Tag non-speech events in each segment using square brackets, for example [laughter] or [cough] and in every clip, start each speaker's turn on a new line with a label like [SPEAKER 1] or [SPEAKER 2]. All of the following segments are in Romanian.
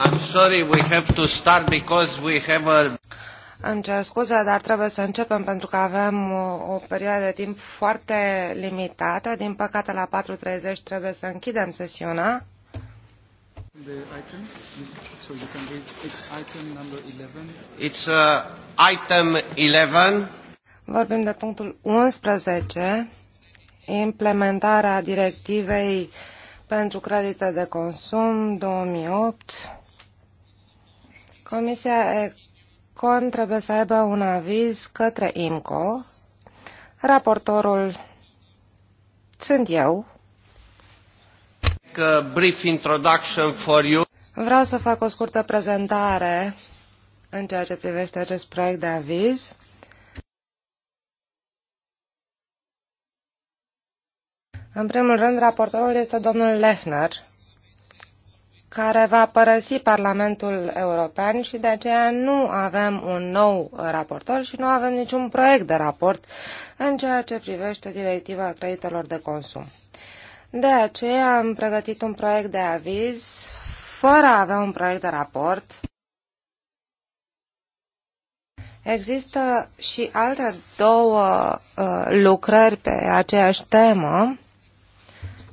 [SPEAKER 1] I'm sorry, we have to start because we have a...
[SPEAKER 2] Îmi cer scuze, dar trebuie să începem pentru că avem o, o perioadă de timp foarte limitată. Din păcate, la 4.30 trebuie să închidem sesiunea.
[SPEAKER 1] The item, so you can read, it's item number 11. It's uh, item 11.
[SPEAKER 2] Vorbim de punctul 11, implementarea directivei uh, pentru credite de consum 2008. Comisia Econ trebuie să aibă un aviz către IMCO. Raportorul sunt eu.
[SPEAKER 1] A brief introduction for you.
[SPEAKER 2] Vreau să fac o scurtă prezentare în ceea ce privește acest proiect de aviz. În primul rând, raportorul este domnul Lechner, care va părăsi Parlamentul European și de aceea nu avem un nou raportor și nu avem niciun proiect de raport în ceea ce privește directiva creditelor de consum. De aceea am pregătit un proiect de aviz fără a avea un proiect de raport. Există și alte două uh, lucrări pe aceeași temă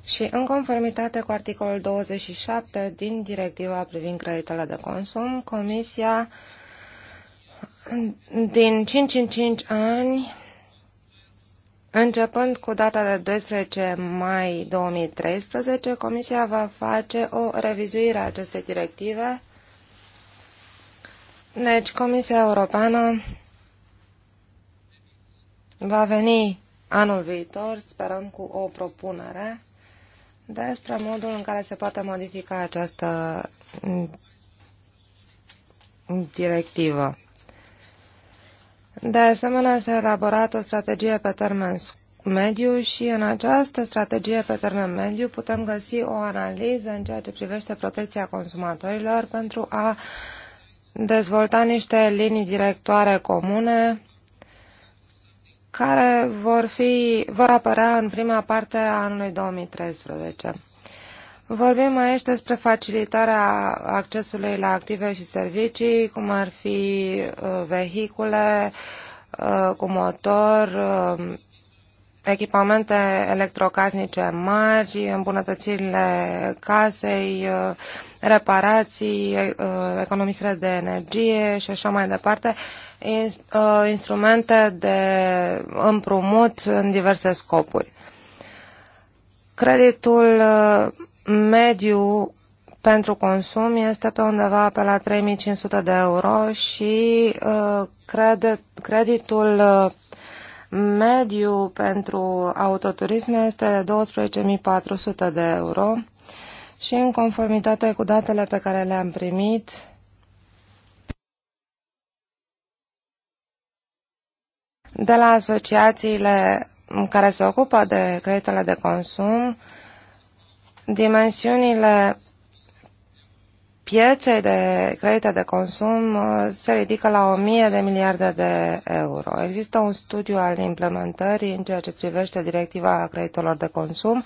[SPEAKER 2] și în conformitate cu articolul 27 din directiva privind creditele de consum, Comisia din 5 în 5 ani, începând cu data de 12 mai 2013, Comisia va face o revizuire a acestei directive. Deci, Comisia Europeană va veni anul viitor, sperăm, cu o propunere despre modul în care se poate modifica această directivă. De asemenea, s-a elaborat o strategie pe termen mediu și în această strategie pe termen mediu putem găsi o analiză în ceea ce privește protecția consumatorilor pentru a dezvolta niște linii directoare comune care vor, fi, vor apărea în prima parte a anului 2013. Vorbim aici despre facilitarea accesului la active și servicii, cum ar fi uh, vehicule uh, cu motor, uh, echipamente electrocasnice mari, îmbunătățirile casei, uh, reparații, uh, economisire de energie și așa mai departe, uh, instrumente de împrumut în diverse scopuri. Creditul mediu pentru consum este pe undeva pe la 3500 de euro și creditul Mediu pentru autoturism este 12.400 de euro și în conformitate cu datele pe care le-am primit, de la asociațiile care se ocupă de creditele de consum, dimensiunile pieței de credite de consum uh, se ridică la 1000 de miliarde de euro. Există un studiu al implementării în ceea ce privește directiva creditelor de consum,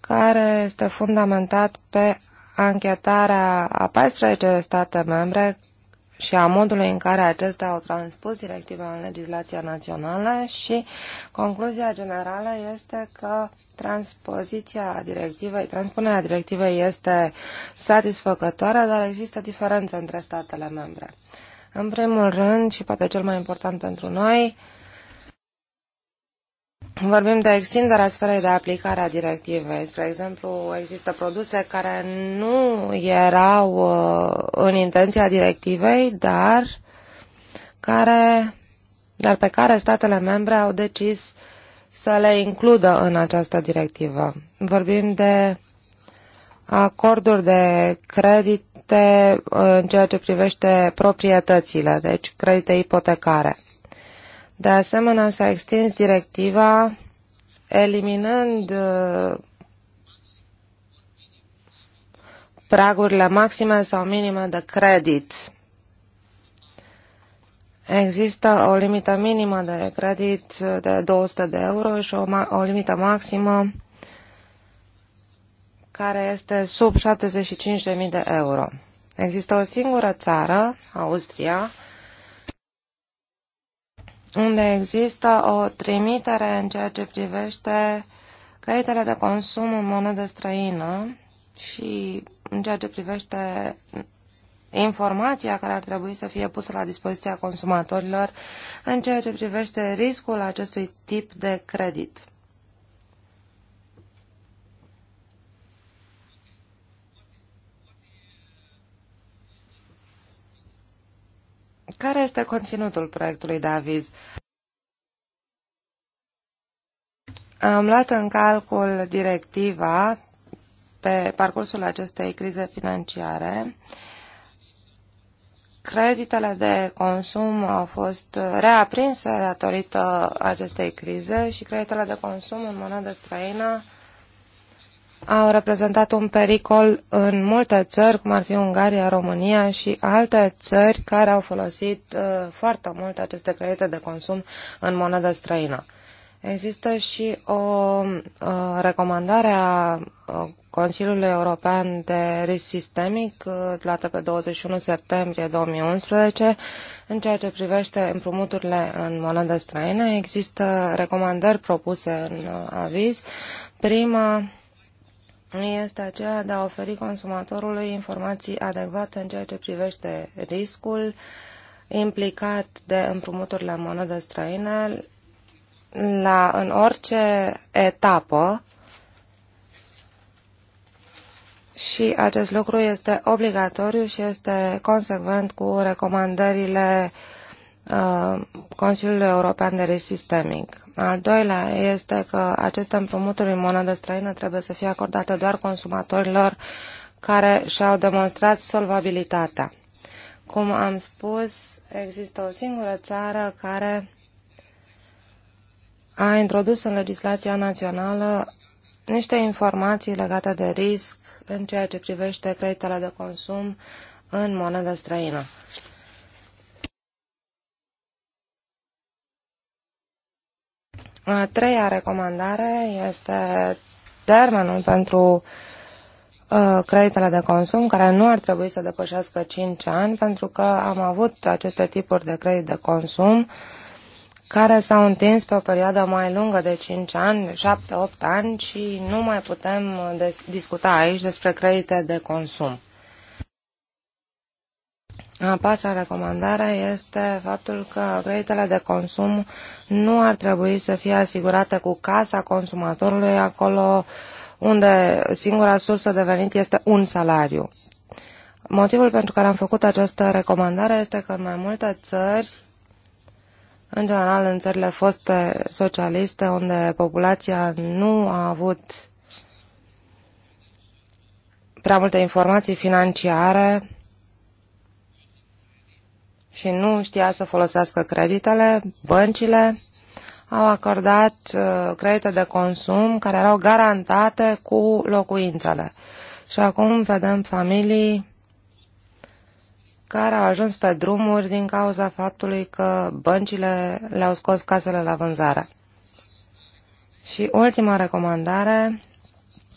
[SPEAKER 2] care este fundamentat pe anchetarea a 14 state membre și a modului în care acestea au transpus directiva în legislația națională și concluzia generală este că transpoziția directivei, transpunerea directivei este satisfăcătoare, dar există diferențe între statele membre. În primul rând, și poate cel mai important pentru noi, uh, Vorbim de extinderea sferei de aplicare a directivei. Spre exemplu, există produse care nu erau uh, în intenția directivei, dar, care, dar pe care statele membre au decis să le includă în această directivă. Vorbim de acorduri de credite uh, în ceea ce privește proprietățile, deci credite ipotecare. De asemenea, s-a extins directiva eliminând uh, pragurile maxime sau minime de credit. Există o limită minimă de credit de 200 de euro și o, o limită maximă care este sub 75.000 de euro. Există o singură țară, Austria, unde există o trimitere în ceea ce privește creditele de consum în monedă străină și în ceea ce privește informația care ar trebui să fie pusă la dispoziția consumatorilor în ceea ce privește riscul acestui tip de credit. Care este conținutul proiectului de aviz? Am luat în calcul directiva pe parcursul acestei crize financiare. Creditele de consum au fost reaprinse datorită acestei crize și creditele de consum în monedă străină au reprezentat un pericol în multe țări, cum ar fi Ungaria, România și alte țări care au folosit uh, foarte mult aceste credite de consum în monedă străină. Există și o uh, recomandare a uh, Consiliului European de Risc Sistemic, uh, dată pe 21 septembrie 2011, în ceea ce privește împrumuturile în monedă străină. Există recomandări propuse în uh, aviz. Prima este aceea de a oferi consumatorului informații adecvate în ceea ce privește riscul implicat de împrumuturi la monedă străină la, în orice etapă și acest lucru este obligatoriu și este consecvent cu recomandările uh, Consiliului European de Risc Sistemic. Al doilea este că aceste împrumuturi în monedă străină trebuie să fie acordate doar consumatorilor care și-au demonstrat solvabilitatea. Cum am spus, există o singură țară care a introdus în legislația națională niște informații legate de risc în ceea ce privește creditele de consum în monedă străină. A treia recomandare este termenul pentru uh, creditele de consum, care nu ar trebui să depășească 5 ani, pentru că am avut aceste tipuri de credit de consum care s-au întins pe o perioadă mai lungă de 5 ani, 7-8 ani și nu mai putem discuta aici despre credite de consum. A patra recomandare este faptul că creditele de consum nu ar trebui să fie asigurate cu casa consumatorului acolo unde singura sursă de venit este un salariu. Motivul pentru care am făcut această recomandare este că în mai multe țări, în general în țările foste socialiste, unde populația nu a avut prea multe informații financiare, și nu știa să folosească creditele, băncile au acordat uh, credite de consum care erau garantate cu locuințele. Și acum vedem familii care au ajuns pe drumuri din cauza faptului că băncile le-au scos casele la vânzare. Și ultima recomandare,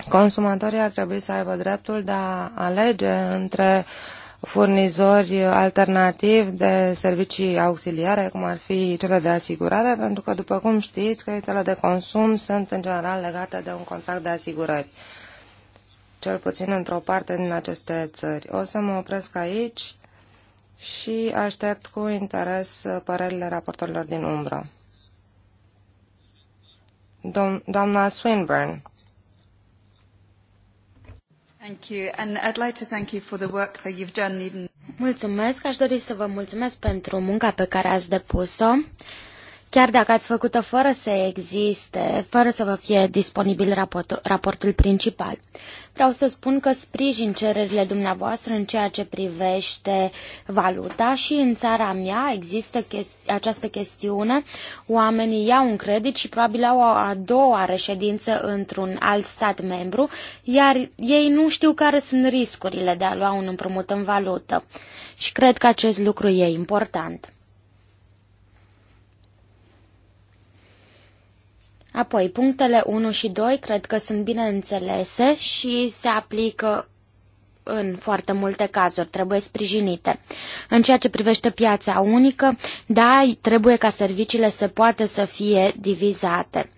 [SPEAKER 2] consumatorii ar trebui să aibă dreptul de a alege între uh, furnizori alternativi de servicii auxiliare, cum ar fi cele de asigurare, pentru că, după cum știți, creditele de consum sunt în general legate de un contract de asigurări, cel puțin într-o parte din aceste țări. O să mă opresc aici și aștept cu interes părerile raportorilor din umbră. Dom doamna Swinburne.
[SPEAKER 3] Mulțumesc, aș dori să vă mulțumesc pentru munca pe care ați depus-o. Chiar dacă ați făcut-o fără să existe, fără să vă fie disponibil raportul, raportul principal. Vreau să spun că sprijin cererile dumneavoastră în ceea ce privește valuta și în țara mea există chesti- această chestiune. Oamenii iau un credit și probabil au a doua reședință într-un alt stat membru, iar ei nu știu care sunt riscurile de a lua un împrumut în valută. Și cred că acest lucru e important. Apoi, punctele 1 și 2 cred că sunt bine înțelese și se aplică în foarte multe cazuri, trebuie sprijinite. În ceea ce privește piața unică, da, trebuie ca serviciile să poată să fie divizate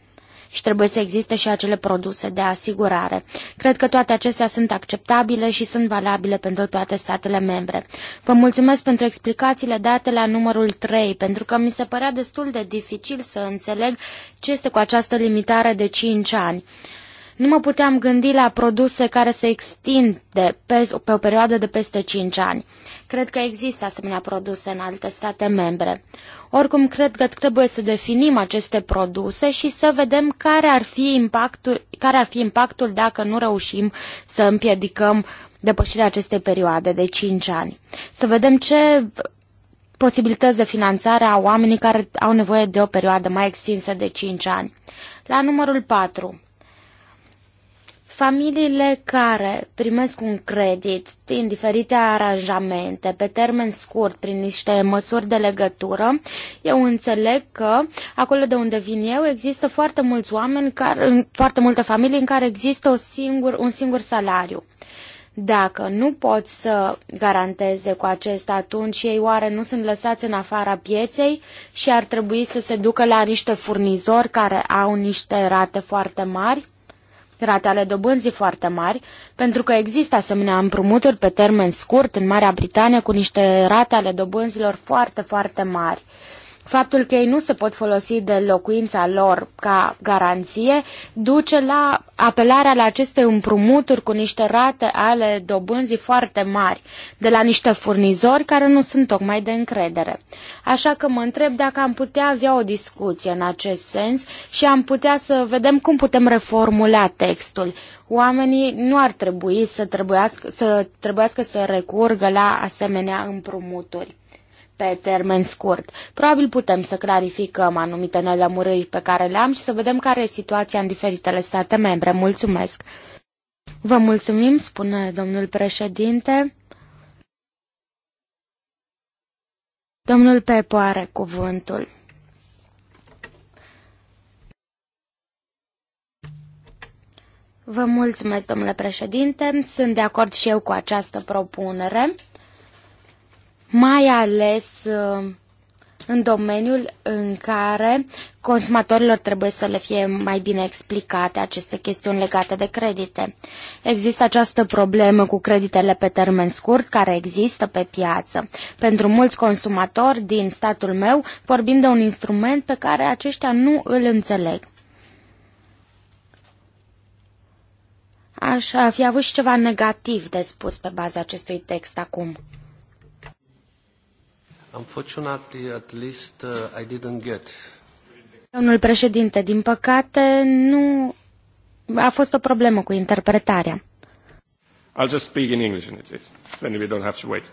[SPEAKER 3] și trebuie să existe și acele produse de asigurare. Cred că toate acestea sunt acceptabile și sunt valabile pentru toate statele membre. Vă mulțumesc pentru explicațiile date la numărul 3, pentru că mi se părea destul de dificil să înțeleg ce este cu această limitare de 5 ani. Nu mă puteam gândi la produse care se extind de pe, pe o perioadă de peste 5 ani. Cred că există asemenea produse în alte state membre. Oricum, cred că trebuie să definim aceste produse și să vedem care ar fi impactul, care ar fi impactul dacă nu reușim să împiedicăm depășirea acestei perioade de 5 ani. Să vedem ce posibilități de finanțare a oamenii care au nevoie de o perioadă mai extinsă de 5 ani. La numărul 4. Familiile care primesc un credit prin diferite aranjamente, pe termen scurt, prin niște măsuri de legătură, eu înțeleg că acolo de unde vin eu există foarte mulți oameni, care, foarte multe familii în care există o singur, un singur salariu. Dacă nu pot să garanteze cu acesta, atunci ei oare nu sunt lăsați în afara pieței și ar trebui să se ducă la niște furnizori care au niște rate foarte mari? rate ale dobânzii foarte mari, pentru că există asemenea împrumuturi pe termen scurt în Marea Britanie cu niște rate ale dobânzilor foarte, foarte mari. Faptul că ei nu se pot folosi de locuința lor ca garanție duce la apelarea la aceste împrumuturi cu niște rate ale dobânzii foarte mari de la niște furnizori care nu sunt tocmai de încredere. Așa că mă întreb dacă am putea avea o discuție în acest sens și am putea să vedem cum putem reformula textul oamenii nu ar trebui să trebuiască să, trebuiască să recurgă la asemenea împrumuturi pe termen scurt. Probabil putem să clarificăm anumite nelămuriri pe care le-am și să vedem care e situația în diferitele state membre. Mulțumesc! Vă mulțumim, spune domnul președinte. Domnul Pepo are cuvântul. Vă mulțumesc, domnule președinte. Sunt de acord și eu cu această propunere mai ales uh, în domeniul în care consumatorilor trebuie să le fie mai bine explicate aceste chestiuni legate de credite. Există această problemă cu creditele pe termen scurt care există pe piață. Pentru mulți consumatori din statul meu vorbim de un instrument pe care aceștia nu îl înțeleg. Aș fi avut și ceva negativ de spus pe baza acestui text acum.
[SPEAKER 1] Unfortunately, at least uh, I didn't get.
[SPEAKER 3] Domnul președinte, din păcate nu a fost o problemă cu interpretarea.
[SPEAKER 1] I'll just speak in English and it, then we don't have to wait.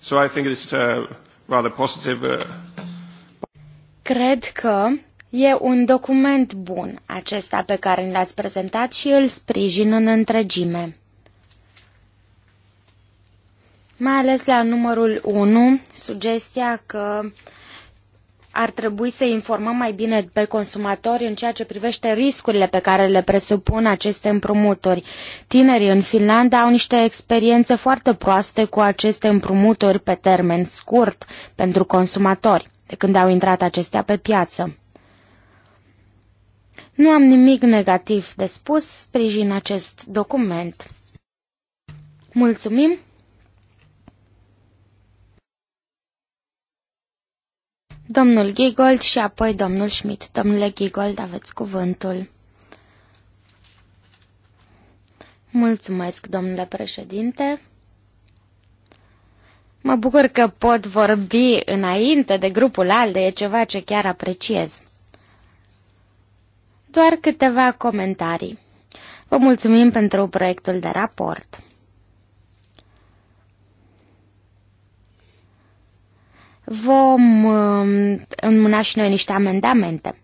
[SPEAKER 1] So I think it's uh, rather positive. Uh...
[SPEAKER 3] Cred că e un document bun acesta pe care l-ați prezentat și îl sprijin în întregime. Mai ales la numărul 1, sugestia că ar trebui să informăm mai bine pe consumatori în ceea ce privește riscurile pe care le presupun aceste împrumuturi. Tinerii în Finlanda au niște experiențe foarte proaste cu aceste împrumuturi pe termen scurt pentru consumatori, de când au intrat acestea pe piață. Nu am nimic negativ de spus, sprijin acest document. Mulțumim! Domnul Giegold și apoi domnul Schmidt. Domnule Giegold, aveți cuvântul. Mulțumesc, domnule președinte. Mă bucur că pot vorbi înainte de grupul ALDE, e ceva ce chiar apreciez. Doar câteva comentarii. Vă mulțumim pentru proiectul de raport. vom um, înmâna și noi niște amendamente.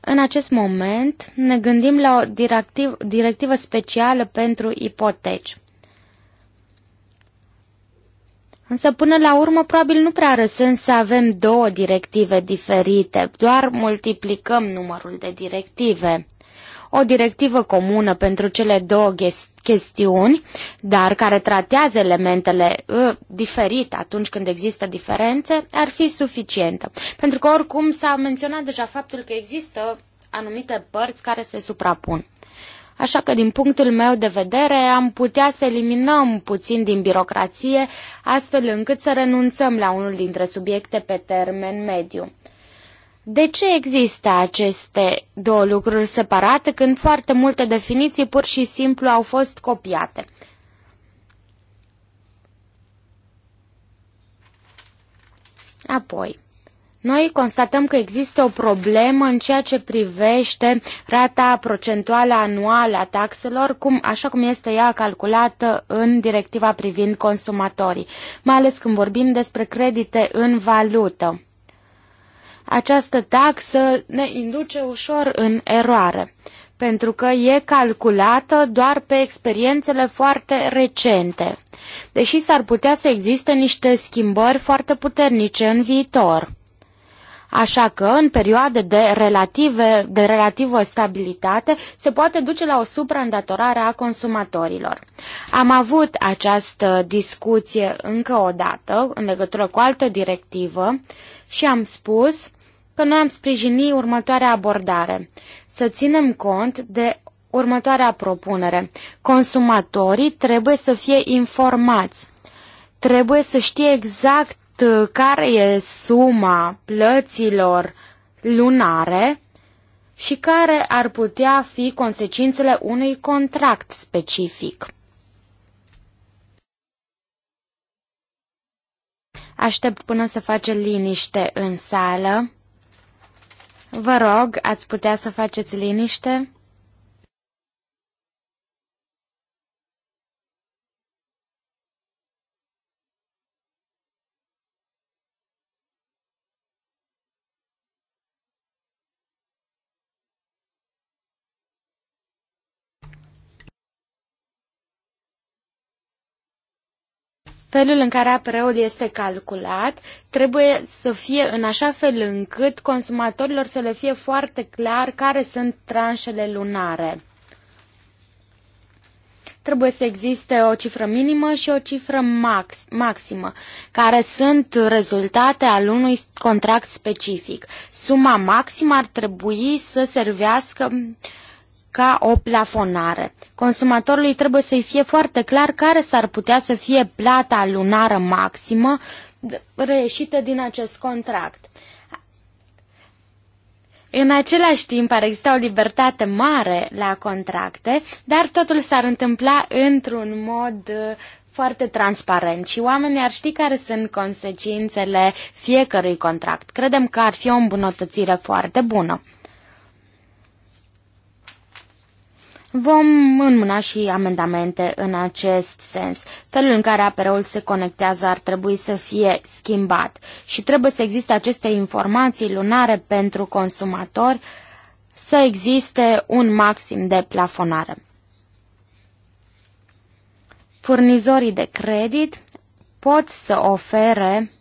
[SPEAKER 3] În acest moment ne gândim la o directiv, directivă specială pentru ipoteci. Însă până la urmă probabil nu prea are sens să avem două directive diferite, doar multiplicăm numărul de directive o directivă comună pentru cele două chestiuni, dar care tratează elementele uh, diferit atunci când există diferențe, ar fi suficientă. Pentru că oricum s-a menționat deja faptul că există anumite părți care se suprapun. Așa că, din punctul meu de vedere, am putea să eliminăm puțin din birocrație, astfel încât să renunțăm la unul dintre subiecte pe termen mediu. De ce există aceste două lucruri separate când foarte multe definiții pur și simplu au fost copiate? Apoi, noi constatăm că există o problemă în ceea ce privește rata procentuală anuală a taxelor, cum, așa cum este ea calculată în directiva privind consumatorii, mai ales când vorbim despre credite în valută. Această taxă ne induce ușor în eroare, pentru că e calculată doar pe experiențele foarte recente, deși s-ar putea să existe niște schimbări foarte puternice în viitor. Așa că, în perioade de, relative, de relativă stabilitate, se poate duce la o supraîndatorare a consumatorilor. Am avut această discuție încă o dată, în legătură cu altă directivă, și am spus că noi am sprijini următoarea abordare. Să ținem cont de următoarea propunere. Consumatorii trebuie să fie informați. Trebuie să știe exact uh, care e suma plăților lunare și care ar putea fi consecințele unui contract specific. Aștept până să face liniște în sală. Vă rog, ați putea să faceți liniște? Felul în care APR-ul este calculat trebuie să fie în așa fel încât consumatorilor să le fie foarte clar care sunt tranșele lunare. Trebuie să existe o cifră minimă și o cifră max, maximă, care sunt rezultate al unui contract specific. Suma maximă ar trebui să servească uh, ca o plafonare. Consumatorului trebuie să-i fie foarte clar care s-ar putea să fie plata lunară maximă reieșită din acest contract. În același timp ar exista o libertate mare la contracte, dar totul s-ar întâmpla într-un mod uh, foarte transparent și oamenii ar ști care sunt consecințele fiecărui contract. Credem că ar fi o îmbunătățire foarte bună. Vom înmâna și amendamente în acest sens. Felul în care APR-ul se conectează ar trebui să fie schimbat și trebuie să existe aceste informații lunare pentru consumatori, să existe un maxim de plafonare. Furnizorii de credit pot să ofere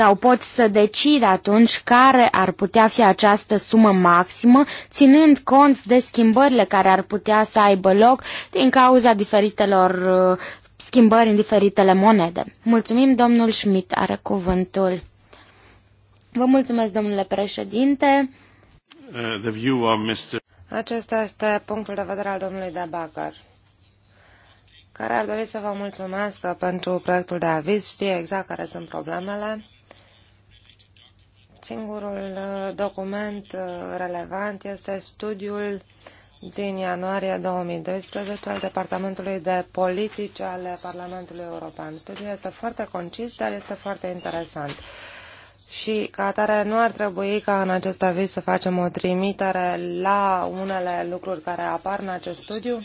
[SPEAKER 3] sau pot să decid atunci care ar putea fi această sumă maximă, ținând cont de schimbările care ar putea să aibă loc din cauza diferitelor uh, schimbări în diferitele monede. Mulțumim, domnul Schmidt are cuvântul.
[SPEAKER 2] Vă mulțumesc, domnule președinte. Uh, the view of Mr. Acesta este punctul de vedere al domnului Dabacar care ar dori să vă mulțumesc pentru proiectul de aviz. Știe exact care sunt problemele Singurul uh, document uh, relevant este studiul din ianuarie 2012 al Departamentului de Politici ale Parlamentului European. Studiul este foarte concis, dar este foarte interesant și ca atare nu ar trebui ca în acest aviz să facem o trimitere la unele lucruri care apar în acest studiu?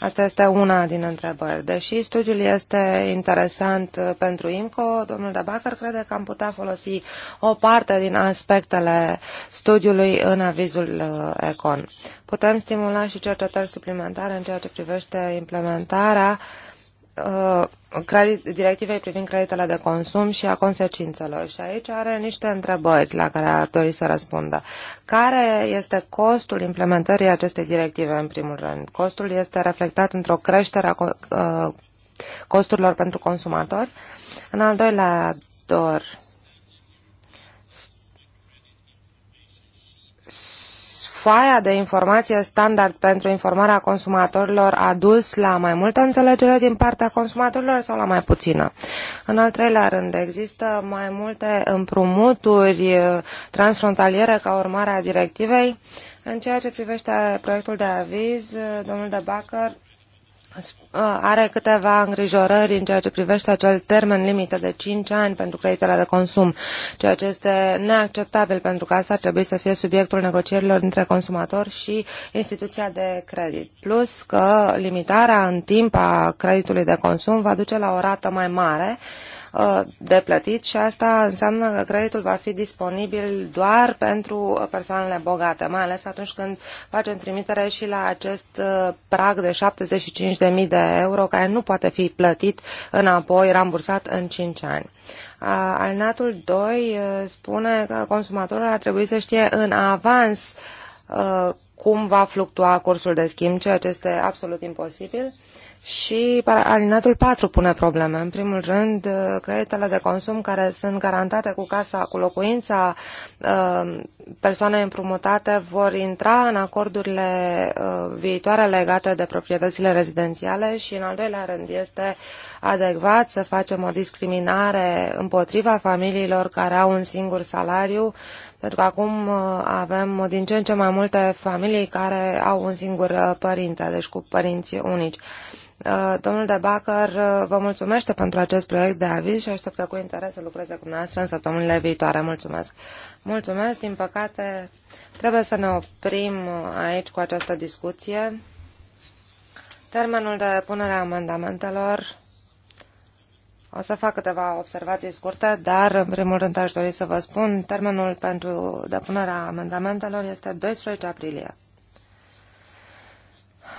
[SPEAKER 2] Asta este una din întrebări. Deși studiul este interesant uh, pentru IMCO, domnul de Dabacăr crede că am putea folosi o parte din aspectele studiului în avizul uh, ECON. Putem stimula și cercetări suplimentare în ceea ce privește implementarea uh, Uh, directivei privind creditele de consum și a consecințelor. Și aici are niște întrebări la care ar dori să răspundă. Care este costul implementării acestei directive, în primul rând? Costul este reflectat într-o creștere a uh, costurilor pentru consumatori? În al doilea dor, foaia de informație standard pentru informarea consumatorilor a dus la mai multă înțelegere din partea consumatorilor sau la mai puțină? În al treilea rând, există mai multe împrumuturi eh, transfrontaliere ca urmare a directivei? În ceea ce privește proiectul de aviz, eh, domnul de Bacăr are câteva îngrijorări în ceea ce privește acel termen limită de 5 ani pentru creditele de consum, ceea ce este neacceptabil pentru că asta ar trebui să fie subiectul negocierilor dintre consumator și instituția de credit. Plus că limitarea în timp a creditului de consum va duce la o rată mai mare uh, Uh, de plătit și asta înseamnă că creditul va fi disponibil doar pentru persoanele bogate, mai ales atunci când facem trimitere și la acest uh, prag de 75.000 de euro care nu poate fi plătit înapoi, rambursat în 5 ani. Uh, Alnatul 2 spune că consumatorul ar trebui să știe în avans cum va fluctua cursul de schimb, ceea ce este absolut imposibil. Și alinatul 4 pune probleme. În primul rând, uh, creditele de consum care sunt garantate cu casa, cu locuința uh, persoanei împrumutate vor intra în acordurile uh, viitoare legate de proprietățile rezidențiale și, în al doilea rând, este adecvat să facem o discriminare împotriva familiilor care au un singur salariu, pentru că acum avem din ce în ce mai multe familii care au un singur părinte, deci cu părinți unici. Uh, domnul De Bacăr uh, vă mulțumește pentru acest proiect de aviz și așteptă cu interes să lucreze cu noastră în săptămânile viitoare. Mulțumesc! Mulțumesc! Din păcate, trebuie să ne oprim uh, aici cu această discuție. Termenul de punere a amendamentelor o să fac câteva observații scurte, dar în primul rând aș dori să vă spun termenul pentru depunerea amendamentelor este 12 aprilie.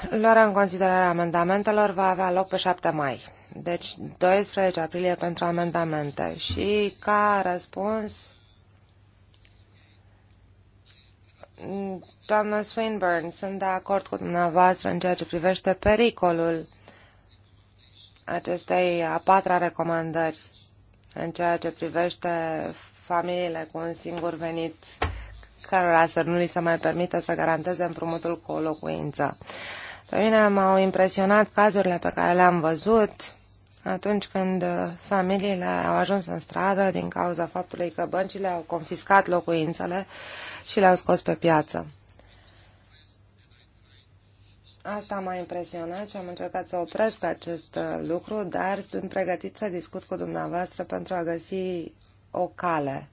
[SPEAKER 2] Luarea în considerare a amendamentelor va avea loc pe 7 mai, deci 12 aprilie pentru amendamente. Și ca răspuns, doamnă Swinburne, sunt de acord cu dumneavoastră în ceea ce privește pericolul acestei a patra recomandări în ceea ce privește familiile cu un singur venit cărora să nu li se mai permită să garanteze împrumutul cu o locuință. Pe mine m-au impresionat cazurile pe care le-am văzut atunci când uh, familiile au ajuns în stradă din cauza faptului că băncile au confiscat locuințele și le-au scos pe piață. Asta m-a impresionat și am încercat să opresc acest uh, lucru, dar sunt pregătit să discut cu dumneavoastră pentru a găsi o cale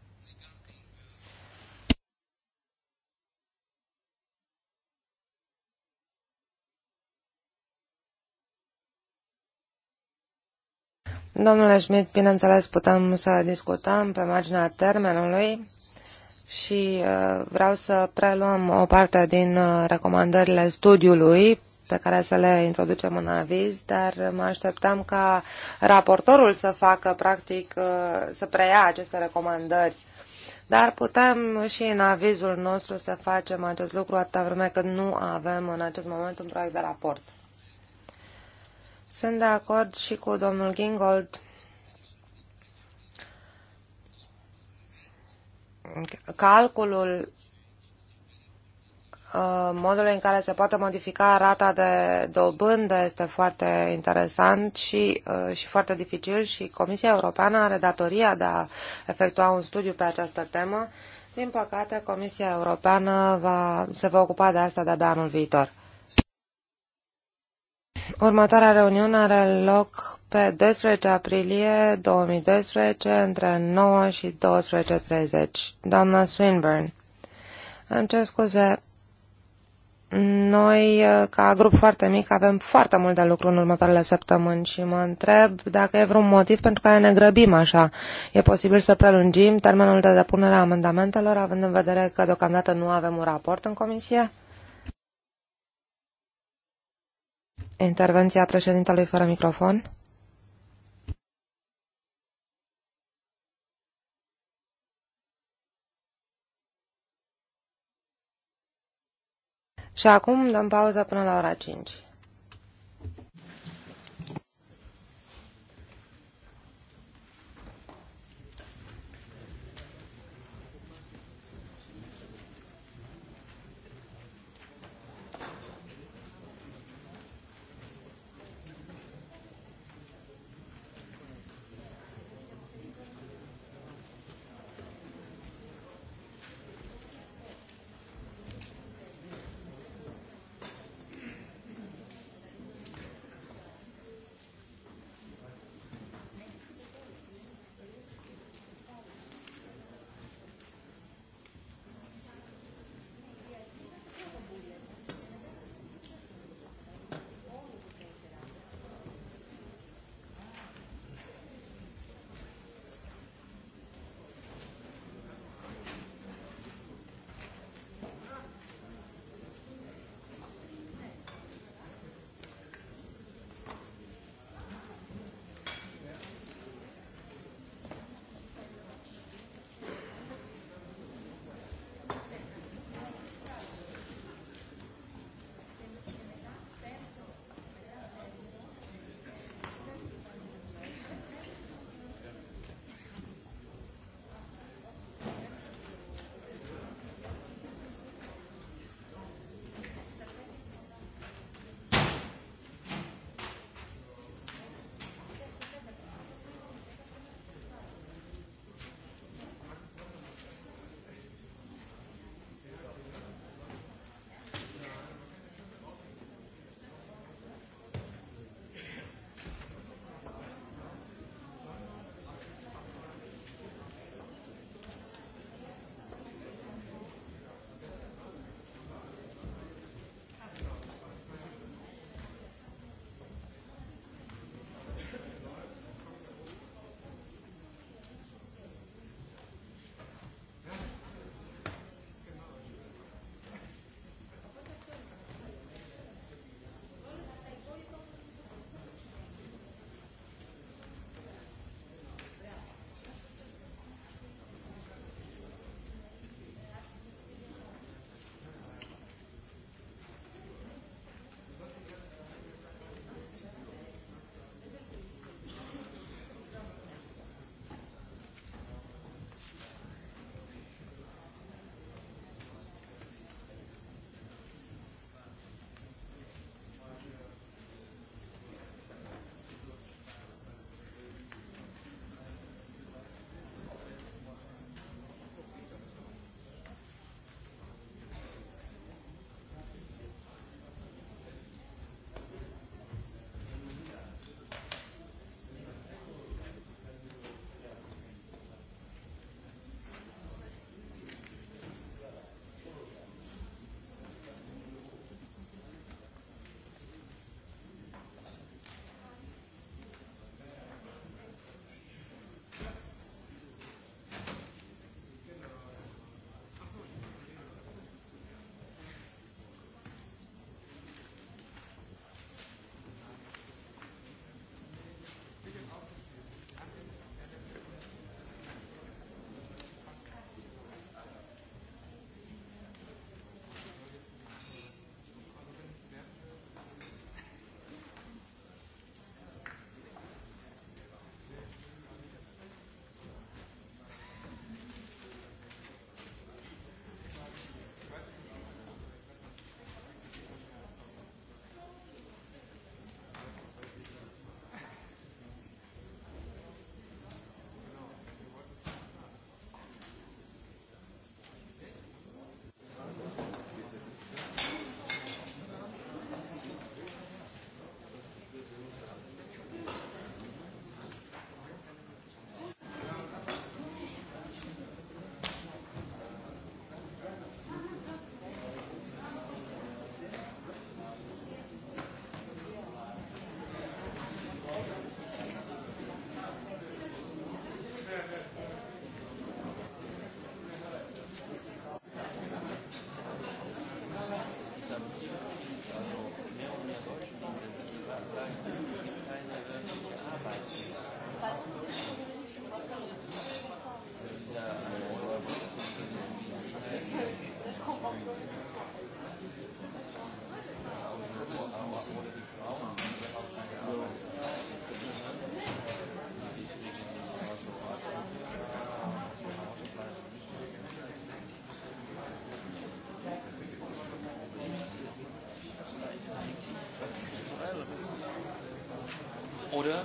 [SPEAKER 2] Domnule Schmidt, bineînțeles, putem să discutăm pe marginea termenului și uh, vreau să preluăm o parte din uh, recomandările studiului pe care să le introducem în aviz, dar mă așteptam ca raportorul să facă, practic, uh, să preia aceste recomandări. Dar putem și în avizul nostru să facem acest lucru atâta vreme cât nu avem în acest moment un proiect de raport. Sunt de acord și cu domnul Gingold calculul uh, modul în care se poate modifica rata de dobândă este foarte interesant și, uh, și foarte dificil și Comisia Europeană are datoria de a efectua un studiu pe această temă. Din păcate, Comisia Europeană va, se va ocupa de asta de-abia anul viitor. Următoarea reuniune are loc pe 12 aprilie 2012 între 9 și 12.30. Doamna Swinburne, îmi cer scuze, noi, ca grup foarte mic, avem foarte mult de lucru în următoarele săptămâni și mă întreb dacă e vreun motiv pentru care ne grăbim așa. E posibil să prelungim termenul de depunere a amendamentelor, având în vedere că deocamdată nu avem un raport în comisie? Intervenția președintelui fără microfon. Și acum dăm pauză până la ora 5. oder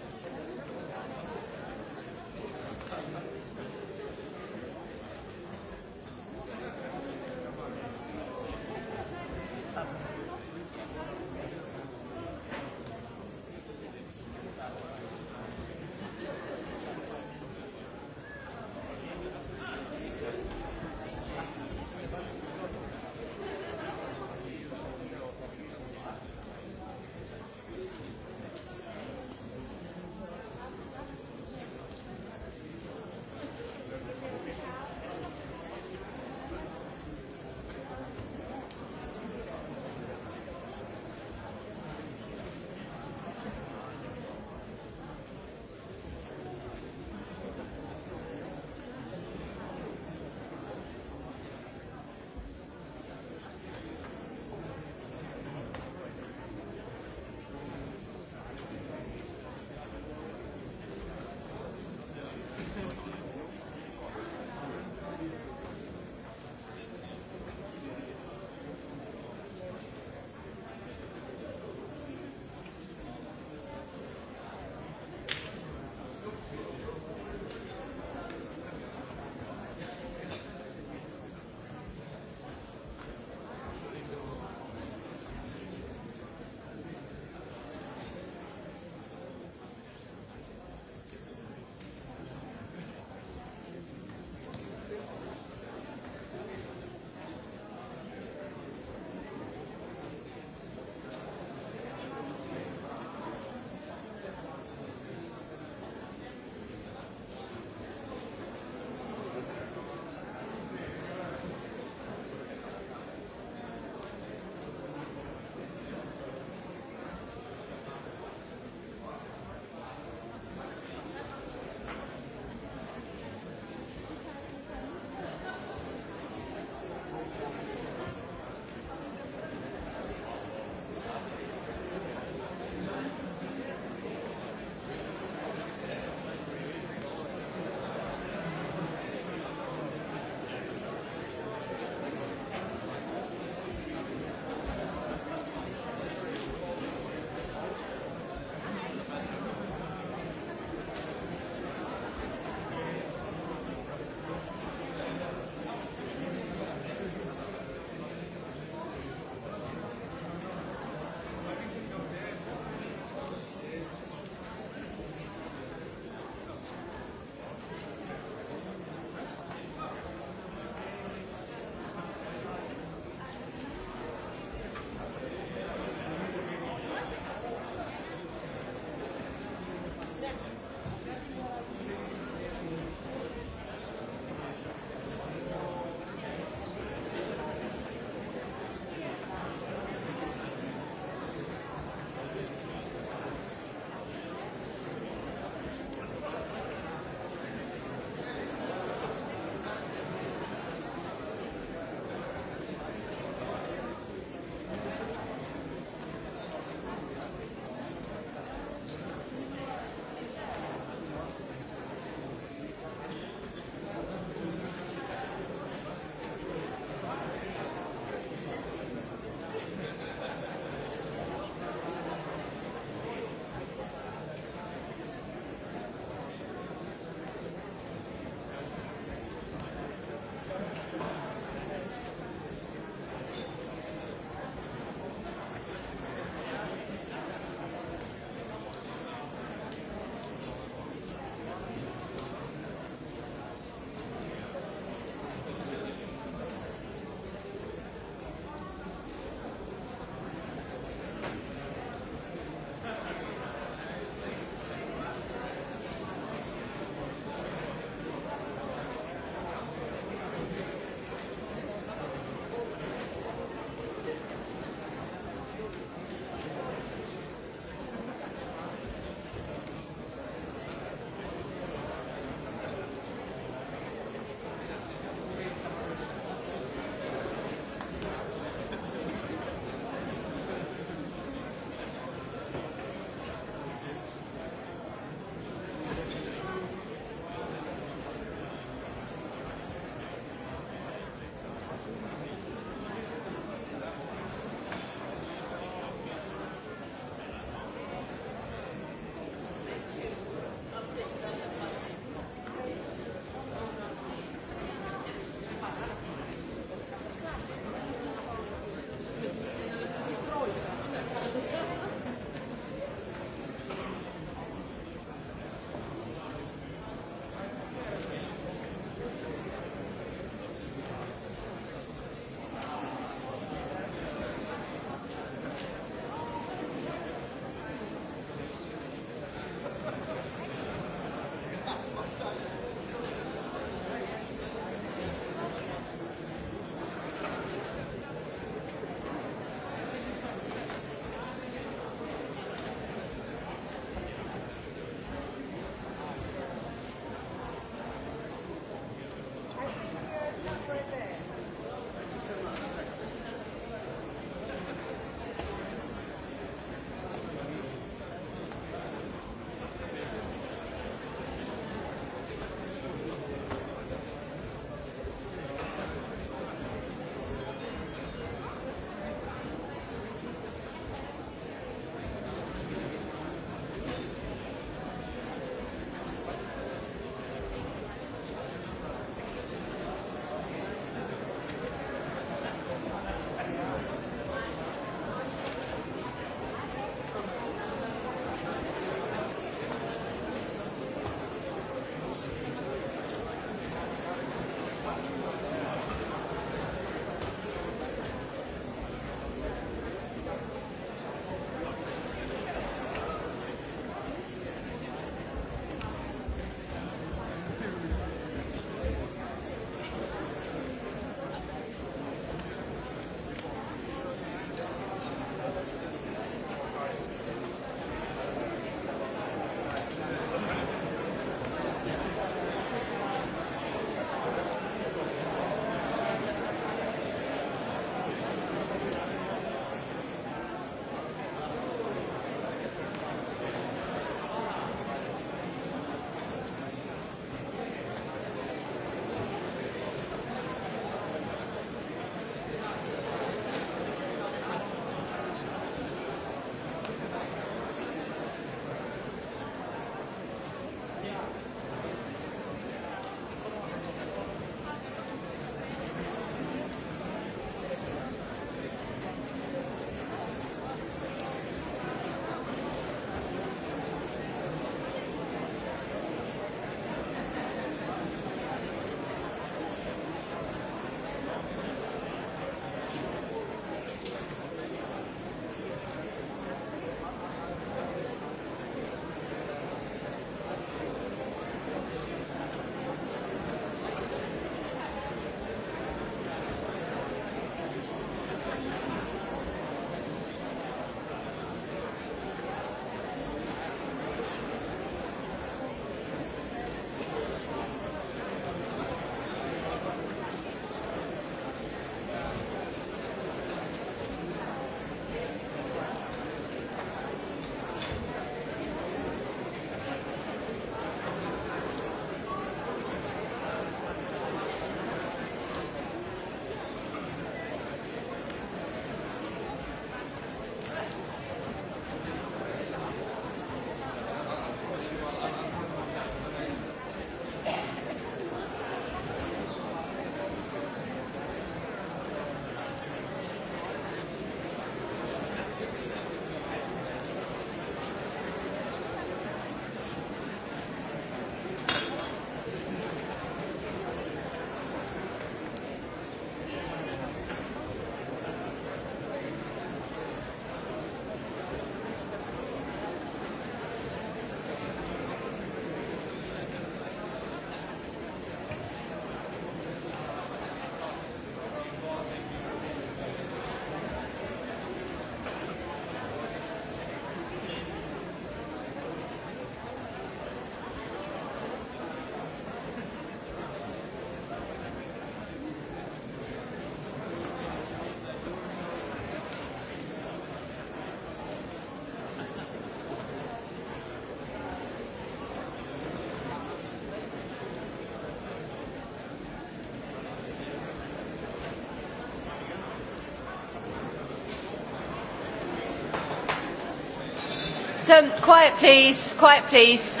[SPEAKER 2] um, quiet please, quiet please.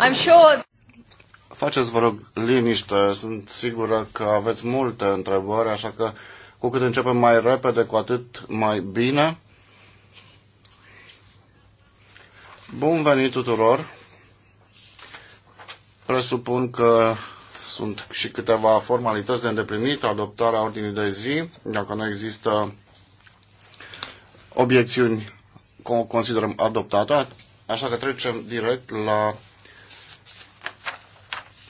[SPEAKER 1] I'm sure... Faceți, vă rog, liniște. Sunt sigură că aveți multe întrebări, așa că cu cât începem mai repede, cu atât mai bine. Bun venit tuturor! Presupun că sunt și câteva formalități de îndeplinit, adoptarea ordinii de zi, dacă nu există obiecțiuni o considerăm adoptată, așa că trecem direct la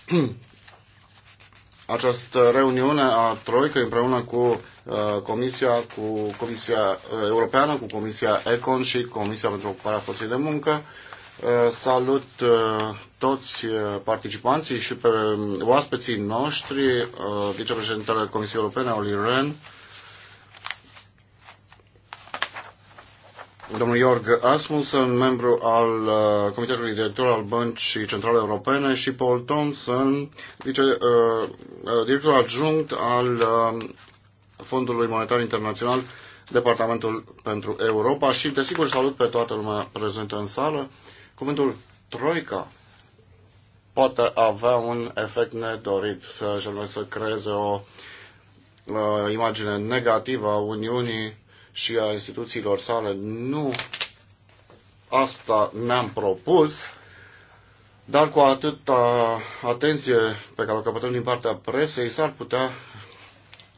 [SPEAKER 1] [clears throat] această reuniune a Troicăi împreună cu uh, Comisia, cu Comisia uh, Europeană, cu Comisia Econ și Comisia pentru Ocuparea Forței de Muncă. Uh, salut toți participanții și pe um, oaspeții noștri, vicepreședintele Comisiei Europene, Oli Ren, domnul Jorg Asmussen, membru al uh, Comitetului Director al Băncii Centrale Europene și Paul Thompson, vice, uh, uh director adjunct al uh, Fondului Monetar Internațional, Departamentul pentru Europa și, desigur, salut pe toată lumea prezentă în sală. Cuvântul Troica poate avea un efect nedorit, să, să creeze o uh, imagine negativă a Uniunii și a instituțiilor sale. Nu asta ne-am propus, dar cu atâta atenție pe care o căpătăm din partea presei, s-ar putea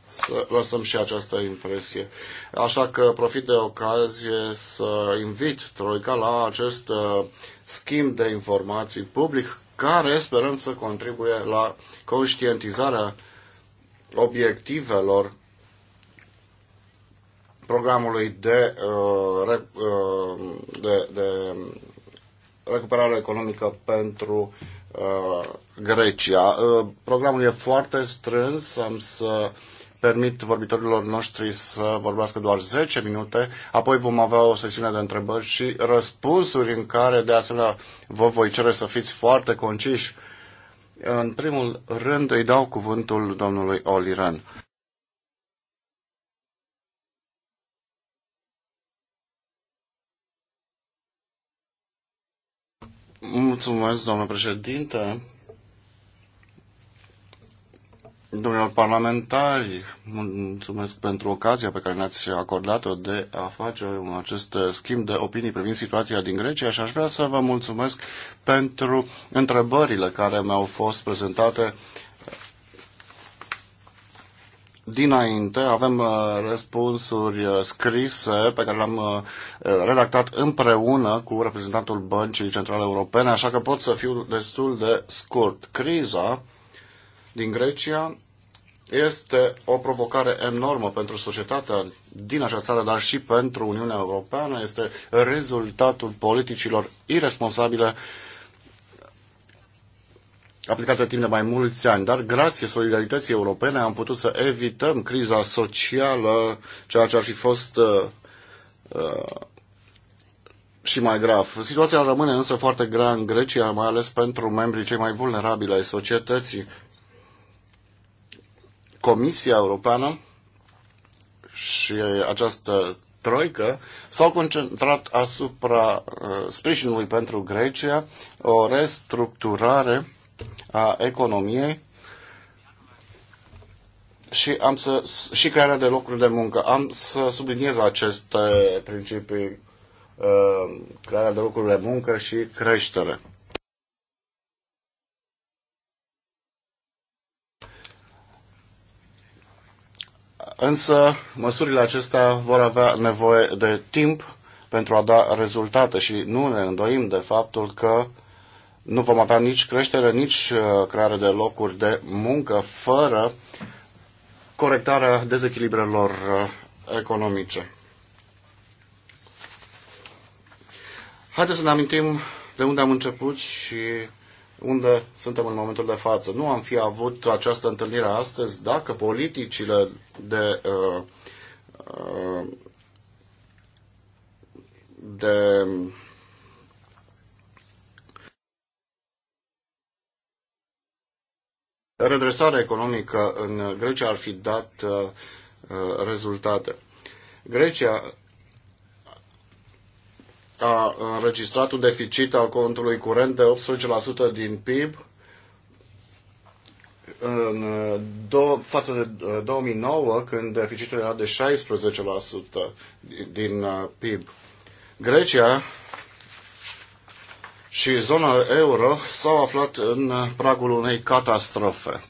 [SPEAKER 1] să lăsăm și această impresie. Așa că profit de ocazie să invit Troica la acest uh, schimb de informații public care sperăm să contribuie la conștientizarea obiectivelor programului de, uh, uh, de, de recuperare economică pentru uh, Grecia. Programul e foarte strâns, am să permit vorbitorilor noștri să vorbească doar 10 minute, apoi vom avea o sesiune de întrebări și răspunsuri în care de asemenea vă voi cere să fiți foarte conciși. În primul rând îi dau cuvântul domnului Oliran. Mulțumesc, doamnă președinte. Domnilor parlamentari, mulțumesc pentru ocazia pe care ne-ați acordat-o de a face acest schimb de opinii privind situația din Grecia și aș vrea să vă mulțumesc pentru întrebările care mi-au fost prezentate dinainte avem uh, răspunsuri uh, scrise pe care le-am uh, redactat împreună cu reprezentantul Băncii Centrale Europene, așa că pot să fiu destul de scurt. Criza din Grecia este o provocare enormă pentru societatea din acea țară, dar și pentru Uniunea Europeană. Este rezultatul politicilor irresponsabile aplicată timp de mai mulți ani, dar grație solidarității europene am putut să evităm criza socială, ceea ce ar fi fost uh, uh, și mai grav. Situația rămâne însă foarte grea în Grecia, mai ales pentru membrii cei mai vulnerabili ai societății. Comisia Europeană și această troică s-au concentrat asupra uh, sprijinului pentru Grecia, o restructurare a economiei și, am să, și crearea de locuri de muncă. Am să subliniez aceste principii, uh, crearea de locuri de muncă și creștere. Însă, măsurile acestea vor avea nevoie de timp pentru a da rezultate și nu ne îndoim de faptul că nu vom avea nici creștere, nici uh, creare de locuri de muncă fără corectarea dezechilibrelor uh, economice. Haideți să ne amintim de unde am început și unde suntem în momentul de față. Nu am fi avut această întâlnire astăzi dacă politicile de, uh, de redresarea economică în Grecia ar fi dat uh, uh, rezultate. Grecia a înregistrat un deficit al contului curent de 18% din PIB în do- față de 2009, uh, când deficitul era de 16% din PIB. Grecia și zona euro s-au aflat în pragul unei catastrofe.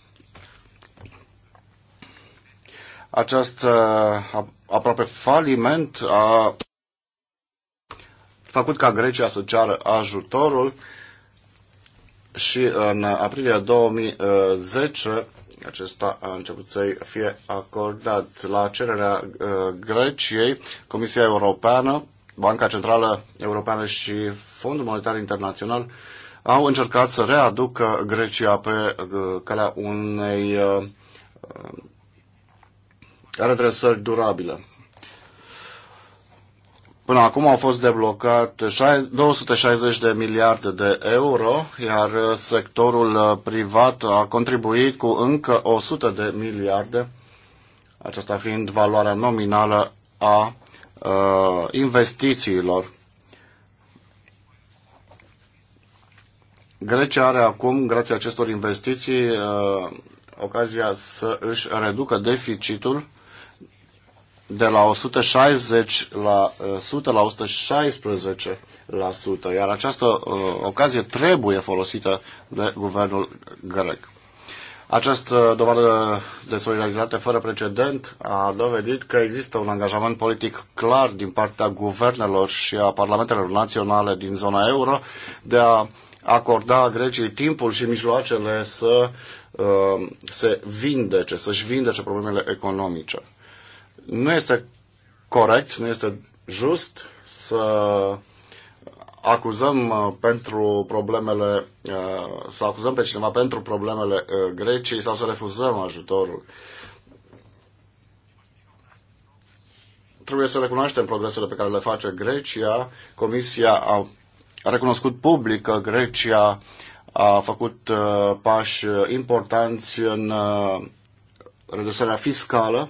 [SPEAKER 1] Acest aproape faliment a făcut ca Grecia să ceară ajutorul și în aprilie 2010 acesta a început să fie acordat. La cererea uh, Greciei, Comisia Europeană Banca Centrală Europeană și Fondul Monetar Internațional au încercat să readucă Grecia pe uh, calea unei uh, uh, redresări durabile. Până acum au fost deblocate 260 de miliarde de euro, iar sectorul privat a contribuit cu încă 100 de miliarde, aceasta fiind valoarea nominală a uh, investițiilor. Grecia are acum, grație acestor investiții, uh, ocazia să își reducă deficitul de la 160 la 100 uh, la 116 la 100. iar această uh, ocazie trebuie folosită de guvernul grec. Această dovadă de solidaritate fără precedent a dovedit că există un angajament politic clar din partea guvernelor și a parlamentelor naționale din zona euro de a acorda Greciei timpul și mijloacele să uh, se vindece, să-și vindece problemele economice. Nu este corect, nu este just să acuzăm uh, pentru problemele, uh, să acuzăm pe cineva pentru problemele uh, Greciei sau să refuzăm ajutorul. Trebuie să recunoaștem progresele pe care le face Grecia. Comisia a recunoscut public că Grecia a făcut pași importanți în reducerea fiscală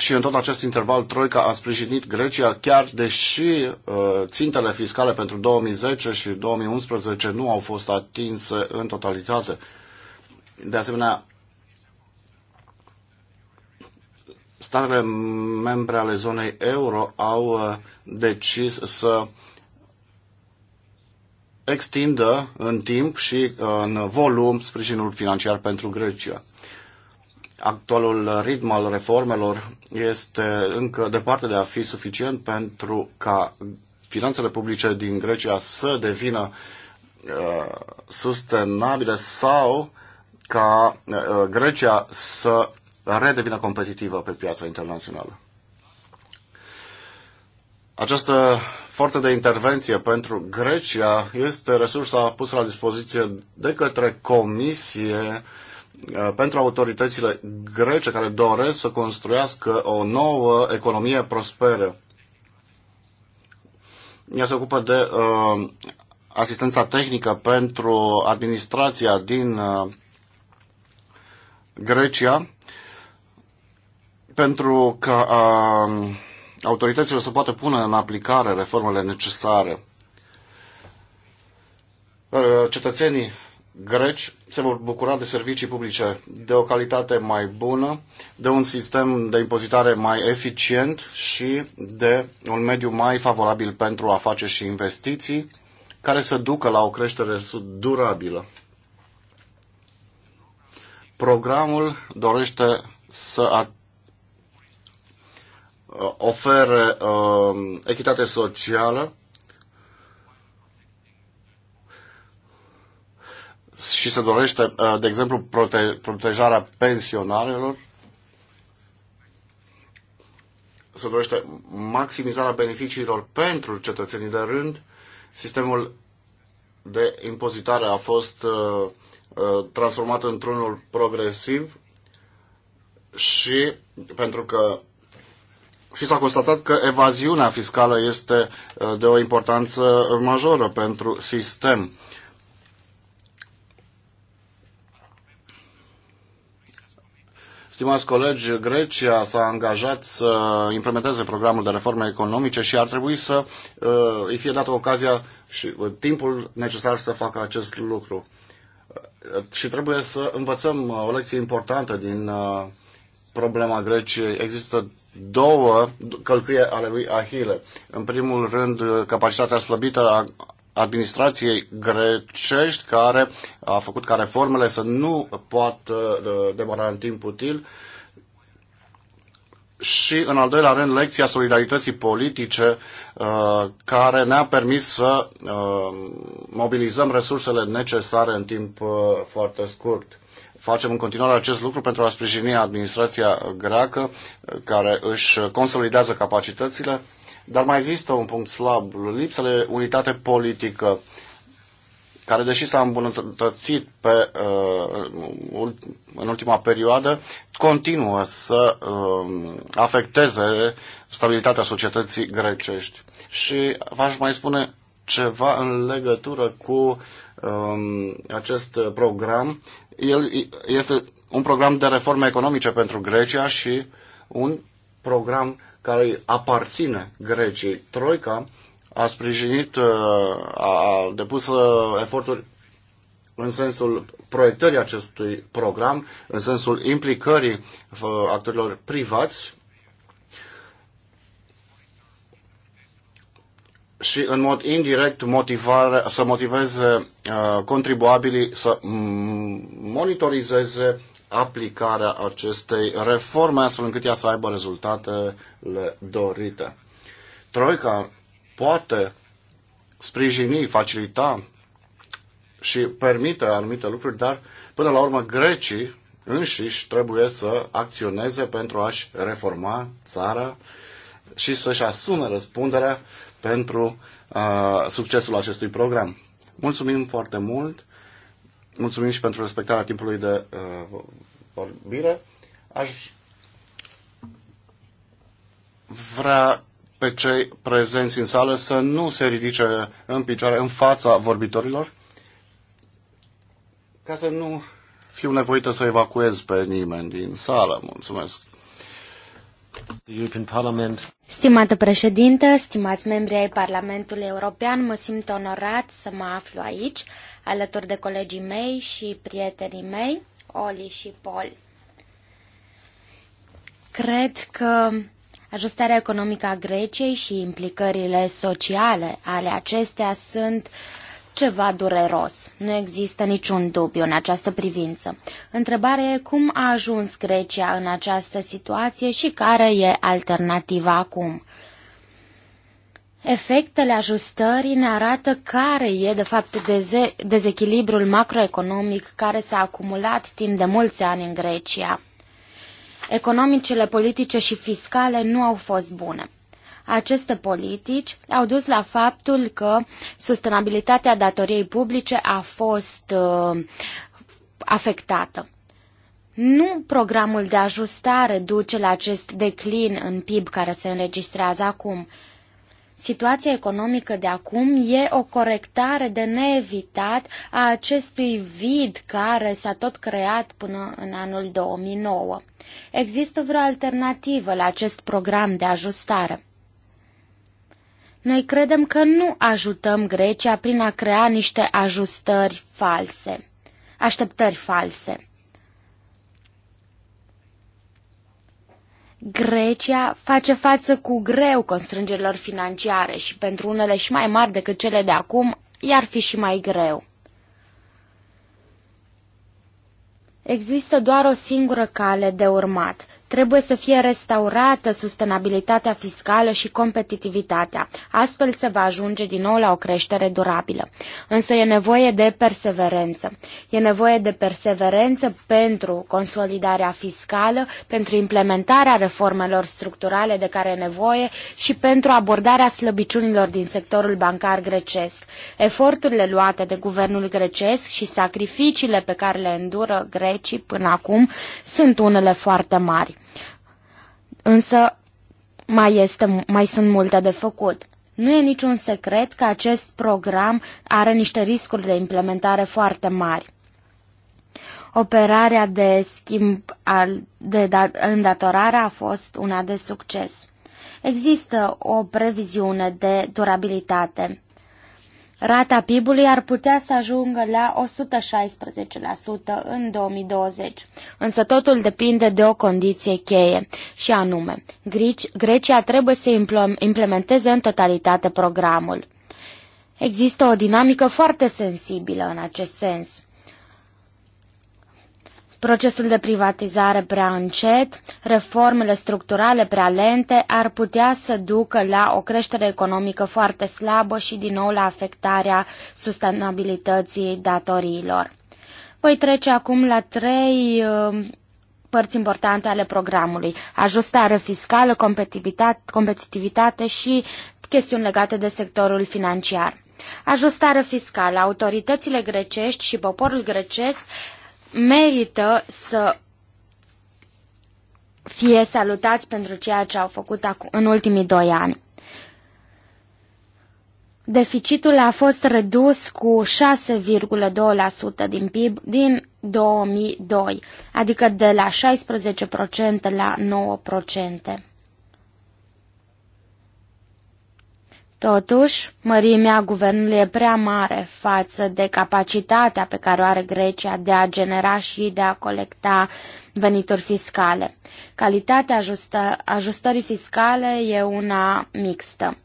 [SPEAKER 1] și în tot acest interval Troica a sprijinit Grecia, chiar deși uh, țintele fiscale pentru 2010 și 2011 nu au fost atinse în totalitate. De asemenea, statele membre ale zonei euro au uh, decis să extindă în timp și uh, în volum sprijinul financiar pentru Grecia actualul ritm al reformelor este încă departe de a fi suficient pentru ca finanțele publice din Grecia să devină uh, sustenabile sau ca uh, Grecia să redevină competitivă pe piața internațională. Această forță de intervenție pentru Grecia este resursa pusă la dispoziție de către Comisie uh, Uh, pentru autoritățile grece care doresc să construiască o nouă economie prosperă. Ea se ocupă de uh, asistența tehnică pentru administrația din uh, Grecia pentru că uh, autoritățile să poată pune în aplicare reformele necesare. Uh, cetățenii greci se vor bucura de servicii publice de o calitate mai bună, de un sistem de impozitare mai eficient și de un mediu mai favorabil pentru afaceri și investiții, care să ducă la o creștere durabilă. Programul dorește să ofere uh, echitate socială și se dorește, uh, de exemplu, prote- protejarea pensionarilor, se dorește maximizarea beneficiilor pentru cetățenii de rând, sistemul de impozitare a fost uh, uh transformat într-unul progresiv și pentru că și s-a constatat că evaziunea fiscală este uh, de o importanță majoră pentru sistem. Stimați colegi, Grecia s-a angajat să implementeze programul de reforme economice și ar trebui să uh, îi fie dată ocazia și uh, timpul necesar să facă acest lucru. Uh, și trebuie să învățăm o lecție importantă din problema Greciei. Există două călcâie ale lui Ahile. În primul rând, capacitatea slăbită a administrației grecești care a făcut ca reformele să nu poată uh, demora în timp util și, în al doilea rând, lecția solidarității politice uh, care ne-a permis să uh, mobilizăm resursele necesare în timp foarte scurt. Facem în continuare acest lucru pentru a sprijini administrația greacă care își consolidează capacitățile dar mai există un punct slab, lipsa de unitate politică, care deși s-a îmbunătățit pe, uh, în ultima perioadă, continuă să uh, afecteze stabilitatea societății grecești. Și v-aș mai spune ceva în legătură cu um, acest program. El este un program de reforme economice pentru Grecia și un program care îi aparține Greciei. Troica a sprijinit, uh, a depus uh, eforturi în sensul proiectării acestui program, în sensul implicării uh, actorilor privați și în mod indirect motivare, să motiveze contribuabilii să monitorizeze aplicarea acestei reforme, astfel încât ea să aibă rezultatele dorite. Troica poate sprijini, facilita și permite anumite lucruri, dar până la urmă grecii înșiși trebuie să acționeze pentru a-și reforma țara și să-și asume răspunderea pentru uh, succesul acestui program. Mulțumim foarte mult! Mulțumim și pentru respectarea timpului de uh, vorbire. Aș vrea pe cei prezenți în sală să nu se ridice în picioare în fața vorbitorilor ca să nu fiu nevoită să evacuez pe nimeni din sală. Mulțumesc.
[SPEAKER 3] Stimată președintă, stimați membri ai Parlamentului European, mă simt onorat să mă aflu aici, alături de colegii mei și prietenii mei, Oli și Paul. Cred că ajustarea economică a Greciei și implicările sociale ale acestea sunt uh, ceva dureros. Nu există niciun dubiu în această privință. Întrebarea e cum a ajuns Grecia în această situație și care e alternativa acum. Efectele ajustării ne arată care e, de fapt, deze- dezechilibrul macroeconomic care s-a acumulat timp de mulți ani în Grecia. Economicile politice și fiscale nu au fost bune. Aceste politici au dus la faptul că sustenabilitatea datoriei publice a fost uh, afectată. Nu programul de ajustare duce la acest declin în PIB care se înregistrează acum. Situația economică de acum e o corectare de neevitat a acestui vid care s-a tot creat până în anul 2009. Există vreo alternativă la acest program de ajustare? Noi credem că nu ajutăm Grecia prin a crea niște ajustări false, așteptări false. Grecia face față cu greu constrângerilor financiare și pentru unele și mai mari decât cele de acum, i-ar fi și mai greu. Există doar o singură cale de urmat. Trebuie să fie restaurată sustenabilitatea fiscală și competitivitatea. Astfel se va ajunge din nou la o creștere durabilă. Însă e nevoie de perseverență. E nevoie de perseverență pentru consolidarea fiscală, pentru implementarea reformelor structurale de care e nevoie și pentru abordarea slăbiciunilor din sectorul bancar grecesc. Eforturile luate de guvernul grecesc și sacrificiile pe care le îndură grecii până acum sunt unele foarte mari însă mai, este, mai sunt multe de făcut. Nu e niciun secret că acest program are niște riscuri de implementare foarte mari. Operarea de schimb al, de da, îndatorare a fost una de succes. Există o previziune de durabilitate. Rata PIB-ului ar putea să ajungă la 116% în 2020, însă totul depinde de o condiție cheie, și anume, Grecia trebuie să implementeze în totalitate programul. Există o dinamică foarte sensibilă în acest sens. Procesul de privatizare prea încet, reformele structurale prea lente ar putea să ducă la o creștere economică foarte slabă și din nou la afectarea sustenabilității datoriilor. Voi trece acum la trei uh, părți importante ale programului. Ajustare fiscală, competitivitate și chestiuni legate de sectorul financiar. Ajustare fiscală. Autoritățile grecești și poporul grecesc merită să fie salutați pentru ceea ce au făcut în ultimii doi ani. Deficitul a fost redus cu 6,2% din PIB din 2002, adică de la 16% la 9%. Totuși, mărimea guvernului e prea mare față de capacitatea pe care o are Grecia de a genera și de a colecta venituri fiscale. Calitatea ajustă, ajustării fiscale e una mixtă.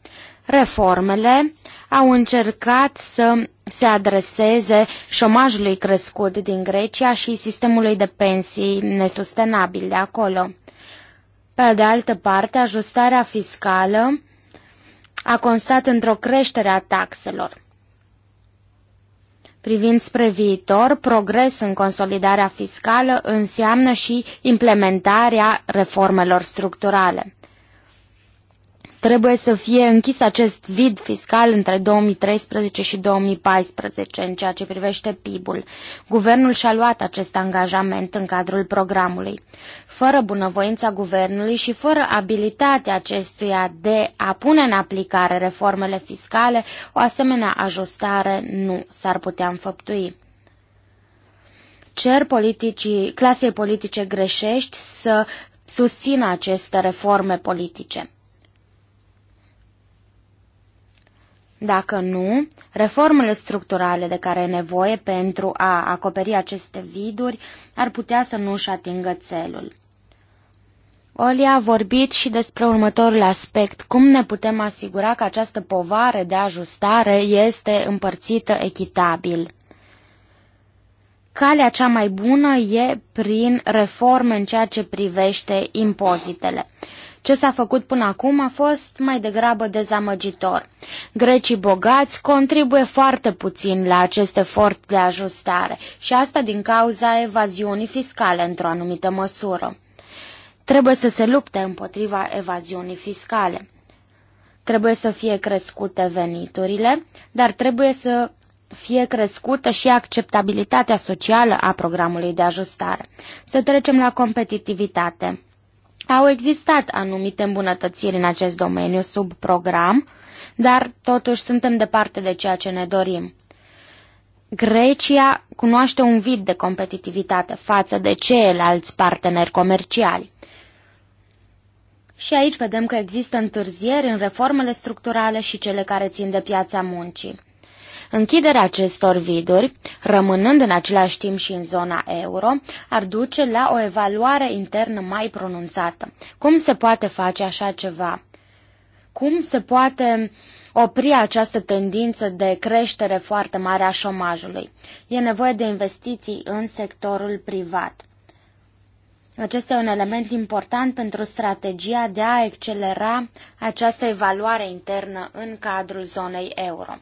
[SPEAKER 3] Reformele au încercat să se adreseze șomajului crescut din Grecia și sistemului de pensii nesustenabil de acolo. Pe de altă parte, ajustarea fiscală a constat într-o creștere a taxelor. Privind spre viitor, progres în consolidarea fiscală înseamnă și implementarea reformelor structurale. Trebuie să fie închis acest vid fiscal între 2013 și 2014 în ceea ce privește PIB-ul. Guvernul și-a luat acest angajament în cadrul programului fără bunăvoința guvernului și fără abilitatea acestuia de a pune în aplicare reformele fiscale, o asemenea ajustare nu s-ar putea înfăptui cer politicii, clasei politice greșești să susțină aceste reforme politice. Dacă nu, reformele structurale de care e nevoie pentru a acoperi aceste viduri ar putea să nu își atingă țelul. Oli a vorbit și despre următorul aspect, cum ne putem asigura că această povară de ajustare este împărțită echitabil. Calea cea mai bună e prin reforme în ceea ce privește impozitele. Ce s-a făcut până acum a fost mai degrabă dezamăgitor. Grecii bogați contribuie foarte puțin la acest efort de ajustare și asta din cauza evaziunii fiscale într-o anumită măsură. Trebuie să se lupte împotriva evaziunii fiscale. Trebuie să fie crescute veniturile, dar trebuie să fie crescută și acceptabilitatea socială a programului de ajustare. Să trecem la competitivitate. Au existat anumite îmbunătățiri în acest domeniu sub program, dar totuși suntem departe de ceea ce ne dorim. Grecia cunoaște un vid de competitivitate față de ceilalți parteneri comerciali. Și aici vedem că există întârzieri în reformele structurale și cele care țin de piața muncii. Închiderea acestor viduri, rămânând în același timp și în zona euro, ar duce la o evaluare internă mai pronunțată. Cum se poate face așa ceva? Cum se poate opri această tendință de creștere foarte mare a șomajului? E nevoie de investiții în sectorul privat. Acesta e un element important pentru strategia de a accelera această evaluare internă în cadrul zonei euro.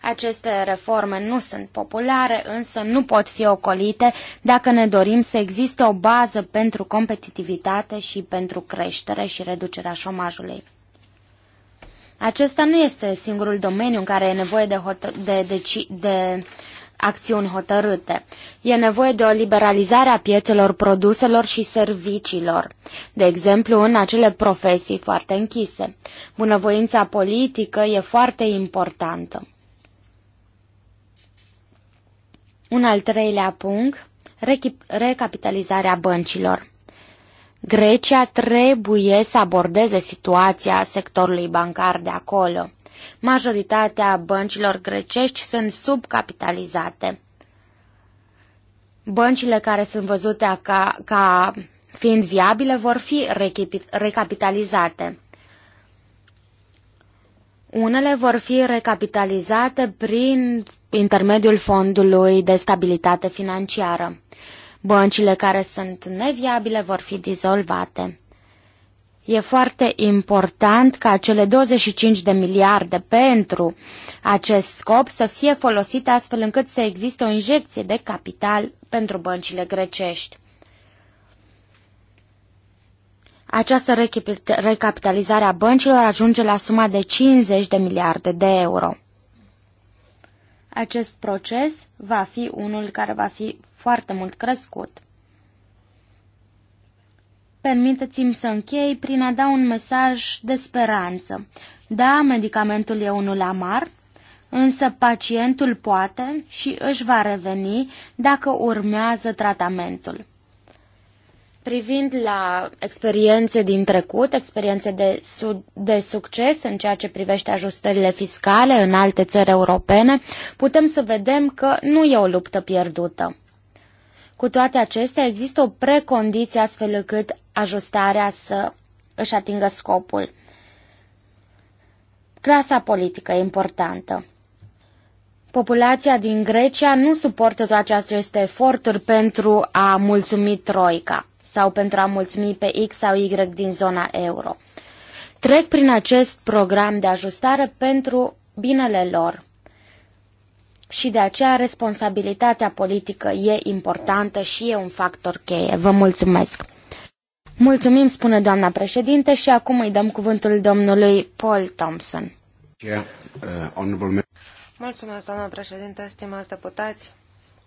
[SPEAKER 3] Aceste reforme nu sunt populare, însă nu pot fi ocolite dacă ne dorim să existe o bază pentru competitivitate și pentru creștere și reducerea șomajului. Acesta nu este singurul domeniu în care e nevoie de, de, deci- de, de acțiuni hotărâte. E nevoie de o liberalizare a piețelor produselor și serviciilor, de exemplu în acele profesii foarte închise. Bunăvoința politică e foarte importantă. Un al treilea punct, recapitalizarea băncilor. Grecia trebuie să abordeze situația sectorului bancar de acolo. Majoritatea băncilor grecești sunt subcapitalizate. Băncile care sunt văzute ca, ca fiind viabile vor fi recapitalizate. Unele vor fi recapitalizate prin intermediul fondului de stabilitate financiară. Băncile care sunt neviabile vor fi dizolvate. E foarte important ca cele 25 de miliarde pentru acest scop să fie folosite astfel încât să existe o injecție de capital pentru băncile grecești. Această recapitalizare a băncilor ajunge la suma de 50 de miliarde de euro. Acest proces va fi unul care va fi foarte mult crescut. Permiteți-mi să închei prin a da un mesaj de speranță. Da, medicamentul e unul amar, însă pacientul poate și își va reveni dacă urmează tratamentul. Privind la experiențe din trecut, experiențe de, su- de succes în ceea ce privește ajustările fiscale în alte țări europene, putem să vedem că nu e o luptă pierdută. Cu toate acestea, există o precondiție astfel încât ajustarea să își atingă scopul. Clasa politică e importantă. Populația din Grecia nu suportă toate aceste eforturi pentru a mulțumi Troica sau pentru a mulțumi pe X sau Y din zona euro. Trec prin acest program de ajustare pentru binele lor și de aceea responsabilitatea politică e importantă și e un factor cheie. Vă mulțumesc! Mulțumim, spune doamna președinte, și acum îi dăm cuvântul domnului Paul Thompson.
[SPEAKER 1] Uh,
[SPEAKER 2] mulțumesc, doamna președinte, stimați deputați.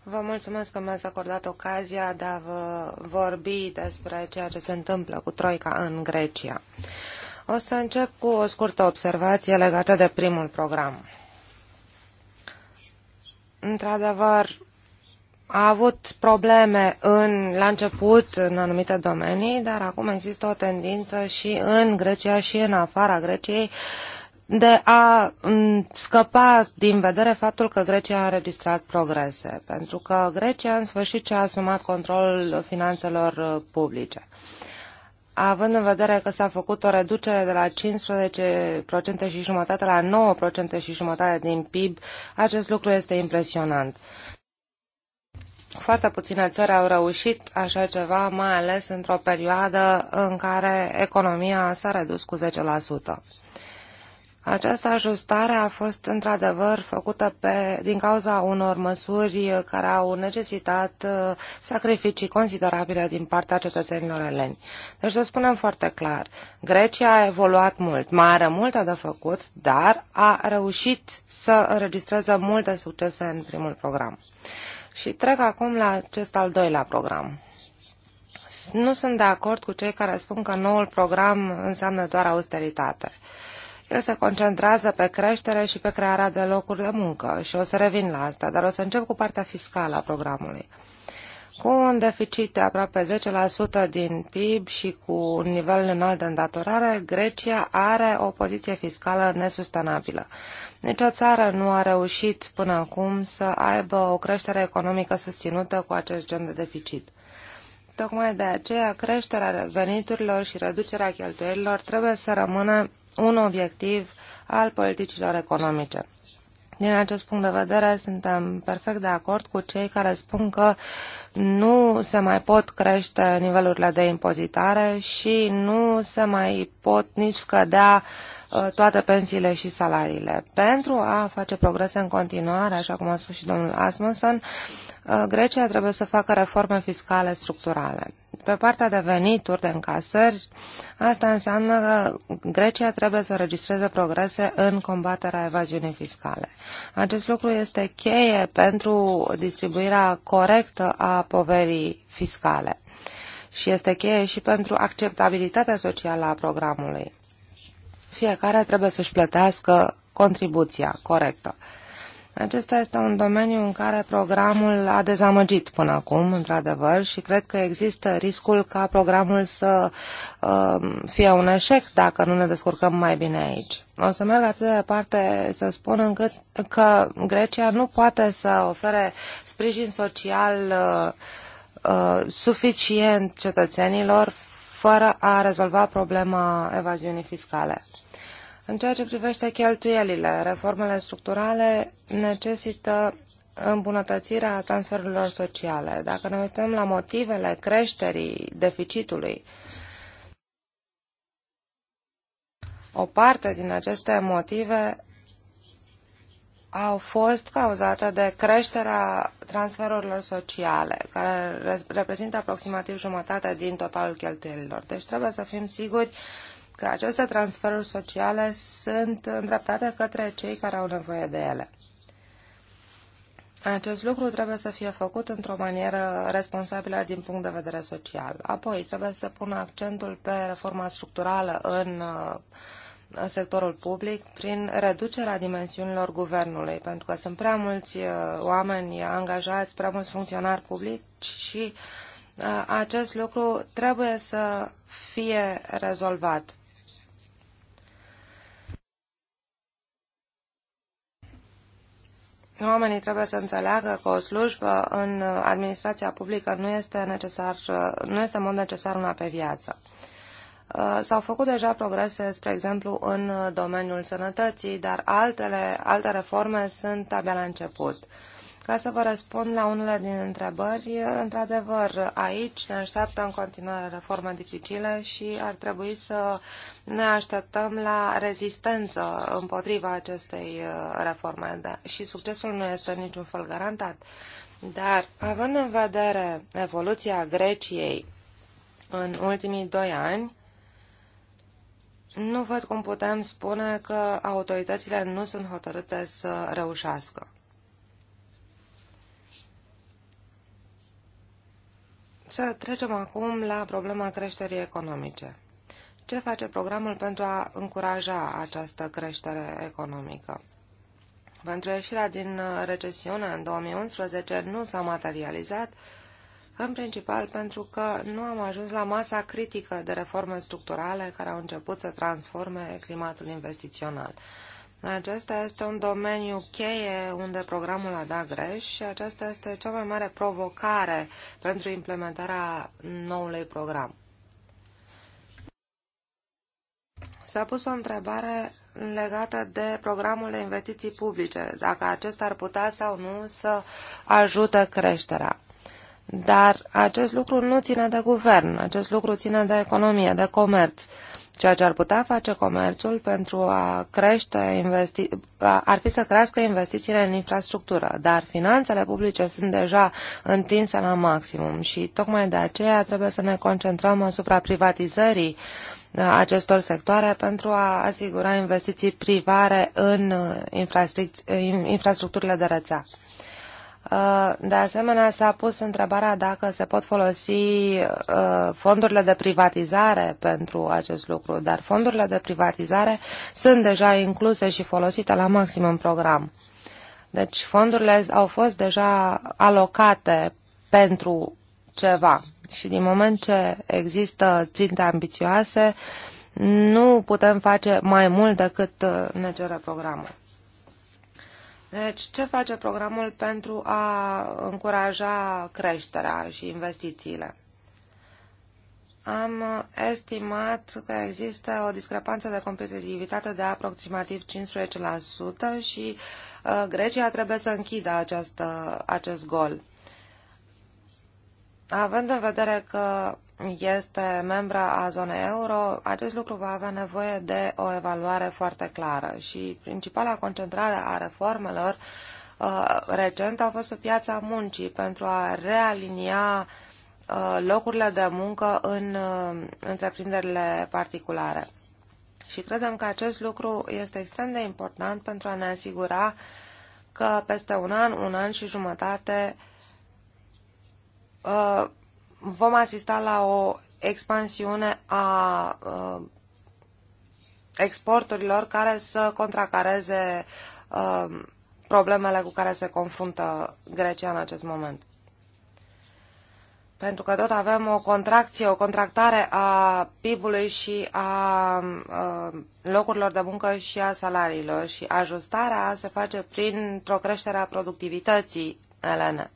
[SPEAKER 2] Vă mulțumesc că mi-ați acordat ocazia de a vă vorbi despre ceea ce se întâmplă cu Troica în Grecia. O să încep cu o scurtă observație legată de primul program într-adevăr, a avut probleme în, la început în anumite domenii, dar acum există o tendință și în Grecia și în afara Greciei de a scăpa din vedere faptul că Grecia a înregistrat progrese, pentru că Grecia în sfârșit și-a asumat controlul finanțelor uh, publice având în vedere că s-a făcut o reducere de la 15% și jumătate la 9% și jumătate din PIB, acest lucru este impresionant. Foarte puține țări au reușit așa ceva, mai ales într-o perioadă în care economia s-a redus cu 10%. Această ajustare a fost într-adevăr făcută pe, din cauza unor măsuri care au necesitat uh, sacrificii considerabile din partea cetățenilor eleni. Deci să spunem foarte clar, Grecia a evoluat mult, mai are multe de făcut, dar a reușit să înregistreze multe succese în primul program. Și trec acum la acest al doilea program nu sunt de acord cu cei care spun că noul program înseamnă doar austeritate să se concentreze pe creștere și pe crearea de locuri de muncă și o să revin la asta, dar o să încep cu partea fiscală a programului. Cu un deficit de aproape 10% din PIB și cu un nivel înalt de îndatorare, Grecia are o poziție fiscală nesustenabilă. Nici o țară nu a reușit până acum să aibă o creștere economică susținută cu acest gen de deficit. Tocmai de aceea, creșterea veniturilor și reducerea cheltuielilor trebuie să rămână un obiectiv al politicilor economice. Din acest punct de vedere, suntem perfect de acord cu cei care spun că nu se mai pot crește nivelurile de impozitare și nu se mai pot nici scădea ă, toate pensiile și salariile. Pentru a face progrese în continuare, așa cum a spus și domnul Asmussen, ă, Grecia trebuie să facă reforme fiscale structurale. Pe partea de venituri, de încasări, asta înseamnă că Grecia trebuie să registreze progrese în combaterea evaziunii fiscale. Acest lucru este cheie pentru distribuirea corectă a poverii fiscale și este cheie și pentru acceptabilitatea socială a programului. Fiecare trebuie să-și plătească contribuția corectă. Acesta este un domeniu în care programul a dezamăgit până acum, într-adevăr, și cred că există riscul ca programul să uh, fie un eșec dacă nu ne descurcăm mai bine aici. O să merg atât de departe să spun încât că Grecia nu poate să ofere sprijin social uh, uh, suficient cetățenilor fără a rezolva problema evaziunii fiscale. În ceea ce privește cheltuielile, reformele structurale necesită îmbunătățirea transferurilor sociale. Dacă ne uităm la motivele creșterii deficitului, o parte din aceste motive au fost cauzate de creșterea transferurilor sociale, care reprezintă aproximativ jumătate din totalul cheltuielilor. Deci trebuie să fim siguri că aceste transferuri sociale sunt îndreptate către cei care au nevoie de ele. Acest lucru trebuie să fie făcut într-o manieră responsabilă din punct de vedere social. Apoi, trebuie să pună accentul pe reforma structurală în uh, sectorul public prin reducerea dimensiunilor guvernului, pentru că sunt prea mulți uh, oameni angajați, prea mulți funcționari publici și uh, acest lucru trebuie să fie rezolvat Oamenii trebuie să înțeleagă că o slujbă în administrația publică nu este, necesar, nu este mod necesar una pe viață. Uh, s-au făcut deja progrese, spre exemplu, în domeniul sănătății, dar altele, alte reforme sunt abia la început. Ca să vă răspund la unele din întrebări, într-adevăr, aici ne așteaptă în continuare reforme dificile și ar trebui să ne așteptăm la rezistență împotriva acestei uh, reforme da, și succesul nu este niciun fel garantat. Dar, având în vedere evoluția Greciei în ultimii doi ani, nu văd cum putem spune că autoritățile nu sunt hotărâte să reușească. Să trecem acum la problema creșterii economice. Ce face programul pentru a încuraja această creștere economică? Pentru ieșirea din uh, recesiune în 2011 nu s-a materializat, în principal pentru că nu am ajuns la masa critică de reforme structurale care au început să transforme climatul investițional. Acesta este un domeniu cheie unde programul a dat greș și aceasta este cea mai mare provocare pentru implementarea noului program. S-a pus o întrebare legată de programul de investiții publice, dacă acesta ar putea sau nu să ajute creșterea. Dar acest lucru nu ține de guvern, acest lucru ține de economie, de comerț. Ceea ce ar putea face comerțul pentru a crește investiții, ar fi să crească investițiile în infrastructură, dar finanțele publice sunt deja întinse la maximum și tocmai de aceea trebuie să ne concentrăm asupra privatizării acestor sectoare pentru a asigura investiții private în infrastructurile de rețea. Uh, de asemenea, s-a pus întrebarea dacă se pot folosi uh, fondurile de privatizare pentru acest lucru, dar fondurile de privatizare sunt deja incluse și folosite la maxim în program. Deci fondurile au fost deja alocate pentru ceva și din moment ce există ținte ambițioase, nu putem face mai mult decât uh, ne cere programul. Deci, ce face programul pentru a încuraja creșterea și investițiile? Am estimat că există o discrepanță de competitivitate de aproximativ 15% și uh, Grecia trebuie să închidă această, acest gol. Având în vedere că este membra a zonei euro, acest lucru va avea nevoie de o evaluare foarte clară și principala concentrare a reformelor uh, recent a fost pe piața muncii pentru a realinia uh, locurile de muncă în uh, întreprinderile particulare. Și credem că acest lucru este extrem de important pentru a ne asigura că peste un an, un an și jumătate, vom asista la o expansiune a uh, exporturilor care să contracareze uh, problemele cu care se confruntă Grecia în acest moment. Pentru că tot avem o contracție, o contractare a PIB-ului și a uh, locurilor de muncă și a salariilor și ajustarea se face printr-o creștere a productivității elene.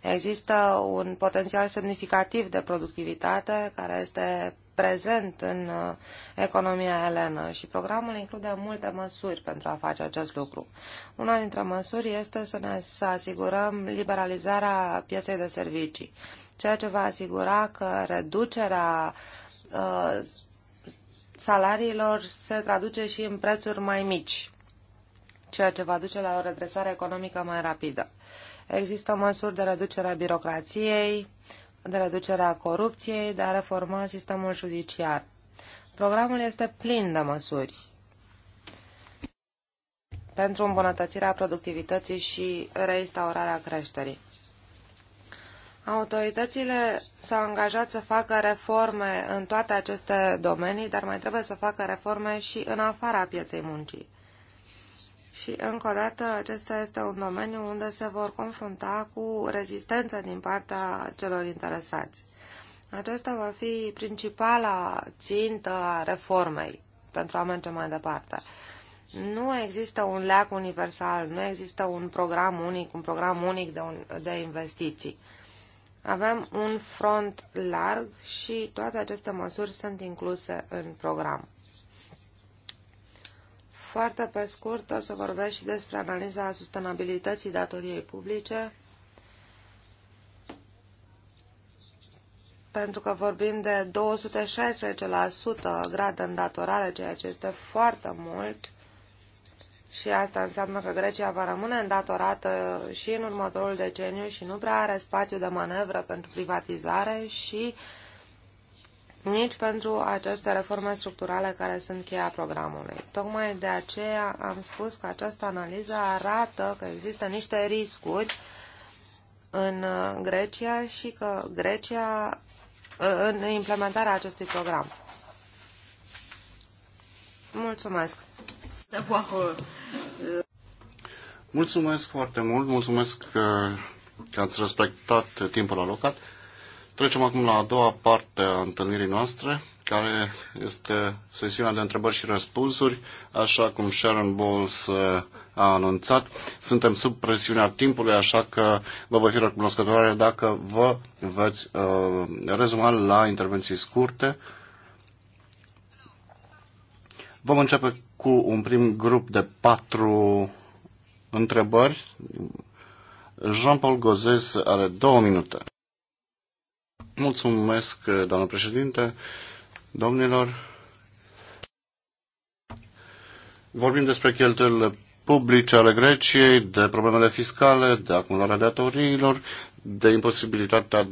[SPEAKER 2] Există un potențial semnificativ de productivitate care este prezent în uh, economia elenă și programul include multe măsuri pentru a face acest lucru. Una dintre măsuri este să ne să asigurăm liberalizarea pieței de servicii, ceea ce va asigura că reducerea uh, salariilor se traduce și în prețuri mai mici, ceea ce va duce la o redresare economică mai rapidă. Uh, Există măsuri de reducere a birocrației, de reducere a corupției, de a reforma sistemul judiciar. Programul este plin de măsuri pentru îmbunătățirea productivității și reinstaurarea creșterii. Autoritățile s-au angajat să facă reforme în toate aceste domenii, dar mai trebuie să facă reforme și în afara pieței muncii. Și, încă o dată, acesta este un domeniu unde se vor confrunta cu rezistență din partea celor interesați. Aceasta va fi principala țintă a reformei pentru a merge mai departe. Nu există un leac universal, nu există un program unic, un program unic de, un, de investiții. Avem un front larg și toate aceste măsuri sunt incluse în program. Foarte pe scurt o să vorbesc și despre analiza sustenabilității datoriei publice, pentru că vorbim de 216% grad de datorare, ceea ce este foarte mult și asta înseamnă că Grecia va rămâne îndatorată și în următorul deceniu și nu prea are spațiu de manevră pentru privatizare și uh, nici pentru aceste reforme structurale care sunt cheia programului. Tocmai de aceea am spus că această analiză arată că există niște riscuri în Grecia și că Grecia în implementarea acestui program. Mulțumesc!
[SPEAKER 1] Mulțumesc foarte mult, mulțumesc că, că ați respectat timpul alocat. Trecem acum la a doua parte a întâlnirii noastre, care este sesiunea de întrebări și răspunsuri. Așa cum Sharon Bowles uh, a anunțat, suntem sub presiunea timpului, așa că vă voi fi recunoscătoare dacă vă veți uh, rezuma la intervenții scurte. Vom începe cu un prim grup de patru întrebări. Jean-Paul Gozes are două minute. Mulțumesc, doamnă președinte, domnilor. Vorbim despre cheltuielile publice ale Greciei, de problemele fiscale, de acumularea datoriilor, de imposibilitatea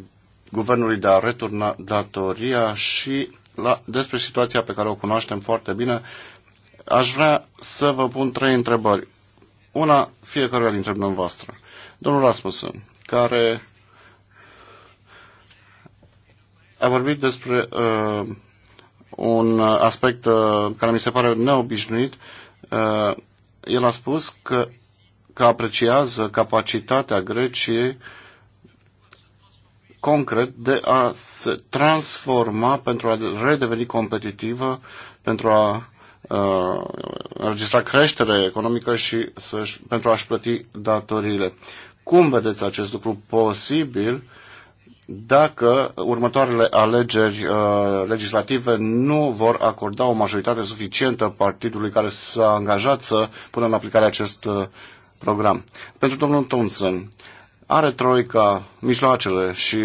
[SPEAKER 1] guvernului de a returna datoria și la, despre situația pe care o cunoaștem foarte bine, aș vrea să vă pun trei întrebări. Una fiecare dintre dumneavoastră. Domnul Rasmussen, care a vorbit despre uh, un aspect uh, care mi se pare neobișnuit. Uh, el a spus că, că apreciază capacitatea Greciei concret de a se transforma pentru a redeveni competitivă, pentru a uh, creștere economică și să pentru a-și plăti datoriile. Cum vedeți acest lucru posibil dacă următoarele alegeri uh, legislative nu vor acorda o majoritate suficientă partidului care s-a angajat să pună în aplicare acest uh, program. Pentru domnul Thompson, are Troica mijloacele și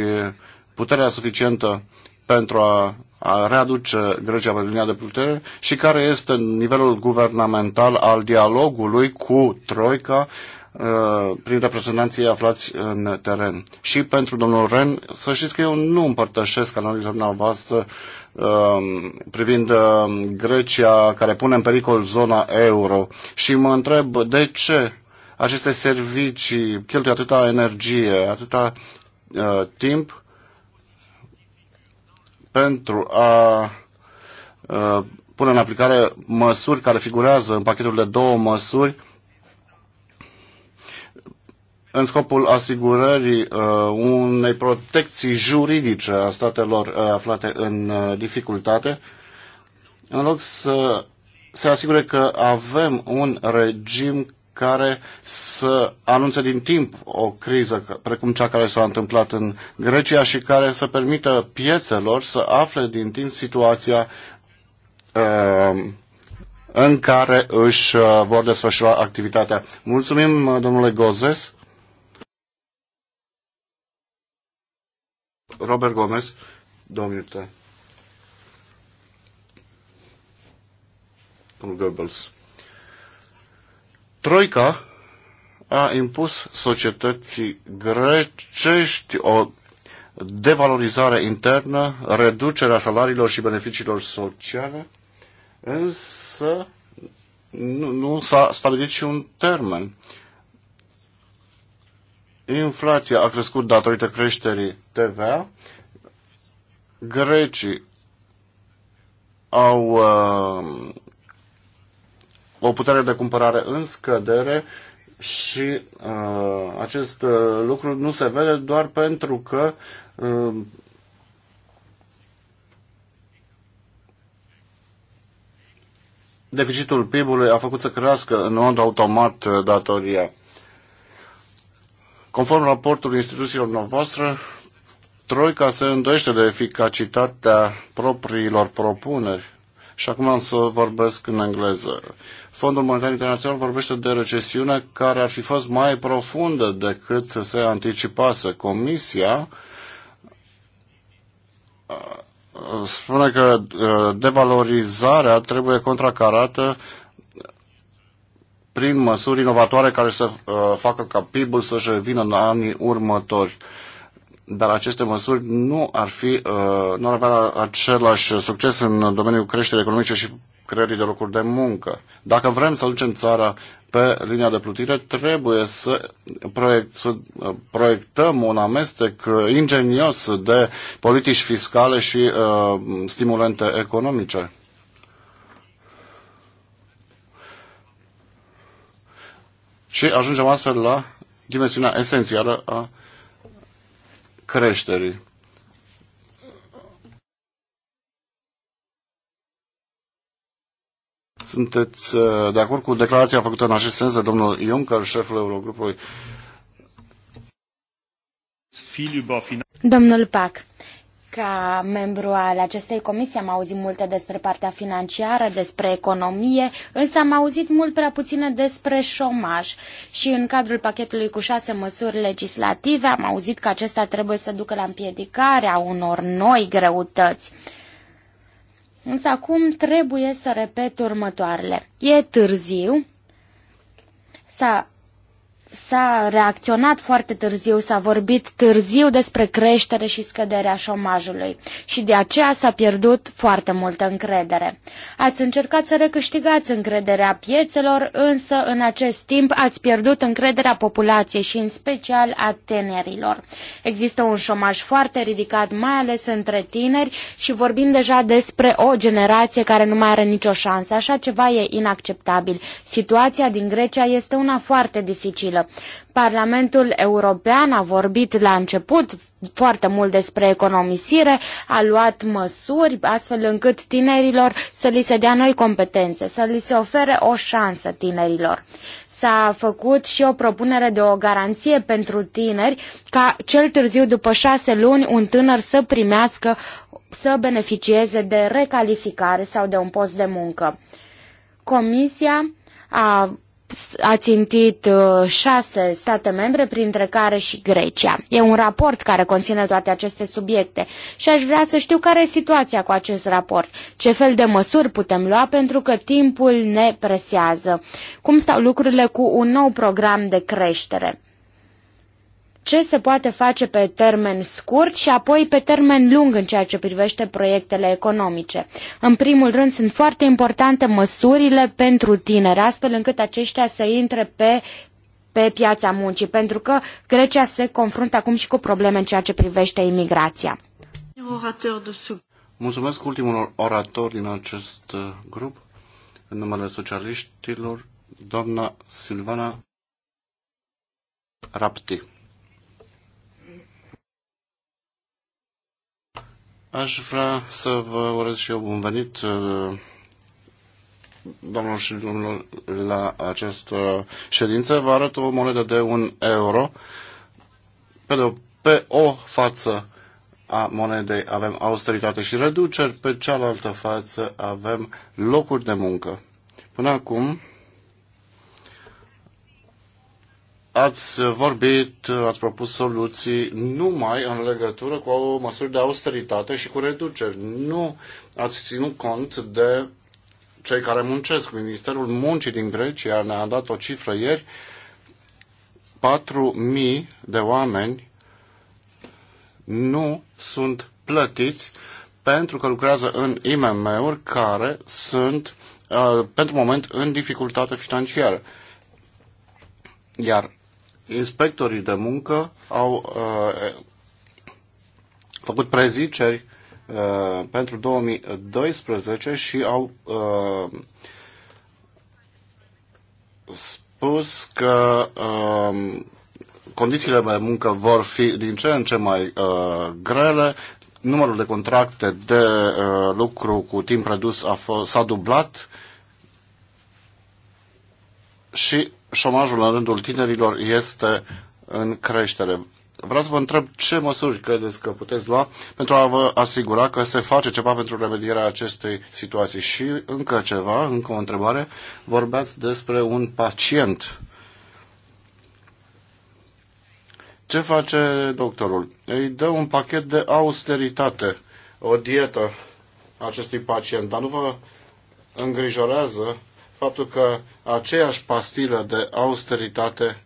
[SPEAKER 1] puterea suficientă pentru a, a readuce Grecia pe linia de putere și care este nivelul guvernamental al dialogului cu Troica Uh, prin reprezentanții aflați în teren. Și pentru domnul Ren, să știți că eu nu împărtășesc analiza dumneavoastră um, privind um, Grecia care pune în pericol zona euro și mă întreb de ce aceste servicii cheltuie atâta energie, atâta uh, timp pentru a uh, pune în aplicare măsuri care figurează în pachetul de două măsuri în scopul asigurării uh, unei protecții juridice a statelor uh, aflate în uh, dificultate, în loc să se asigure că avem un regim care să anunțe din timp o criză, precum cea care s-a întâmplat în Grecia și care să permită piețelor să afle din timp situația uh, în care își vor desfășura activitatea. Mulțumim, domnule Gozes. Robert Gomez, două minute. Goebbels. Troica a impus societății grecești o devalorizare internă, reducerea salariilor și beneficiilor sociale, însă nu, nu s-a stabilit și un termen inflația a crescut datorită creșterii TVA, grecii au uh, o putere de cumpărare în scădere și uh, acest uh, lucru nu se vede doar pentru că uh, deficitul PIB-ului a făcut să crească în mod automat uh, datoria. Conform raportului instituțiilor noastre, Troica se îndoiește de eficacitatea propriilor propuneri. Și acum am să vorbesc în engleză. Fondul Monetar Internațional vorbește de recesiune care ar fi fost mai profundă decât se anticipase. Comisia uh, spune că uh, devalorizarea trebuie contracarată prin măsuri inovatoare care să uh, facă ca PIB-ul să-și revină în anii următori. Dar aceste măsuri nu ar, fi, uh, nu ar avea același succes în domeniul creșterii economice și creării de locuri de muncă. Dacă vrem să ducem țara pe linia de plutire, trebuie să, proiect, să uh, proiectăm un amestec ingenios de politici fiscale și uh, stimulente economice. Și ajungem astfel la dimensiunea esențială a creșterii. Sunteți uh, de acord cu declarația făcută în acest sens de domnul Juncker, șeful Eurogrupului?
[SPEAKER 3] Domnul Pac, ca membru al acestei comisii am auzit multe despre partea financiară, despre economie, însă am auzit mult prea puține despre șomaj și în cadrul pachetului cu șase măsuri legislative am auzit că acesta trebuie să ducă la împiedicarea unor noi greutăți. Însă acum trebuie să repet următoarele. E târziu, s-a s-a reacționat foarte târziu, s-a vorbit târziu despre creștere și scăderea șomajului și de aceea s-a pierdut foarte multă încredere. Ați încercat să recâștigați încrederea piețelor, însă în acest timp ați pierdut încrederea populației și în special a tinerilor. Există un șomaj foarte ridicat, mai ales între tineri și vorbim deja despre o generație care nu mai are nicio șansă. Așa ceva e inacceptabil. Situația din Grecia este una foarte dificilă socială. Parlamentul European a vorbit la început foarte mult despre economisire, a luat măsuri astfel încât tinerilor să li se dea noi competențe, să li se ofere o șansă tinerilor. S-a făcut și o propunere de o garanție pentru tineri ca cel târziu după șase luni un tânăr să primească, să beneficieze de recalificare sau de un post de muncă. Comisia a a țintit uh, șase state membre, printre care și Grecia. E un raport care conține toate aceste subiecte și aș vrea să știu care e situația cu acest raport, ce fel de măsuri putem lua pentru că timpul ne presează, cum stau lucrurile cu un nou program de creștere ce se poate face pe termen scurt și apoi pe termen lung în ceea ce privește proiectele economice. În primul rând sunt foarte importante măsurile pentru tineri, astfel încât aceștia să intre pe pe piața muncii, pentru că Grecia se confruntă acum și cu probleme în ceea ce privește imigrația.
[SPEAKER 1] Mulțumesc ultimul orator din acest uh, grup, în numele socialiștilor, doamna Silvana Rapti. Aș vrea să vă urez și eu bun venit, uh, domnul și domnilor, la această ședință. Vă arăt o monedă de un euro. Pe, de o, pe o față a monedei avem austeritate și reduceri, pe cealaltă față avem locuri de muncă. Până acum, ați vorbit, ați propus soluții numai în legătură cu măsuri de austeritate și cu reduceri. Nu ați ținut cont de cei care muncesc. Ministerul Muncii din Grecia ne-a dat o cifră ieri, 4.000 de oameni nu sunt plătiți pentru că lucrează în IMM-uri care sunt, uh, pentru moment, în dificultate financiară. Iar inspectorii de muncă au uh, făcut preziceri uh, pentru 2012 și au uh, spus că uh, condițiile de muncă vor fi din ce în ce mai uh, grele, numărul de contracte de uh, lucru cu timp redus a s-a dublat și șomajul la rândul tinerilor este în creștere. Vreau să vă întreb ce măsuri credeți că puteți lua pentru a vă asigura că se face ceva pentru remedierea acestei situații. Și încă ceva, încă o întrebare, vorbeați despre un pacient. Ce face doctorul? Îi dă un pachet de austeritate, o dietă acestui pacient, dar nu vă îngrijorează faptul că aceeași pastilă de austeritate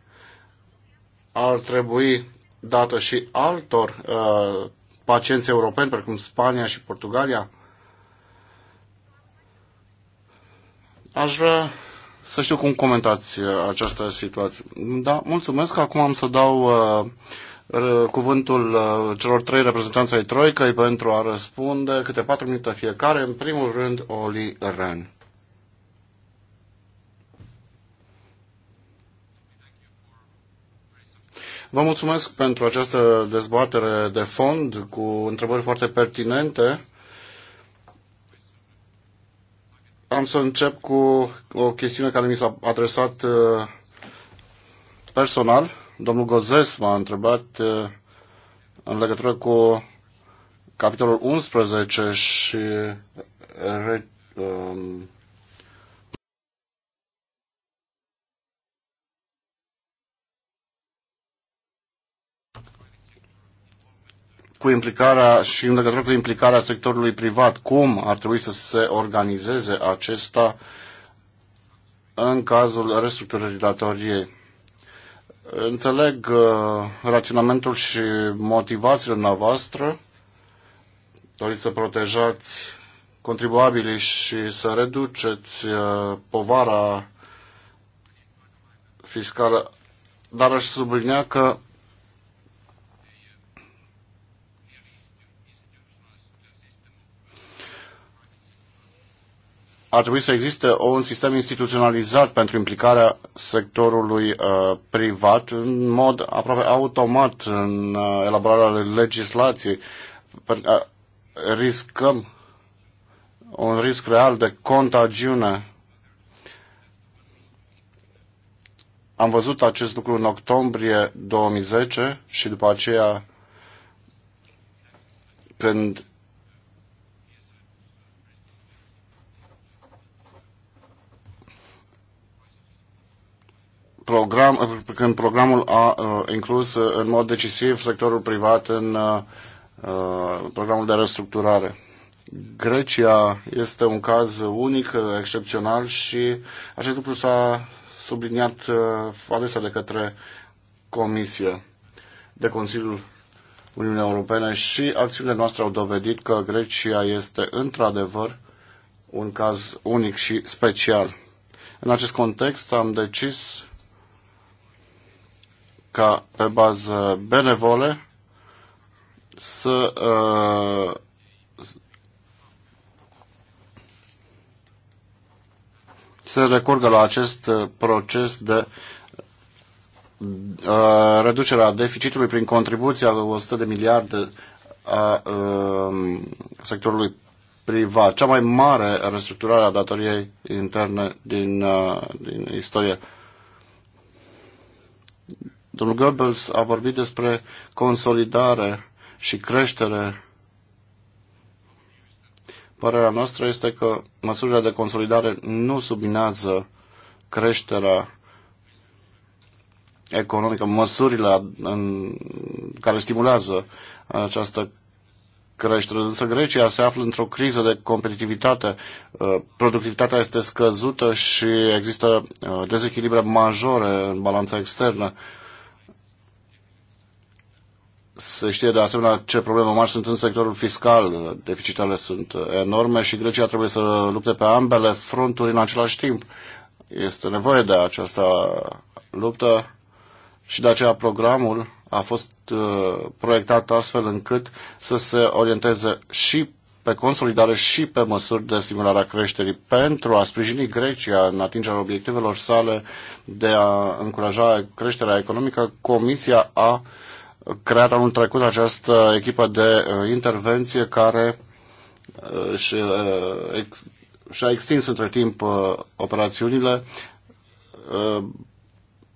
[SPEAKER 1] ar trebui dată și altor uh, pacienți europeni, precum Spania și Portugalia? Aș vrea să știu cum comentați uh, această situație. Da, mulțumesc. Acum am să dau uh, cuvântul uh, celor trei reprezentanți ai Troicăi pentru a răspunde câte patru minute fiecare. În primul rând, Oli Ren. Vă mulțumesc pentru această dezbatere de fond cu întrebări foarte pertinente. Am să încep cu o chestiune care mi s-a adresat uh, personal. Domnul Gozes m-a întrebat uh, în legătură cu capitolul 11 și um, cu implicarea și în legătură cu implicarea sectorului privat, cum ar trebui să se organizeze acesta în cazul restructurării datoriei. Înțeleg uh, raționamentul și motivațiile noastre. Doriți să protejați contribuabilii și să reduceți uh, povara fiscală, dar aș sublinea că ar trebui să existe un sistem instituționalizat pentru implicarea sectorului uh, privat în mod aproape automat în uh, elaborarea legislației. Per, uh, riscăm un risc real de contagiune. Am văzut acest lucru în octombrie 2010 și după aceea când program, când programul a uh, inclus uh, în mod decisiv sectorul privat în uh, programul de restructurare. Grecia este un caz unic, excepțional și acest lucru s-a subliniat adesea de către Comisie de Consiliul Uniunii Europene și acțiunile noastre au dovedit că Grecia este într-adevăr un caz unic și special. În acest context am decis ca pe bază benevole să uh, se recurgă la acest uh, proces de uh, reducerea deficitului prin contribuția de 100 de miliarde a uh, sectorului privat, cea mai mare restructurare a datoriei interne din, uh, din istorie. Domnul Goebbels a vorbit despre consolidare și creștere. Părerea noastră este că măsurile de consolidare nu subminează creșterea economică, măsurile în, care stimulează această creștere. Însă Grecia se află într-o criză de competitivitate, uh, productivitatea este scăzută și există uh, dezechilibre majore în balanța externă. Se știe de asemenea ce probleme mari sunt în sectorul fiscal. Deficitele sunt enorme și Grecia trebuie să lupte pe ambele fronturi în același timp. Este nevoie de această luptă și de aceea programul a fost uh, proiectat astfel încât să se orienteze și pe consolidare și pe măsuri de stimulare a creșterii pentru a sprijini Grecia în atingerea obiectivelor sale de a încuraja creșterea economică, Comisia a creat anul trecut această echipă de uh, intervenție care uh, uh, și-a extins între timp operațiunile,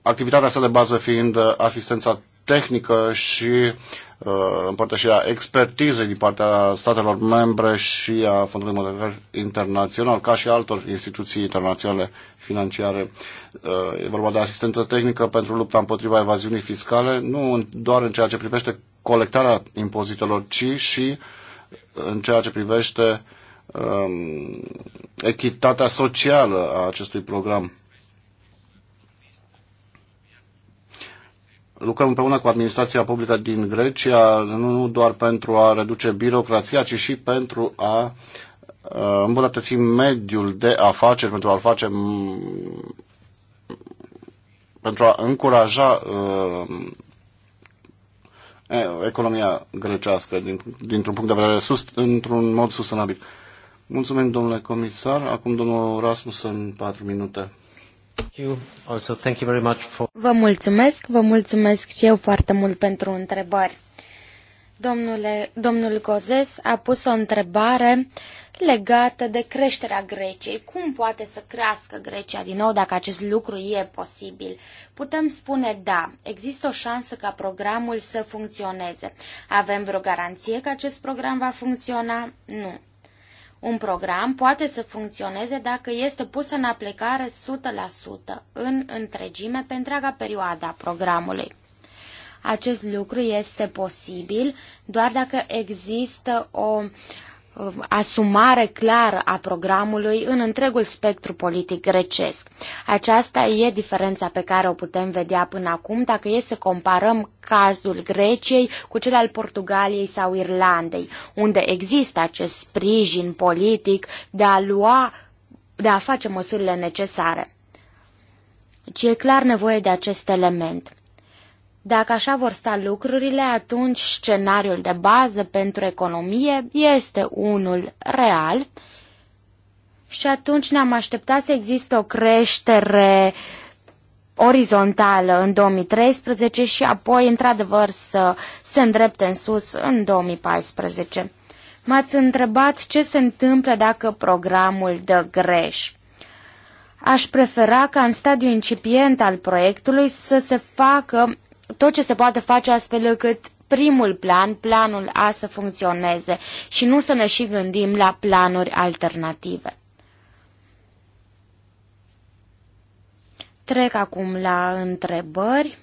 [SPEAKER 1] activitatea sa de bază fiind asistența tehnică și Uh, împărtășirea expertizei din partea statelor membre și a Fondului Monetar Internațional, ca și altor instituții internaționale financiare. Uh, e vorba de asistență tehnică pentru lupta împotriva evaziunii fiscale, nu doar în ceea ce privește colectarea impozitelor, ci și în ceea ce privește um, echitatea socială a acestui program. lucrăm împreună cu administrația publică din Grecia, nu doar pentru a reduce birocrația, ci și pentru a îmbunătăți mediul de afaceri, pentru a-l face pentru a încuraja uh, economia grecească din, dintr-un punct de vedere sus, într-un mod sustenabil. Mulțumim, domnule comisar. Acum domnul Rasmussen, patru minute.
[SPEAKER 3] Vă mulțumesc, vă mulțumesc și eu foarte mult pentru întrebări. Domnule, domnul Gozes a pus o întrebare legată de creșterea Greciei. Cum poate să crească Grecia din nou dacă acest lucru e posibil? Putem spune da, există o șansă ca programul să funcționeze. Avem vreo garanție că acest program va funcționa? Nu. Un program poate să funcționeze dacă este pus în aplicare 100% în întregime pe întreaga perioadă a programului. Acest lucru este posibil doar dacă există o uh, Um, asumare clară a programului în întregul spectru politic grecesc. Aceasta e diferența pe care o putem vedea până acum dacă e să comparăm cazul Greciei cu cel al Portugaliei sau Irlandei, unde există acest sprijin politic de a lua, de a face măsurile necesare. Ci e clar nevoie de acest element. Dacă așa vor sta lucrurile, atunci scenariul de bază pentru economie este unul real și atunci ne-am așteptat să există o creștere orizontală în 2013 și apoi, într-adevăr, să se îndrepte în sus în 2014. M-ați întrebat ce se întâmplă dacă programul dă greș. Aș prefera ca în stadiul incipient al proiectului să se facă tot ce se poate face astfel încât primul plan, planul A să funcționeze și nu să ne și gândim la planuri alternative. Trec acum la întrebări.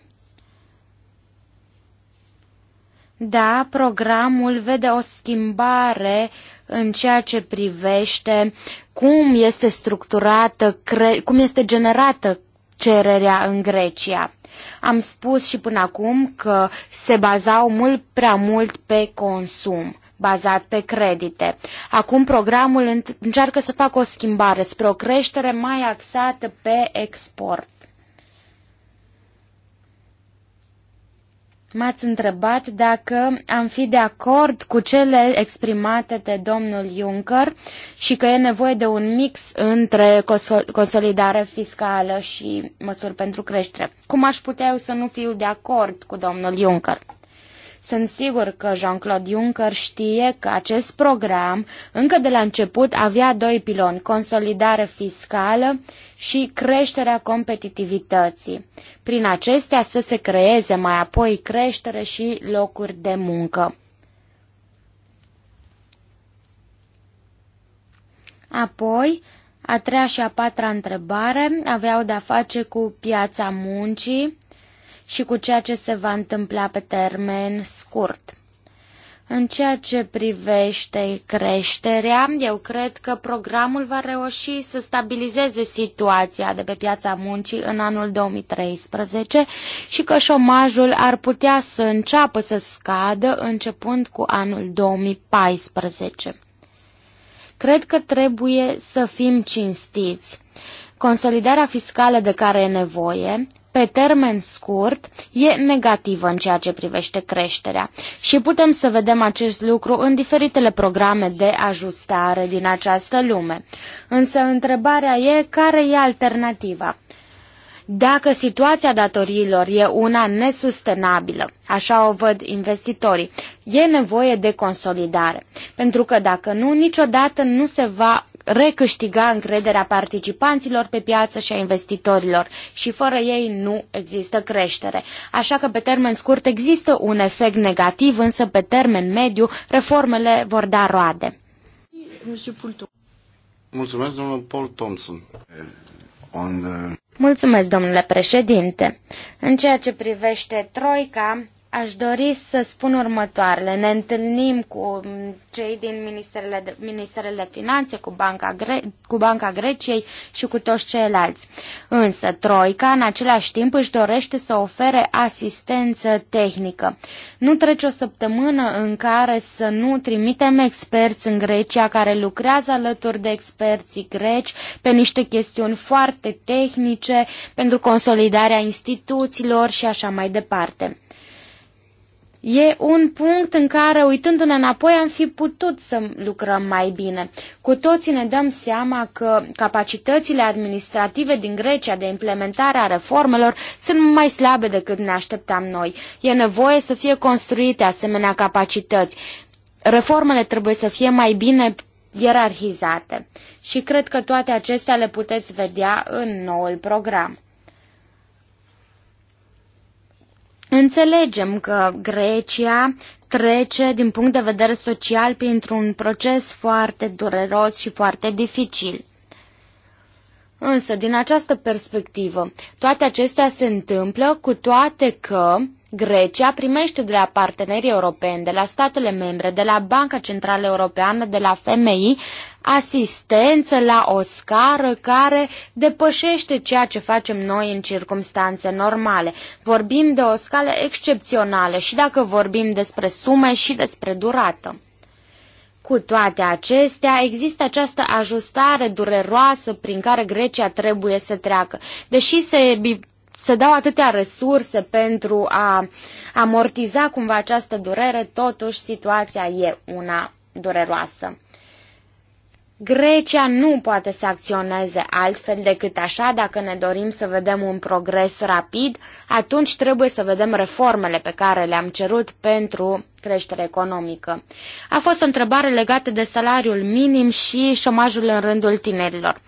[SPEAKER 3] Da, programul vede o schimbare în ceea ce privește cum este structurată, cum este generată cererea în Grecia. Am spus și până acum că se bazau mult prea mult pe consum bazat pe credite. Acum programul încearcă să facă o schimbare spre o creștere mai axată pe export. M-ați întrebat dacă am fi de acord cu cele exprimate de domnul Juncker și că e nevoie de un mix între consolidare fiscală și măsuri pentru creștere. Cum aș putea eu să nu fiu de acord cu domnul Juncker? Sunt sigur că Jean-Claude Juncker știe că acest program încă de la început avea doi piloni, consolidare fiscală și creșterea competitivității. Prin acestea să se creeze mai apoi creștere și locuri de muncă. Apoi, a treia și a patra întrebare aveau de-a face cu piața muncii și cu ceea ce se va întâmpla pe termen scurt. În ceea ce privește creșterea, eu cred că programul va reuși să stabilizeze situația de pe piața muncii în anul 2013 și că șomajul ar putea să înceapă să scadă începând cu anul 2014. Cred că trebuie să fim cinstiți. Consolidarea fiscală de care e nevoie, pe termen scurt, e negativă în ceea ce privește creșterea. Și putem să vedem acest lucru în diferitele programe de ajustare din această lume. Însă întrebarea e care e alternativa. Dacă situația datoriilor e una nesustenabilă, așa o văd investitorii, e nevoie de consolidare, pentru că dacă nu, niciodată nu se va recâștiga încrederea participanților pe piață și a investitorilor și fără ei nu există creștere. Așa că pe termen scurt există un efect negativ, însă pe termen mediu reformele vor da roade.
[SPEAKER 1] Mulțumesc, domnul Paul Thompson. On the...
[SPEAKER 3] Mulțumesc, domnule președinte. În ceea ce privește Troica, Aș dori să spun următoarele. Ne întâlnim cu cei din Ministerele, de, Ministerele Finanțe, cu Banca, Gre- cu Banca Greciei și cu toți ceilalți. Însă, Troica, în același timp, își dorește să ofere asistență tehnică. Nu trece o săptămână în care să nu trimitem experți în Grecia care lucrează alături de experții greci pe niște chestiuni foarte tehnice pentru consolidarea instituțiilor și așa mai departe. E un punct în care, uitându-ne înapoi, am fi putut să lucrăm mai bine. Cu toții ne dăm seama că capacitățile administrative din Grecia de implementare a reformelor sunt mai slabe decât ne așteptam noi. E nevoie să fie construite asemenea capacități. Reformele trebuie să fie mai bine ierarhizate. Și cred că toate acestea le puteți vedea în noul program. Înțelegem că Grecia trece din punct de vedere social printr-un proces foarte dureros și foarte dificil. Însă, din această perspectivă, toate acestea se întâmplă cu toate că Grecia primește de la partenerii europeni, de la statele membre, de la Banca Centrală Europeană, de la FMI, asistență la o scară care depășește ceea ce facem noi în circunstanțe normale. Vorbim de o scală excepțională și dacă vorbim despre sume și despre durată. Cu toate acestea, există această ajustare dureroasă prin care Grecia trebuie să treacă. Deși se se dau atâtea resurse pentru a amortiza cumva această durere, totuși situația e una dureroasă. Grecia nu poate să acționeze altfel decât așa dacă ne dorim să vedem un progres rapid, atunci trebuie să vedem reformele pe care le-am cerut pentru creștere economică. A fost o întrebare legată de salariul minim și șomajul în rândul tinerilor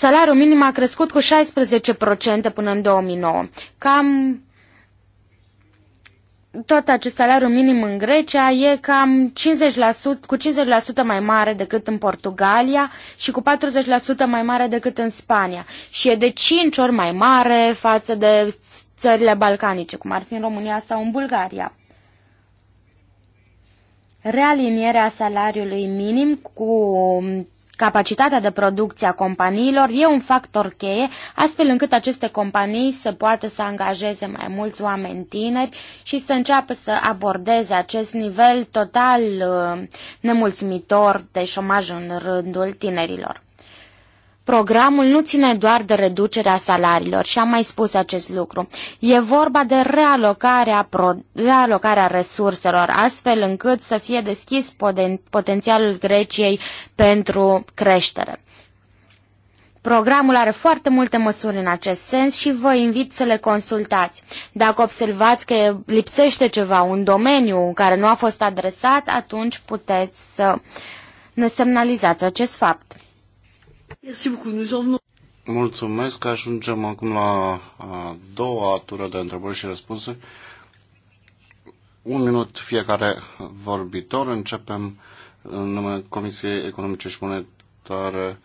[SPEAKER 3] Salariul minim a crescut cu 16% până în 2009. Cam tot acest salariu minim în Grecia e cam 50%, cu 50% mai mare decât în Portugalia și cu 40% mai mare decât în Spania. Și e de 5 ori mai mare față de țările balcanice, cum ar fi în România sau în Bulgaria. Realinierea salariului minim cu Capacitatea de producție a companiilor e un factor cheie, astfel încât aceste companii să poată să angajeze mai mulți oameni tineri și să înceapă să abordeze acest nivel total uh, nemulțumitor de șomaj în rândul tinerilor. Programul nu ține doar de reducerea salariilor și am mai spus acest lucru. E vorba de realocarea, pro, realocarea resurselor, astfel încât să fie deschis poten, potențialul Greciei pentru creștere. Programul are foarte multe măsuri în acest sens și vă invit să le consultați. Dacă observați că lipsește ceva, un domeniu care nu a fost adresat, atunci puteți să ne semnalizați acest fapt.
[SPEAKER 1] Mulțumesc. Ajungem acum la a doua tură de întrebări și răspunsuri. Un minut fiecare vorbitor. Începem în numele Comisiei Economice și Monetare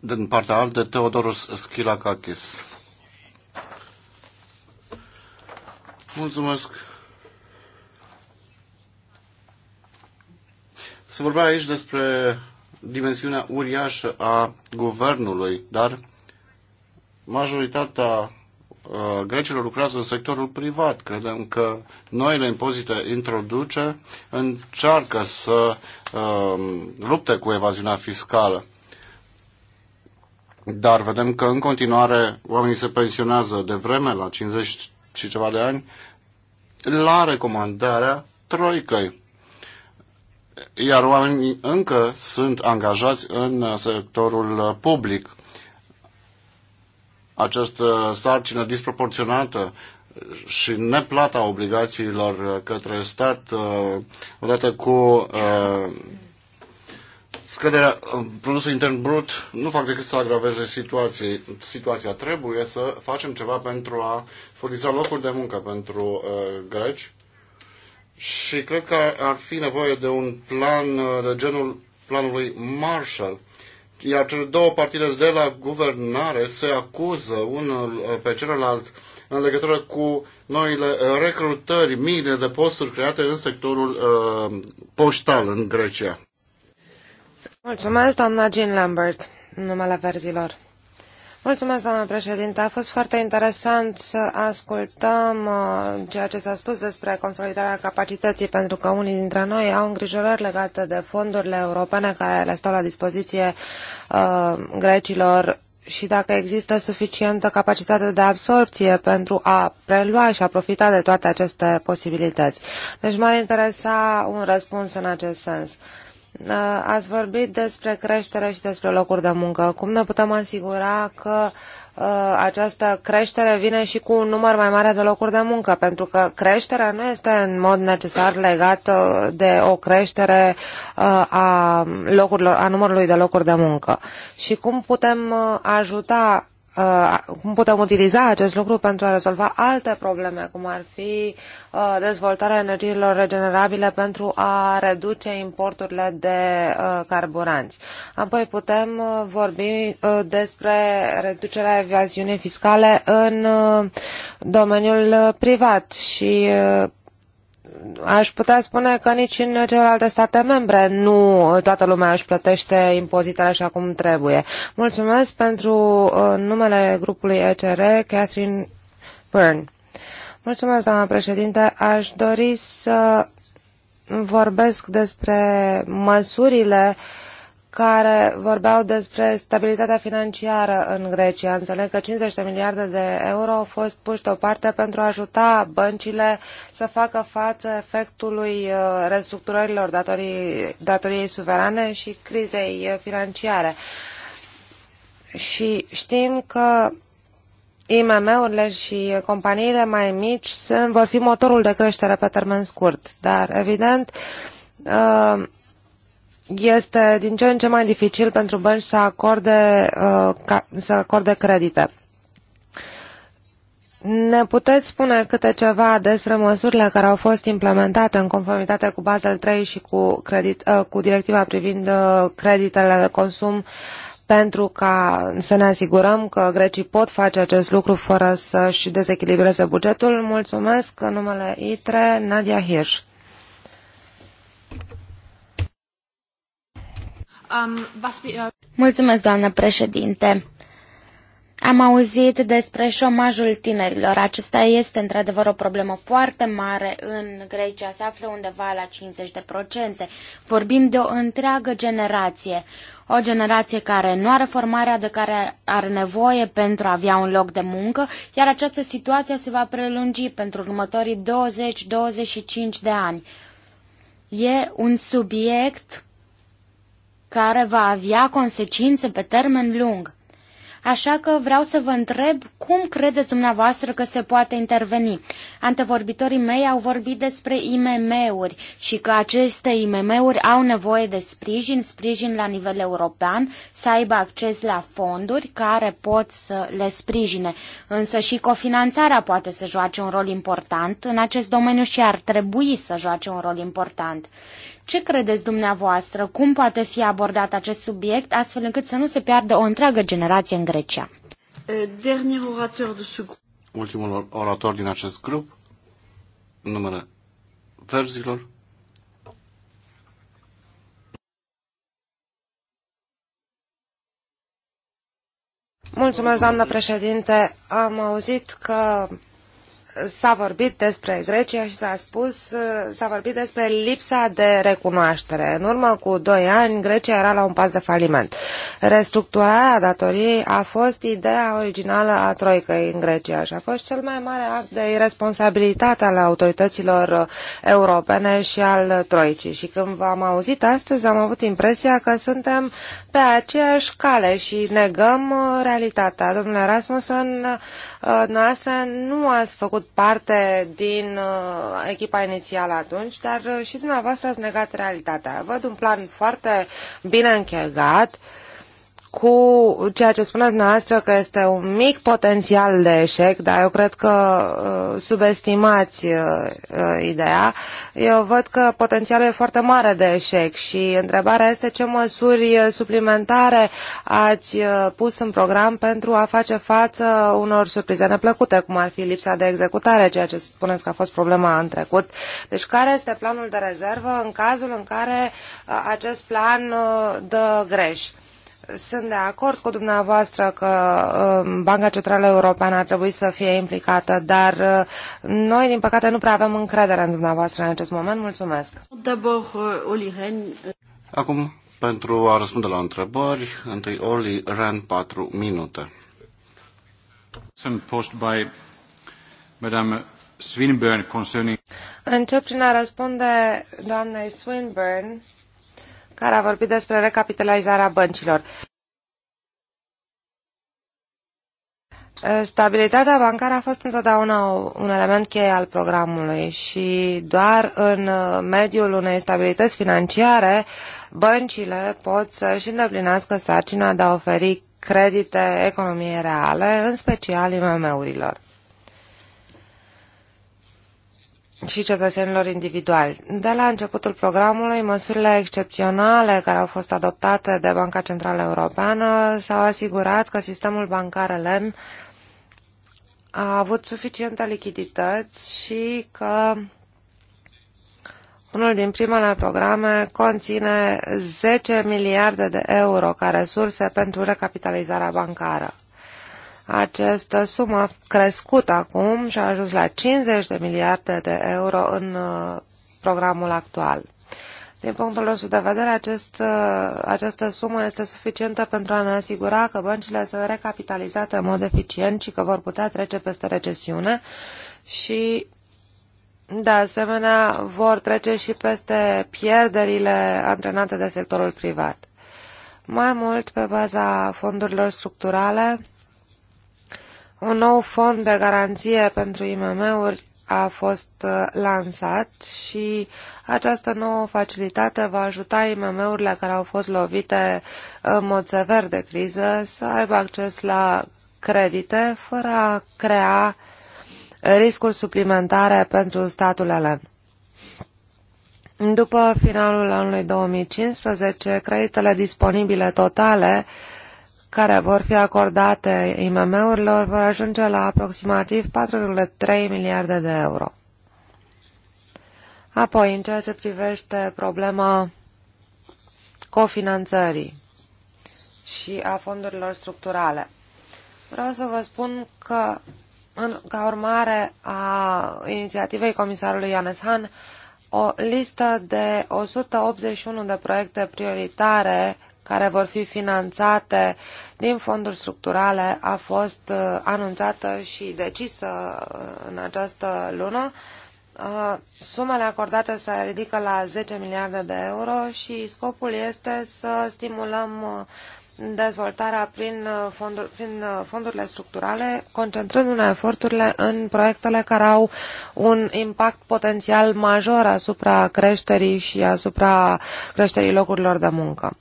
[SPEAKER 1] din partea altă, Teodoros Schilakakis. Mulțumesc. Se vorbea aici despre dimensiunea uriașă a guvernului, dar majoritatea uh, grecilor lucrează în sectorul privat. Credem că noile impozite introduce încearcă să uh, lupte cu evaziunea fiscală. Dar vedem că în continuare oamenii se pensionează de vreme, la 50 și ceva de ani, la recomandarea Troicăi iar oamenii încă sunt angajați în uh, sectorul uh, public. Această sarcină disproporționată și neplata obligațiilor uh, către stat, odată cu scăderea produsului intern brut, nu fac decât să agraveze situații. situația. Trebuie să facem ceva pentru a furniza locuri de muncă pentru greci și cred că ar fi nevoie de un plan uh, de genul planului Marshall. Iar cele două partide de la guvernare se acuză unul uh, pe celălalt în legătură cu noile uh, recrutări, mii de posturi create în sectorul uh, poștal în Grecia.
[SPEAKER 2] Mulțumesc, doamna Jean Lambert, numele verzilor. Mulțumesc, doamnă președinte. A fost foarte interesant să ascultăm uh, ceea ce s-a spus despre consolidarea capacității, pentru că unii dintre noi au îngrijorări legate de fondurile europene care le stau la dispoziție uh, grecilor și dacă există suficientă capacitate de absorpție pentru a prelua și a profita de toate aceste posibilități. Deci m-ar interesa un răspuns în acest sens. Uh, ați vorbit despre creștere și despre locuri de muncă. Cum ne putem asigura că uh, această creștere vine și cu un număr mai mare de locuri de muncă, pentru că creșterea nu este în mod necesar legată de o creștere uh, a, locurilor, a numărului de locuri de muncă. Și cum putem ajuta Uh, cum putem utiliza acest lucru pentru a rezolva alte probleme, cum ar fi uh, dezvoltarea energiilor regenerabile pentru a reduce importurile de uh, carburanți. Apoi putem vorbi despre reducerea evaziunii fiscale în domeniul privat și aș putea spune că nici în celelalte state membre nu toată lumea își plătește impozitele așa cum trebuie. Mulțumesc pentru uh, numele grupului ECR, Catherine Byrne. Mulțumesc, doamna președinte. Aș dori să vorbesc despre măsurile uh, care vorbeau despre stabilitatea financiară în Grecia. Înțeleg că 50 de miliarde de euro au fost puși deoparte pentru a ajuta băncile să facă față efectului uh, restructurărilor datorii, datoriei suverane și crizei uh, financiare. Și știm că IMM-urile și companiile mai mici sunt, vor fi motorul de creștere pe termen scurt, dar evident uh, este din ce în ce mai dificil pentru bănci să acorde, uh, să acorde credite. Ne puteți spune câte ceva despre măsurile care au fost implementate în conformitate cu Basel 3 și cu, credit, uh, cu directiva privind uh, creditele de consum pentru ca să ne asigurăm că grecii pot face acest lucru fără să-și dezechilibreze bugetul. Mulțumesc în numele ITRE, Nadia Hirsch. Um,
[SPEAKER 3] Mulțumesc, doamnă președinte. Am auzit despre șomajul tinerilor. Acesta este într-adevăr o problemă foarte mare în Grecia. Se află undeva la 50%. Vorbim de o întreagă generație. O generație care nu are formarea de care are nevoie pentru a avea un loc de muncă, iar această situație se va prelungi pentru următorii 20-25 de ani. E un subiect care va avea consecințe pe termen lung. Așa că vreau să vă întreb cum credeți dumneavoastră că se poate interveni. Antevorbitorii mei au vorbit despre IMM-uri și că aceste IMM-uri au nevoie de sprijin, sprijin la nivel european, să aibă acces la fonduri care pot să le sprijine. Însă și cofinanțarea poate să joace un rol important în acest domeniu și ar trebui să joace un rol important. Ce credeți dumneavoastră? Cum poate fi abordat acest subiect astfel încât să nu se piardă o întreagă generație în Grecia?
[SPEAKER 1] Ultimul orator din acest grup, numele verzilor.
[SPEAKER 2] Mulțumesc, doamnă președinte. Am auzit că s-a vorbit despre Grecia și s-a spus, s-a vorbit despre lipsa de recunoaștere. În urmă cu doi ani, Grecia era la un pas de faliment. Restructurarea datoriei a fost ideea originală a Troicăi în Grecia și a fost cel mai mare act de irresponsabilitate al autorităților uh, europene și al Troicii. Și când v-am auzit astăzi, am avut impresia că suntem pe aceeași cale și negăm uh, realitatea. Domnule Rasmussen, uh, noastră nu ați făcut parte din uh, echipa inițială atunci, dar și dumneavoastră ați negat realitatea. Văd un plan foarte bine închegat, uh, cu ceea ce spuneți noastră că este un mic potențial de eșec, dar eu cred că uh, subestimați uh, uh, ideea. Eu văd că potențialul e foarte mare de eșec și întrebarea este ce măsuri uh, suplimentare ați uh, pus în program pentru a face față unor surprize neplăcute, cum ar fi lipsa de executare, ceea ce spuneți că a fost problema în trecut. Deci care este planul de rezervă în cazul în care uh, acest plan uh, dă greș? Sunt de acord cu dumneavoastră că um, Banca Centrală Europeană ar trebui să fie implicată, dar uh, noi, din păcate, nu prea avem încredere în dumneavoastră în acest moment. Mulțumesc! Uh,
[SPEAKER 1] Acum, pentru a răspunde la întrebări, întâi Oli Ren, 4 minute. Sunt post by Madame Swinburne concerning...
[SPEAKER 2] Încep prin a răspunde doamnei Swinburne care a vorbit despre recapitalizarea băncilor. Stabilitatea bancară a fost întotdeauna un element cheie al programului și doar în mediul unei stabilități financiare băncile pot să-și îndeplinească sarcina de a oferi credite economiei reale, în special IMM-urilor. și cetățenilor individuali. De la începutul programului, măsurile excepționale care au fost adoptate de Banca Centrală Europeană s-au asigurat că sistemul bancar LEN a avut suficientă lichidități și că unul din primele programe conține 10 miliarde de euro ca resurse pentru recapitalizarea bancară. Această sumă a crescut acum și a ajuns la 50 de miliarde de euro în uh, programul actual. Din punctul nostru de vedere, acest, uh, această sumă este suficientă pentru a ne asigura că băncile sunt recapitalizate în mod eficient și că vor putea trece peste recesiune și, de asemenea, vor trece și peste pierderile antrenate de sectorul privat. Mai mult, pe baza fondurilor structurale, un nou fond de garanție pentru IMM-uri a fost uh, lansat și această nouă facilitate va ajuta IMM-urile care au fost lovite în mod sever de criză să aibă acces la credite fără a crea riscuri suplimentare pentru statul elen. După finalul anului 2015, creditele disponibile totale care vor fi acordate IMM-urilor vor ajunge la aproximativ 4,3 miliarde de euro. Apoi, în ceea ce privește problema cofinanțării și a fondurilor structurale, vreau să vă spun că, în, ca urmare a inițiativei comisarului Ianes Han, o listă de 181 de proiecte prioritare care vor fi finanțate din fonduri structurale a fost uh, anunțată și decisă uh, în această lună. Uh, sumele acordate se ridică la 10 miliarde de euro și scopul este să stimulăm dezvoltarea prin, uh, fonduri, prin uh, fondurile structurale, concentrându-ne eforturile în proiectele care au un impact potențial major asupra creșterii și asupra creșterii locurilor de muncă.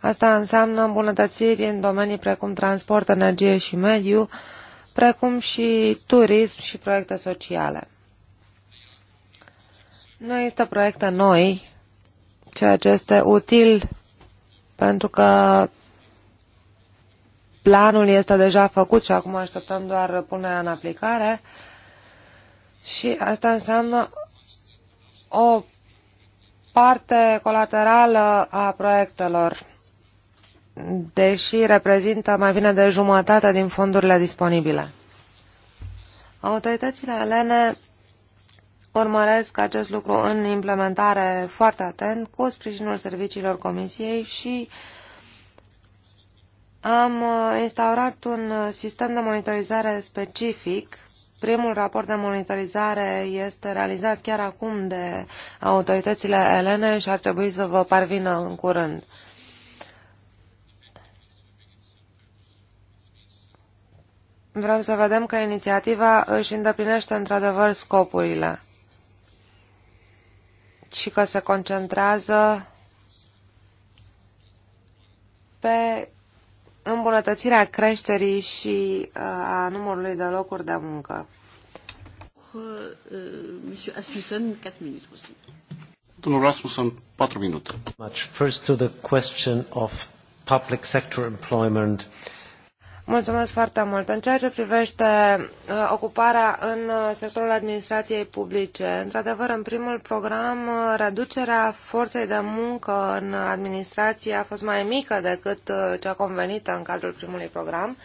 [SPEAKER 2] Asta înseamnă îmbunătățiri în domenii precum transport, energie și mediu, precum și turism și proiecte sociale. Nu există proiecte noi, ceea ce este util pentru că planul este deja făcut și acum așteptăm doar punerea în aplicare. Și asta înseamnă o parte colaterală a proiectelor, deși reprezintă mai bine de jumătate din fondurile disponibile. Autoritățile elene urmăresc acest lucru în implementare foarte atent cu sprijinul serviciilor Comisiei și uh, am uh, instaurat un uh, sistem de monitorizare specific. Primul raport de monitorizare este realizat chiar acum de autoritățile elene și ar trebui să vă parvină în curând. Vrem să vedem că inițiativa își îndeplinește într-adevăr scopurile și că se concentrează pe îmbunătățirea creșterii și uh, a numărului de locuri de muncă. Uh,
[SPEAKER 1] Domnul Rasmussen, 4 minute. First to the question of public sector employment.
[SPEAKER 2] Mulțumesc foarte mult. În ceea ce privește uh, ocuparea în uh, sectorul administrației publice, într-adevăr, în primul program, uh, reducerea forței de muncă în administrație a fost mai mică decât uh, cea convenită în cadrul primului program.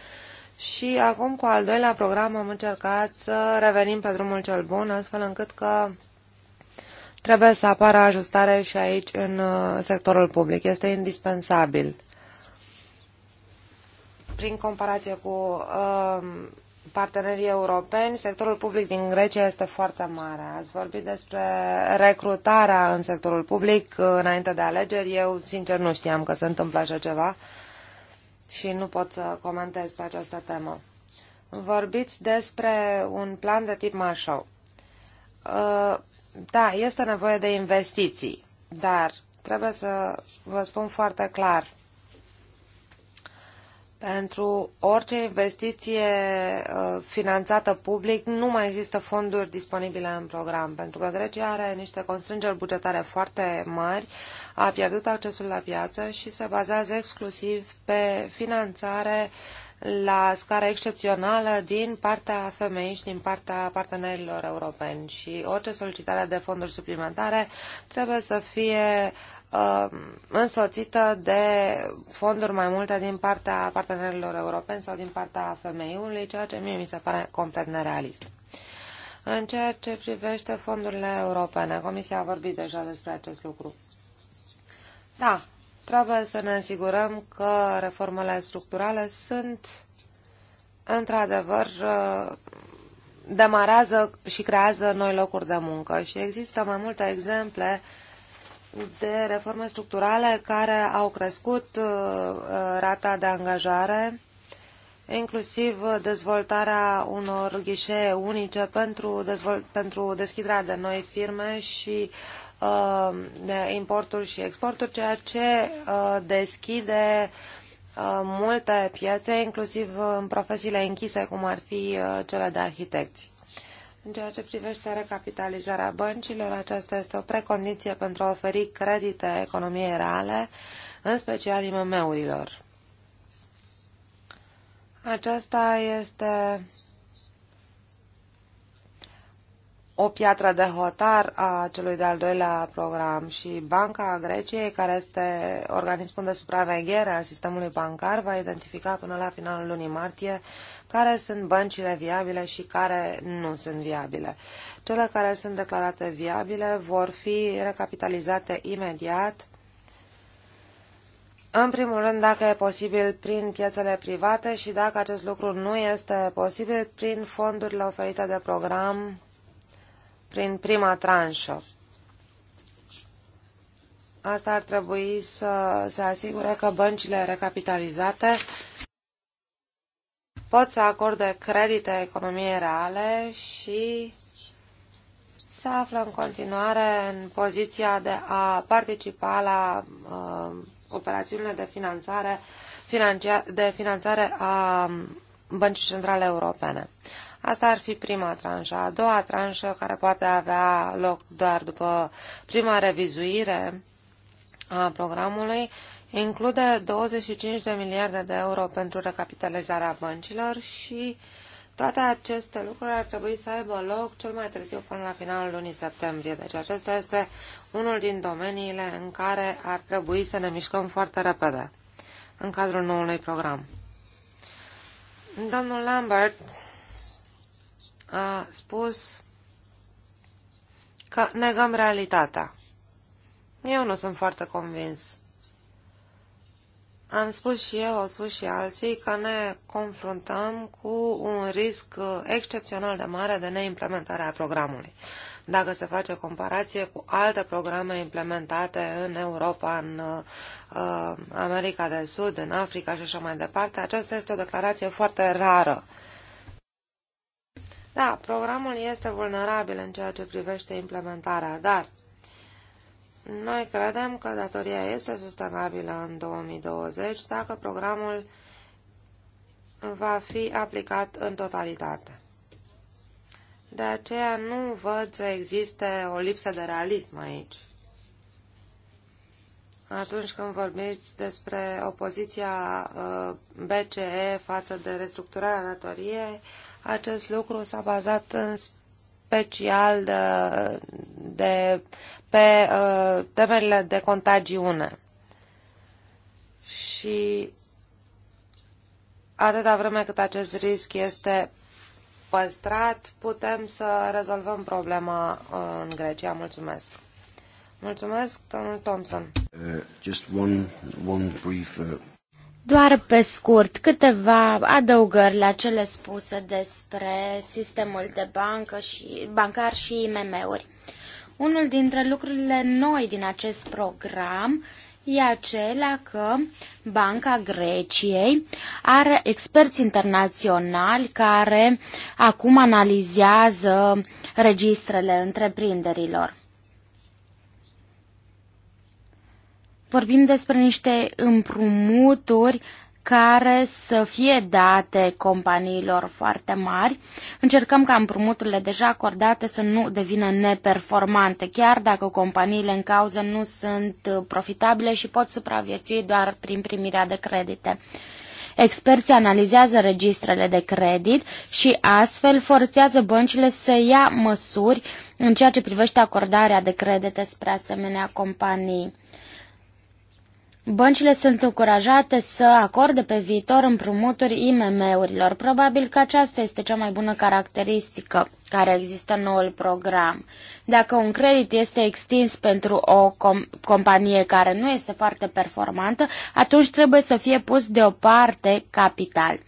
[SPEAKER 2] Și acum, cu al doilea program, am încercat să revenim pe drumul cel bun, astfel încât că trebuie să apară ajustare și aici, în uh, sectorul public. Este indispensabil prin comparație cu uh, partenerii europeni, sectorul public din Grecia este foarte mare. Ați vorbit despre recrutarea în sectorul public uh, înainte de alegeri. Eu, sincer, nu știam că se întâmplă așa ceva și nu pot să comentez pe această temă. Vorbiți despre un plan de tip Marshall. Uh, da, este nevoie de investiții, dar trebuie să vă spun foarte clar – pentru orice investiție uh, finanțată public nu mai există fonduri disponibile în program, pentru că Grecia are niște constrângeri bugetare foarte mari, a pierdut accesul la piață și se bazează exclusiv pe finanțare la scară excepțională din partea femeii și din partea partenerilor europeni și orice solicitare de fonduri suplimentare trebuie să fie Uh, însoțită de fonduri mai multe din partea partenerilor europeni sau din partea femeiului, ceea ce mie mi se pare complet nerealist. În ceea ce privește fondurile europene, Comisia a vorbit deja despre acest lucru. Da, trebuie să ne asigurăm că reformele structurale sunt într-adevăr uh, demarează și creează noi locuri de muncă și există mai multe exemple uh, de reforme structurale care au crescut uh, rata de angajare, inclusiv dezvoltarea unor ghișee unice pentru, pentru deschiderea de noi firme și uh, de importuri și exporturi, ceea ce uh, deschide multe piețe, inclusiv în profesiile închise, cum ar fi cele de arhitecți. În ceea ce privește recapitalizarea băncilor, aceasta este o precondiție pentru a oferi credite economiei reale, în special IMM-urilor. Aceasta este o piatră de hotar a celui de-al doilea program și Banca Greciei, care este organismul de supraveghere a sistemului bancar, va identifica până la finalul lunii martie care sunt băncile viabile și care nu sunt viabile. Cele care sunt declarate viabile vor fi recapitalizate imediat în primul rând, dacă e posibil, prin piețele private și dacă acest lucru nu este posibil, prin fondurile oferite de program, prin prima tranșă. Asta ar trebui să se asigure că băncile recapitalizate pot să acorde credite economiei reale și se află în continuare în poziția de a participa la uh, operațiunile de finanțare, de finanțare a Băncii Centrale Europene. Asta ar fi prima tranșă. A doua tranșă, care poate avea loc doar după prima revizuire a programului, include 25 de miliarde de euro pentru recapitalizarea băncilor și toate aceste lucruri ar trebui să aibă loc cel mai târziu până la finalul lunii septembrie. Deci acesta este unul din domeniile în care ar trebui să ne mișcăm foarte repede în cadrul noului program. Domnul Lambert a spus că negăm realitatea. Eu nu sunt foarte convins am spus și eu, au spus și alții, că ne confruntăm cu un risc excepțional de mare de neimplementare a programului. Dacă se face comparație cu alte programe implementate în Europa, în uh, America de Sud, în Africa și așa mai departe, aceasta este o declarație foarte rară. Da, programul este vulnerabil în ceea ce privește implementarea, dar noi credem că datoria este sustenabilă în 2020 dacă programul va fi aplicat în totalitate. De aceea nu văd să existe o lipsă de realism aici. Atunci când vorbiți despre opoziția uh, BCE față de restructurarea datoriei, acest lucru s-a bazat în special de, de, pe uh, temerile de contagiune. Și atâta vreme cât acest risc este păstrat, putem să rezolvăm problema uh, în Grecia. Mulțumesc! Mulțumesc, domnul Thompson.
[SPEAKER 1] Uh, just one, one brief uh,
[SPEAKER 2] doar
[SPEAKER 3] pe scurt, câteva adăugări la cele spuse despre sistemul de bancă și, bancar și IMM-uri. Unul dintre lucrurile noi din acest program e acela că Banca Greciei are experți internaționali care acum analizează registrele întreprinderilor. Vorbim despre niște împrumuturi care să fie date companiilor foarte mari. Încercăm ca împrumuturile deja acordate să nu devină neperformante, chiar dacă companiile în cauză nu sunt profitabile și pot supraviețui doar prin primirea de credite. Experții analizează registrele de credit și astfel forțează băncile să ia măsuri în ceea ce privește acordarea de credite spre asemenea companii. Băncile sunt încurajate să acorde pe viitor împrumuturi IMM-urilor. Probabil că aceasta este cea mai bună caracteristică care există în noul program. Dacă un credit este extins pentru o com- companie care nu este foarte performantă, atunci trebuie să fie pus deoparte capital.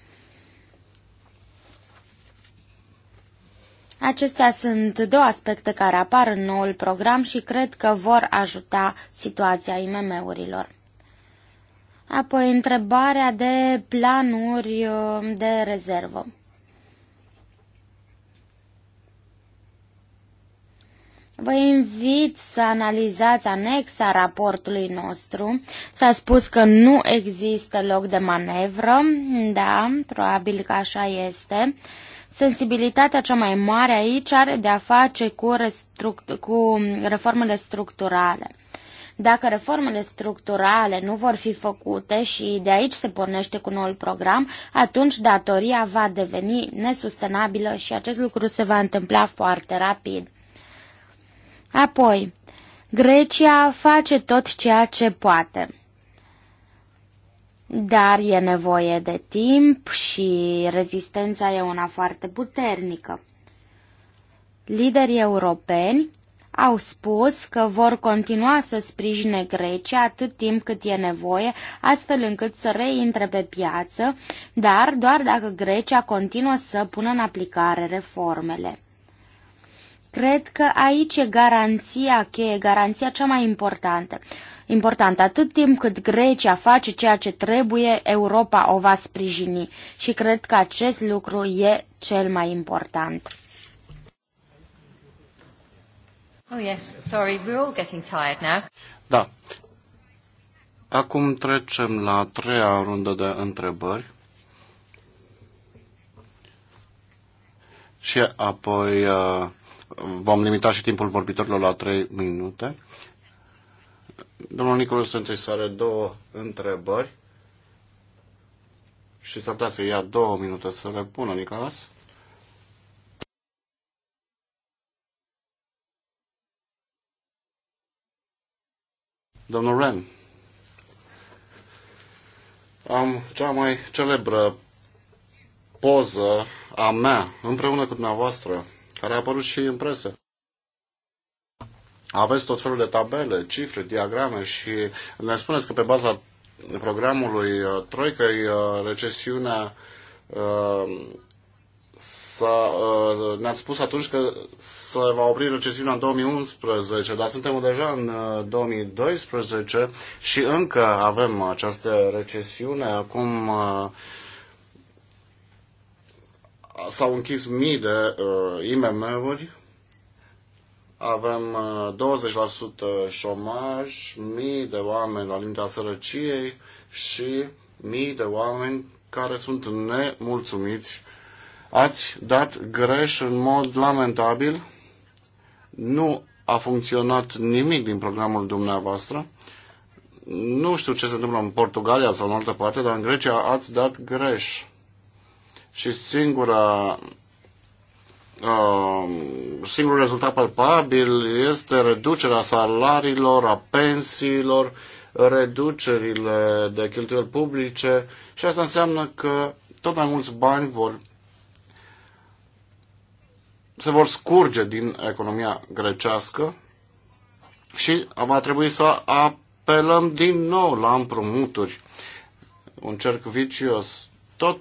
[SPEAKER 3] Acestea sunt două aspecte care apar în noul program și cred că vor ajuta situația IMM-urilor. Apoi întrebarea de planuri uh, de rezervă. Vă invit să analizați anexa raportului nostru. S-a spus că nu există loc de manevră. Da, probabil că așa este. Sensibilitatea cea mai mare aici are de a face cu, cu reformele structurale. Dacă reformele structurale nu vor fi făcute și de aici se pornește cu noul program, atunci datoria va deveni nesustenabilă și acest lucru se va întâmpla foarte rapid. Apoi, Grecia face tot ceea ce poate. Dar e nevoie de timp și rezistența e una foarte puternică. Liderii europeni au spus că vor continua să sprijine Grecia atât timp cât e nevoie, astfel încât să reintre pe piață, dar doar dacă Grecia continuă să pună în aplicare reformele. Cred că aici e garanția cheie, garanția cea mai importantă. Important, atât timp cât Grecia face ceea ce trebuie, Europa o va sprijini și cred că acest lucru e cel mai important. Oh, yes, sorry, we're all getting tired now.
[SPEAKER 1] Da. Acum trecem la a treia rundă de întrebări. Și apoi uh, vom limita și timpul vorbitorilor la 3 minute. Domnul Nicolae să are două întrebări și s-ar putea să ia două minute să le pună, Nicolas. Domnul Ren, am cea mai celebră poză a mea împreună cu dumneavoastră, care a apărut și în presă. Aveți tot felul de tabele, cifre, diagrame și ne spuneți că pe baza programului uh, Troică, uh, recesiunea uh, S-a, uh, ne-a spus atunci că se va opri recesiunea în 2011, dar suntem deja în 2012 uh, și încă avem această recesiune. Acum uh, s-au închis mii de IMM-uri, avem 20% șomaj, mii de oameni la limita sărăciei și mii de oameni care sunt nemulțumiți ați dat greș în mod lamentabil. Nu a funcționat nimic din programul dumneavoastră. Nu știu ce se întâmplă în Portugalia sau în altă parte, dar în Grecia ați dat greș. Și singura Uh, singurul rezultat palpabil este reducerea salariilor, a pensiilor, reducerile de cheltuieli publice și asta înseamnă că tot mai mulți bani vor se vor scurge din economia grecească și va trebui să apelăm din nou la împrumuturi. Un cerc vicios. Tot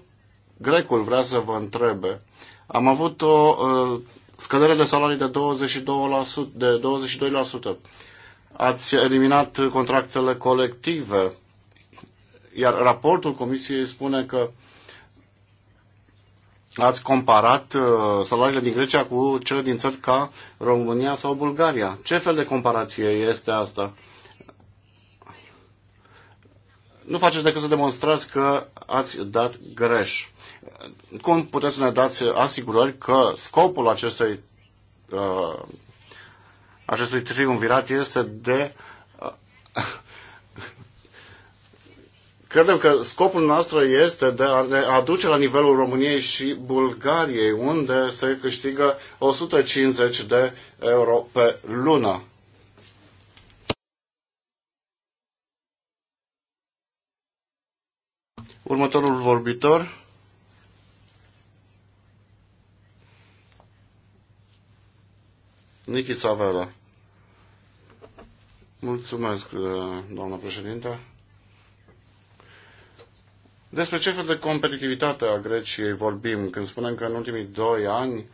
[SPEAKER 1] grecul vrea să vă întrebe. Am avut o uh, scădere de salarii de 22%, de 22%. Ați eliminat contractele colective, iar raportul Comisiei spune că ați comparat uh, salariile din Grecia cu cele din țări ca România sau Bulgaria. Ce fel de comparație este asta? Nu faceți decât să demonstrați că ați dat greș. Cum puteți să ne dați asigurări că scopul acestei, uh, acestui triumvirat este de uh, Credem că scopul nostru este de a le aduce la nivelul României și Bulgariei, unde se câștigă 150 de euro pe lună. Următorul vorbitor. Nichi Savela. Mulțumesc, doamna președinte. Despre ce fel de competitivitate a Greciei vorbim când spunem că în ultimii doi ani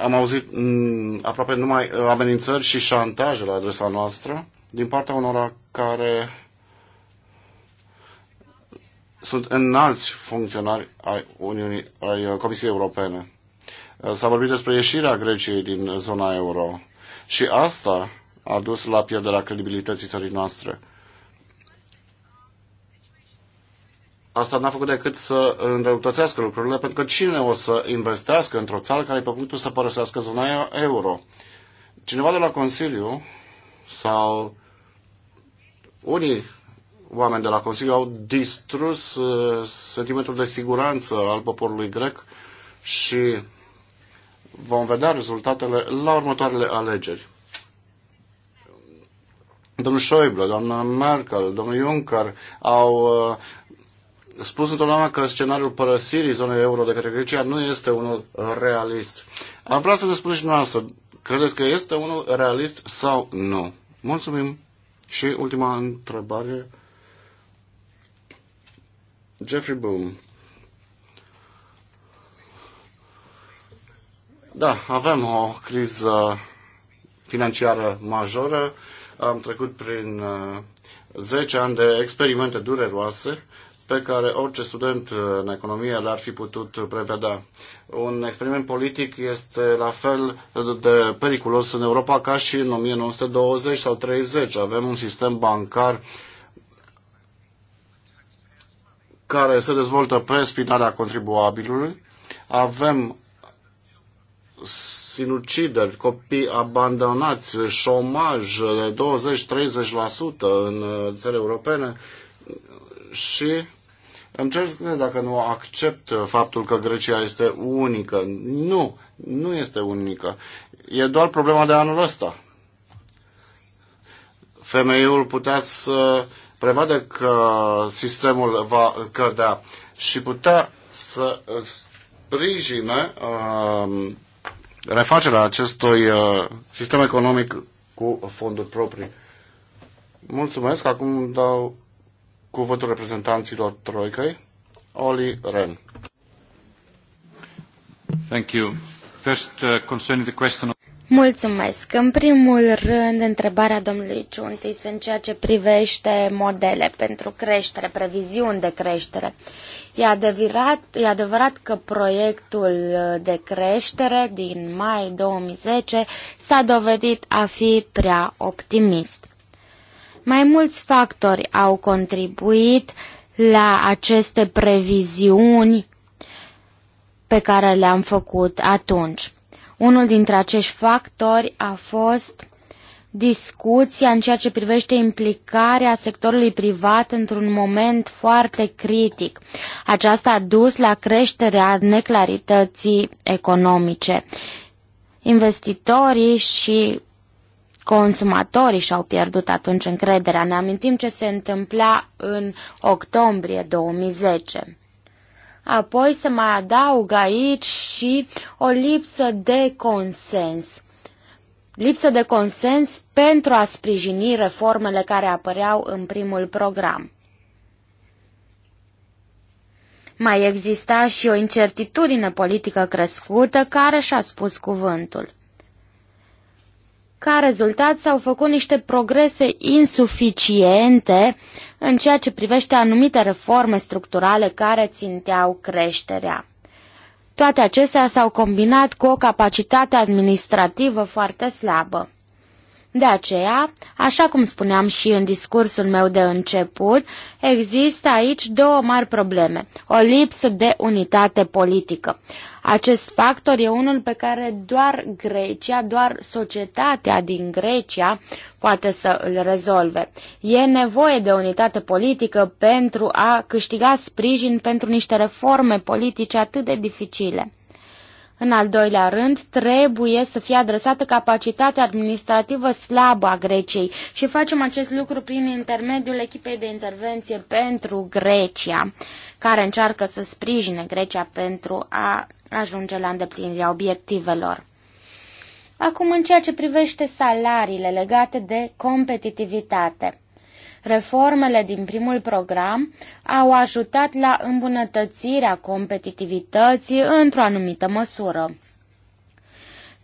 [SPEAKER 1] am auzit mm, aproape numai uh, amenințări și șantaje la adresa noastră din partea unora care sunt înalți funcționari ai, Uniunii, ai uh, Comisiei Europene. Uh, s-a vorbit despre ieșirea Greciei din zona euro și asta a dus la pierderea credibilității țării noastre. asta n-a făcut decât să înrăutățească lucrurile, pentru că cine o să investească într-o țară care e pe punctul să părăsească zona euro? Cineva de la Consiliu sau unii oameni de la Consiliu au distrus uh, sentimentul de siguranță al poporului grec și vom vedea rezultatele la următoarele alegeri. Domnul Schäuble, doamna Merkel, domnul Juncker au uh, spus întotdeauna că scenariul părăsirii zonei euro de către Grecia nu este unul realist. Am vrea să ne spuneți și noastră, credeți că este unul realist sau nu? Mulțumim. Și ultima întrebare. Jeffrey Boom. Da, avem o criză financiară majoră. Am trecut prin 10 uh, ani de experimente dureroase pe care orice student în economie l ar fi putut prevedea. Un experiment politic este la fel de periculos în Europa ca și în 1920 sau 30. Avem un sistem bancar care se dezvoltă pe spinarea contribuabilului. Avem sinucideri, copii abandonați, șomaj de 20-30% în țări europene și îmi cer scuze dacă nu accept uh, faptul că Grecia este unică. Nu, nu este unică. E doar problema de anul ăsta. Femeiul putea să prevadă că sistemul va cădea și putea să sprijine uh, refacerea acestui uh, sistem economic cu fonduri proprii. Mulțumesc, acum dau cuvântul reprezentanților Troicăi, Oli Ren. Thank you. First, uh, concerning the question of...
[SPEAKER 3] Mulțumesc. În primul rând, întrebarea domnului Ciuntis în ceea ce privește modele pentru creștere, previziuni de creștere. E adevărat, e adevărat că proiectul de creștere din mai 2010 s-a dovedit a fi prea optimist. Mai mulți factori au contribuit la aceste previziuni pe care le-am făcut atunci. Unul dintre acești factori a fost discuția în ceea ce privește implicarea sectorului privat într-un moment foarte critic. Aceasta a dus la creșterea neclarității economice. Investitorii și consumatorii și-au pierdut atunci încrederea. Ne amintim ce se întâmpla în octombrie 2010. Apoi se mai adaugă aici și o lipsă de consens. Lipsă de consens pentru a sprijini reformele care apăreau în primul program. Mai exista și o incertitudine politică crescută care și-a spus cuvântul. Ca rezultat s-au făcut niște progrese insuficiente în ceea ce privește anumite reforme structurale care ținteau creșterea. Toate acestea s-au combinat cu o capacitate administrativă foarte slabă. De aceea, așa cum spuneam și în discursul meu de început, există aici două mari probleme, o lipsă de unitate politică. Acest factor e unul pe care doar Grecia, doar societatea din Grecia poate să îl rezolve. E nevoie de unitate politică pentru a câștiga sprijin pentru niște reforme politice atât de dificile. În al doilea rând, trebuie să fie adresată capacitatea administrativă slabă a Greciei și facem acest lucru prin intermediul echipei de intervenție pentru Grecia care încearcă să sprijine Grecia pentru a ajunge la îndeplinirea obiectivelor. Acum, în ceea ce privește salariile legate de competitivitate, reformele din primul program au ajutat la îmbunătățirea competitivității într-o anumită măsură.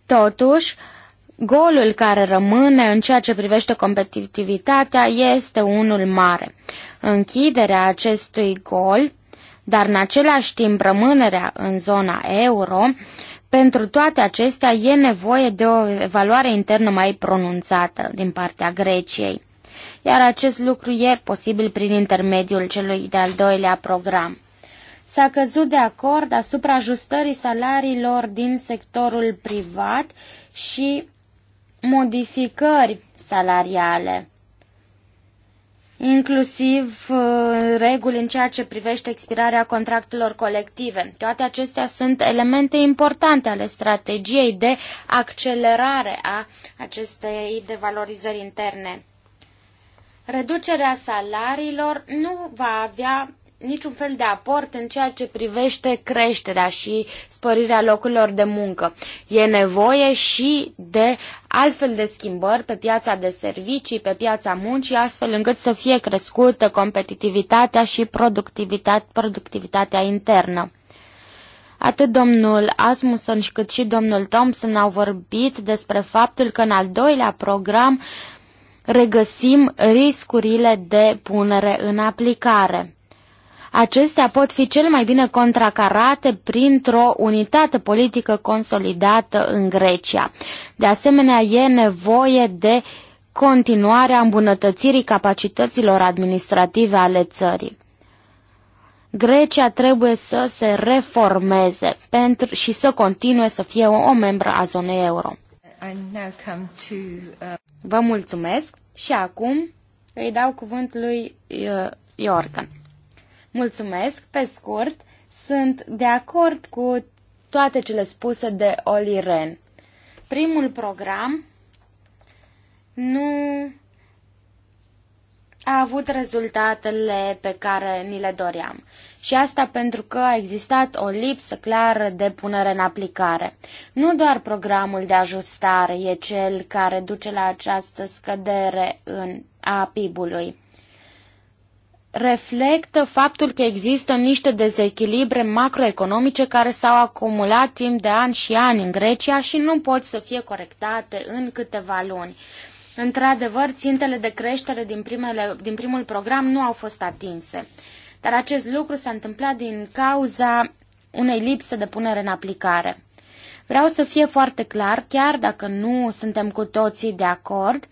[SPEAKER 3] Totuși, golul care rămâne în ceea ce privește competitivitatea este unul mare. Închiderea acestui gol dar în același timp rămânerea în zona euro, pentru toate acestea e nevoie de o evaluare internă mai pronunțată din partea Greciei, iar acest lucru e posibil prin intermediul celui de-al doilea program s-a căzut de acord asupra ajustării salariilor din sectorul privat și modificări salariale inclusiv uh, reguli în ceea ce privește expirarea contractelor colective. Toate acestea sunt elemente importante ale strategiei de accelerare a acestei devalorizări interne. Reducerea salariilor nu va avea niciun fel de aport în ceea ce privește creșterea și sporirea locurilor de muncă. E nevoie și de altfel de schimbări pe piața de servicii, pe piața muncii, astfel încât să fie crescută competitivitatea și productivitate, productivitatea internă. Atât domnul Asmussen cât și domnul Thompson au vorbit despre faptul că în al doilea program regăsim riscurile de punere în aplicare. Acestea pot fi cel mai bine contracarate printr-o unitate politică consolidată în Grecia. De asemenea, e nevoie de continuarea îmbunătățirii capacităților administrative ale țării. Grecia trebuie să se reformeze pentru și să continue să fie o, o membră a zonei euro.
[SPEAKER 2] Uh,
[SPEAKER 3] Vă mulțumesc și acum îi dau cuvântul lui uh, Mulțumesc, pe scurt, sunt de acord cu toate cele spuse de Oli Ren. Primul program nu a avut rezultatele pe care ni le doream. Și asta pentru că a existat o lipsă clară de punere în aplicare. Nu doar programul de ajustare e cel care duce la această scădere în a PIB-ului reflectă faptul că există niște dezechilibre macroeconomice care s-au acumulat timp de ani și ani în Grecia și nu pot să fie corectate în câteva luni. Într-adevăr, țintele de creștere din, primele, din primul program nu au fost atinse. Dar acest lucru s-a întâmplat din cauza unei lipse de punere în aplicare. Vreau să fie foarte clar, chiar dacă nu suntem cu toții de acord, uh,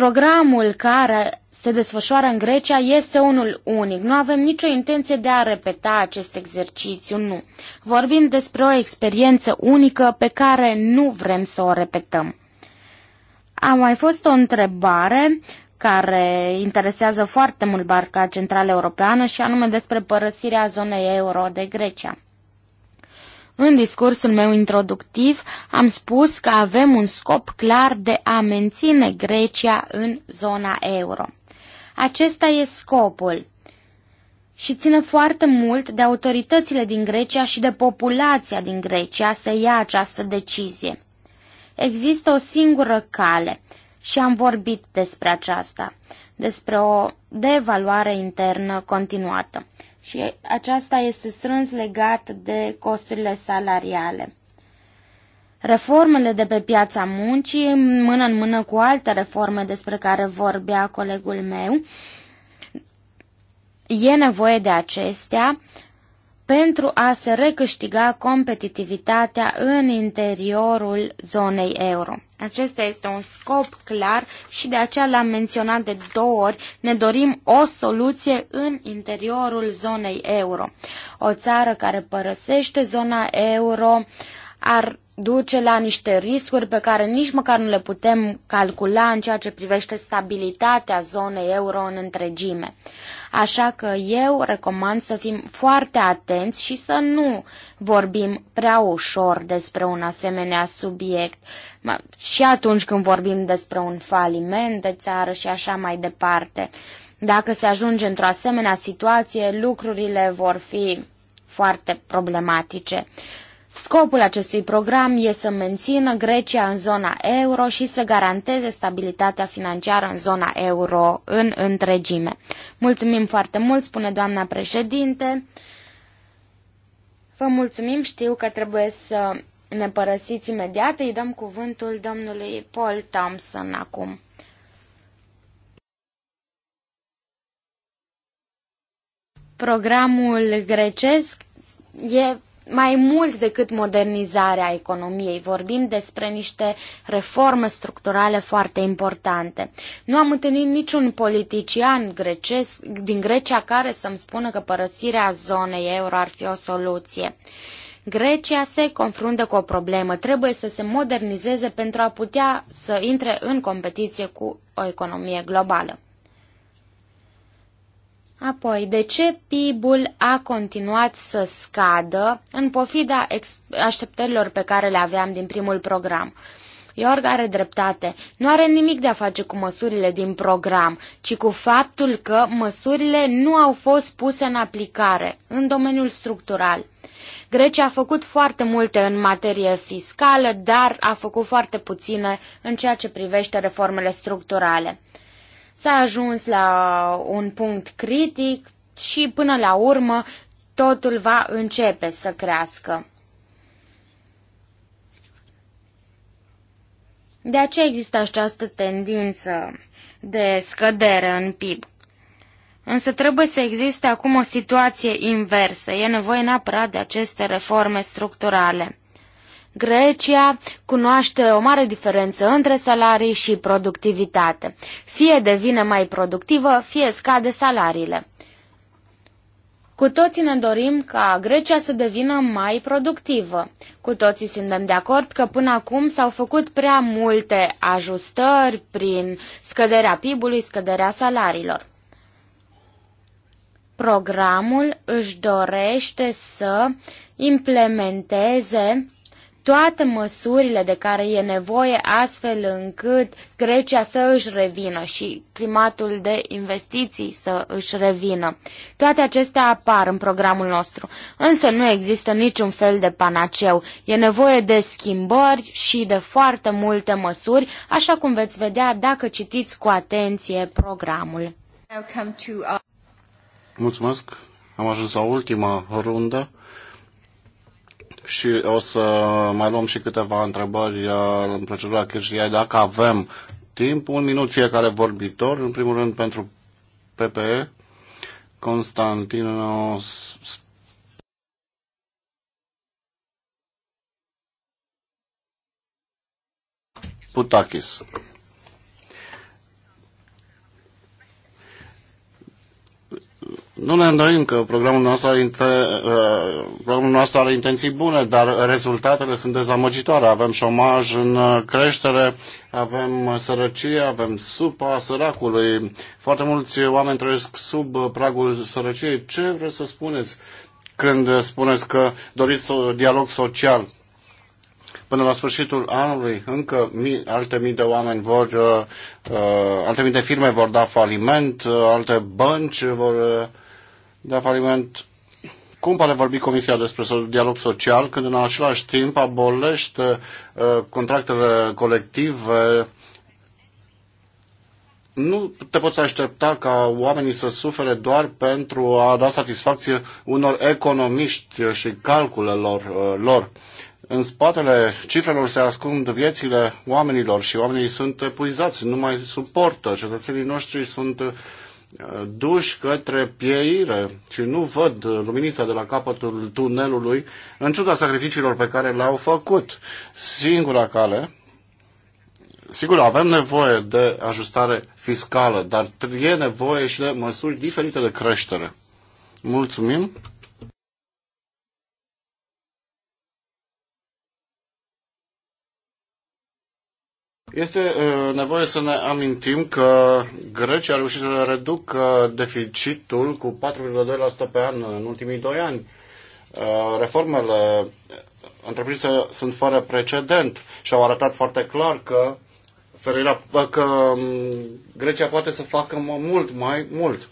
[SPEAKER 3] Programul care se desfășoară în Grecia este unul unic. Nu avem nicio intenție de a repeta acest exercițiu, nu. Vorbim despre o experiență unică pe care nu vrem să o repetăm. A mai fost o întrebare care interesează foarte mult barca centrală europeană și anume despre părăsirea zonei euro de Grecia. În discursul meu introductiv am spus că avem un scop clar de a menține Grecia în zona euro. Acesta e scopul și ține foarte mult de autoritățile din Grecia și de populația din Grecia să ia această decizie. Există o singură cale și am vorbit despre aceasta, despre o devaluare internă continuată și aceasta este strâns legat de costurile salariale. Reformele de pe piața muncii, mână în mână cu alte reforme despre care vorbea colegul meu, e nevoie de acestea pentru a se recâștiga competitivitatea în interiorul zonei euro. Acesta este un scop clar și de aceea l-am menționat de două ori. Ne dorim o soluție în interiorul zonei euro. O țară care părăsește zona euro uh, ar duce la niște riscuri pe care nici măcar nu le putem calcula în ceea ce privește stabilitatea zonei euro în întregime. Așa că eu recomand să fim foarte atenți și să nu vorbim prea ușor despre un asemenea subiect și atunci când vorbim despre un faliment de țară și așa mai departe. Dacă se ajunge într-o asemenea situație, lucrurile vor fi foarte problematice. Scopul acestui program e să mențină Grecia în zona euro și să garanteze stabilitatea financiară în zona euro în întregime. Mulțumim foarte mult, spune doamna președinte. Vă mulțumim, știu că trebuie să ne părăsiți imediat. Îi dăm cuvântul domnului Paul Thompson acum. Programul grecesc e mai mult decât modernizarea economiei. Vorbim despre niște reforme structurale foarte importante. Nu am întâlnit niciun politician grecesc, din Grecia care să-mi spună că părăsirea zonei euro ar fi o soluție. Grecia se confruntă cu o problemă. Trebuie să se modernizeze pentru a putea să intre în competiție cu o economie globală. Apoi, de ce PIB-ul a continuat să scadă în pofida așteptărilor pe care le aveam din primul program? Iorga are dreptate. Nu are nimic de a face cu măsurile din program, ci cu faptul că măsurile nu au fost puse în aplicare în domeniul structural. Grecia a făcut foarte multe în materie fiscală, dar a făcut foarte puține în ceea ce privește reformele structurale. S-a ajuns la un punct critic și până la urmă totul va începe să crească. De aceea există această tendință de scădere în PIB. Însă trebuie să existe acum o situație inversă. E nevoie neapărat de aceste reforme structurale. Grecia cunoaște o mare diferență între salarii și productivitate. Fie devine mai productivă, fie scade salariile. Cu toții ne dorim ca Grecia să devină mai productivă. Cu toții suntem de acord că până acum s-au făcut prea multe ajustări prin scăderea PIB-ului, scăderea salariilor. Programul își dorește să implementeze toate măsurile de care e nevoie astfel încât Grecia să își revină și climatul de investiții să își revină. Toate acestea apar în programul nostru, însă nu există niciun fel de panaceu. E nevoie de schimbări și de foarte multe măsuri, așa cum veți vedea dacă citiți cu atenție programul.
[SPEAKER 1] Mulțumesc! Am ajuns la ultima rundă și o să mai luăm și câteva întrebări uh, în procedura Kirchhoff. Dacă avem timp, un minut fiecare vorbitor, în primul rând pentru PPE, Constantinos Putakis. Nu ne îndoim că programul nostru, are inten- uh, programul nostru are intenții bune, dar rezultatele sunt dezamăgitoare. Avem șomaj în uh, creștere, avem uh, sărăcie, avem supa săracului. Foarte mulți oameni trăiesc sub pragul sărăciei. Ce vreți să spuneți când spuneți că doriți dialog social? Până la sfârșitul anului, încă mii, alte mii de oameni vor, uh, alte mii de firme vor da faliment, uh, alte bănci vor uh, de faliment. Cum poate vorbi Comisia despre dialog social când în același timp abolește uh, contractele colective? Nu te poți aștepta ca oamenii să sufere doar pentru a da satisfacție unor economiști și calculelor uh, lor. În spatele cifrelor se ascund viețile oamenilor și oamenii sunt epuizați, nu mai suportă. Cetățenii noștri sunt uh, duși către pieire și nu văd luminița de la capătul tunelului, în ciuda sacrificiilor pe care le-au făcut. Singura cale, sigur, avem nevoie de ajustare fiscală, dar e nevoie și de măsuri diferite de creștere. Mulțumim! Este uh, nevoie să ne amintim că Grecia a reușit să reducă deficitul cu 4,2% pe an în ultimii doi ani. Uh, reformele întreprinse sunt fără precedent și au arătat foarte clar că, Ferreira, că um, Grecia poate să facă mult mai mult.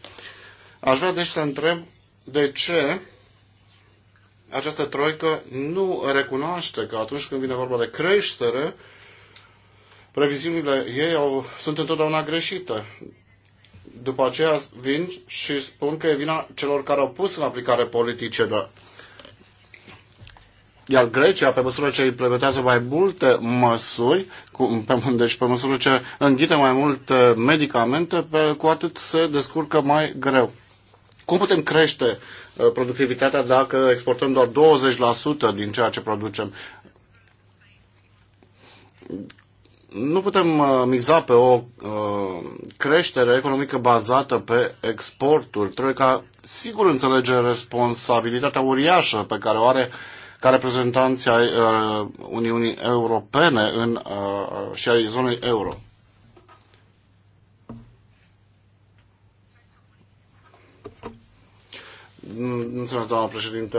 [SPEAKER 1] Aș vrea deci să întreb de ce această troică nu recunoaște că atunci când vine vorba de creștere, uh, previziunile ei au, sunt întotdeauna greșite. După aceea vin și spun că e vina celor care au pus în aplicare politicele. Iar Grecia, pe măsură ce implementează mai multe măsuri, cu, pe, deci pe măsură ce înghite mai multe medicamente, pe, cu atât se descurcă mai greu. Cum putem crește uh, productivitatea dacă exportăm doar 20% din ceea ce producem? nu putem uh, mixa pe o uh, creștere economică bazată pe exporturi. ca sigur înțelege responsabilitatea uriașă pe care o are ca reprezentanții ai uh, Uniunii Europene în, și ai zonei euro. Mulțumesc, doamna președinte.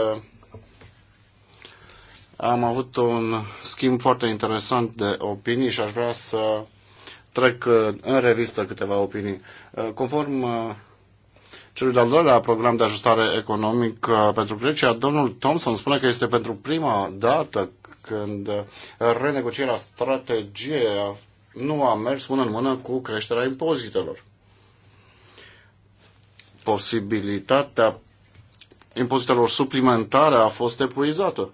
[SPEAKER 1] Am avut un schimb foarte interesant de opinii și aș vrea să trec uh, în revistă câteva opinii. Uh, conform uh, celui de-al doilea program de ajustare economic pentru Grecia, domnul Thompson spune că este pentru prima dată când renegocierea strategiei nu a mers mână în mână cu creșterea impozitelor. Posibilitatea impozitelor suplimentare a fost epuizată.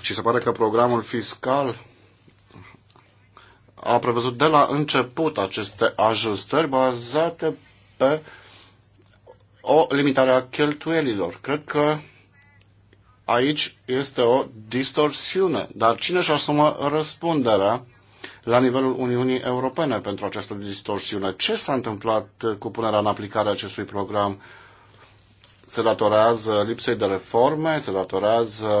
[SPEAKER 1] Și se pare că programul fiscal a prevăzut de la început aceste ajustări bazate pe o limitare a cheltuielilor. Cred că aici este o distorsiune. Dar cine își asumă răspunderea la nivelul Uniunii Europene pentru această distorsiune? Ce s-a întâmplat cu punerea în aplicare acestui program? Se datorează lipsei de reforme, se datorează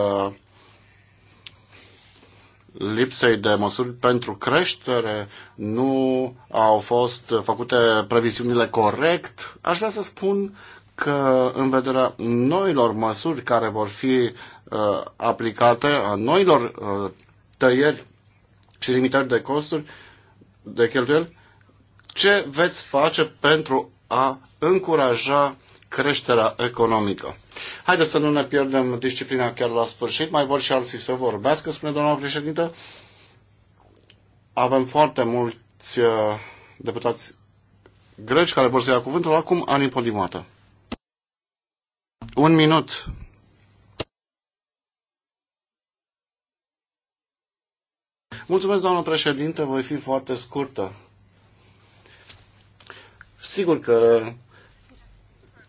[SPEAKER 1] lipsei de măsuri pentru creștere, nu au fost făcute previziunile corect. Aș vrea să spun că în vederea noilor măsuri care vor fi uh, aplicate, a noilor uh, tăieri și limitări de costuri, de cheltuieli, ce veți face pentru a încuraja creșterea economică. Haideți să nu ne pierdem disciplina chiar la sfârșit, mai vor și alții să vorbească, spune doamna președintă. Avem foarte mulți uh, deputați greci care vor să ia cuvântul, acum ani Podimata. Un minut. Mulțumesc, doamnă președinte, voi fi foarte scurtă. Sigur că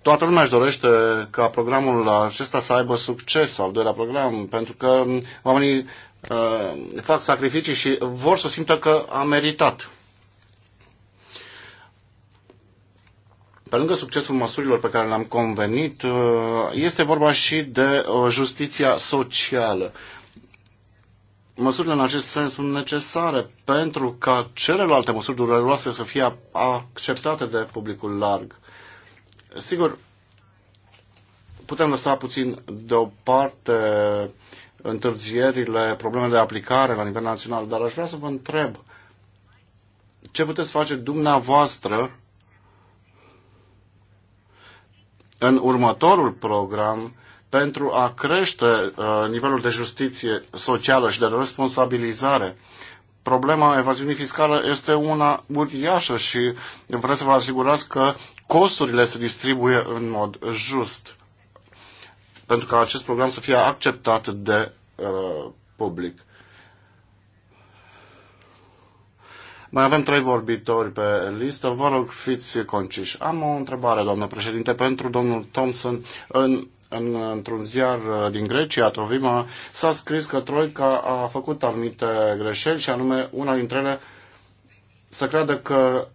[SPEAKER 1] Toată lumea își dorește ca programul acesta să aibă succes, al doilea program, pentru că oamenii uh, fac sacrificii și vor să simtă că a meritat. Pe lângă succesul măsurilor pe care le-am convenit, uh, este vorba și de uh, justiția socială. Măsurile în acest sens sunt necesare pentru ca celelalte măsuri dureroase să fie acceptate de publicul larg. Sigur, putem lăsa puțin deoparte întârzierile, problemele de aplicare la nivel național, dar aș vrea să vă întreb ce puteți face dumneavoastră în următorul program pentru a crește uh, nivelul de justiție socială și de responsabilizare. Problema evaziunii fiscale este una uriașă și vreau să vă asigurați că costurile se distribuie în mod just pentru ca acest program să fie acceptat de uh, public. Mai avem trei vorbitori pe listă. Vă rog, fiți conciși. Am o întrebare, doamnă președinte, pentru domnul Thompson. În, în, într-un ziar uh, din Grecia, Tovima, s-a scris că Troica a făcut anumite greșeli și anume una dintre ele să creadă că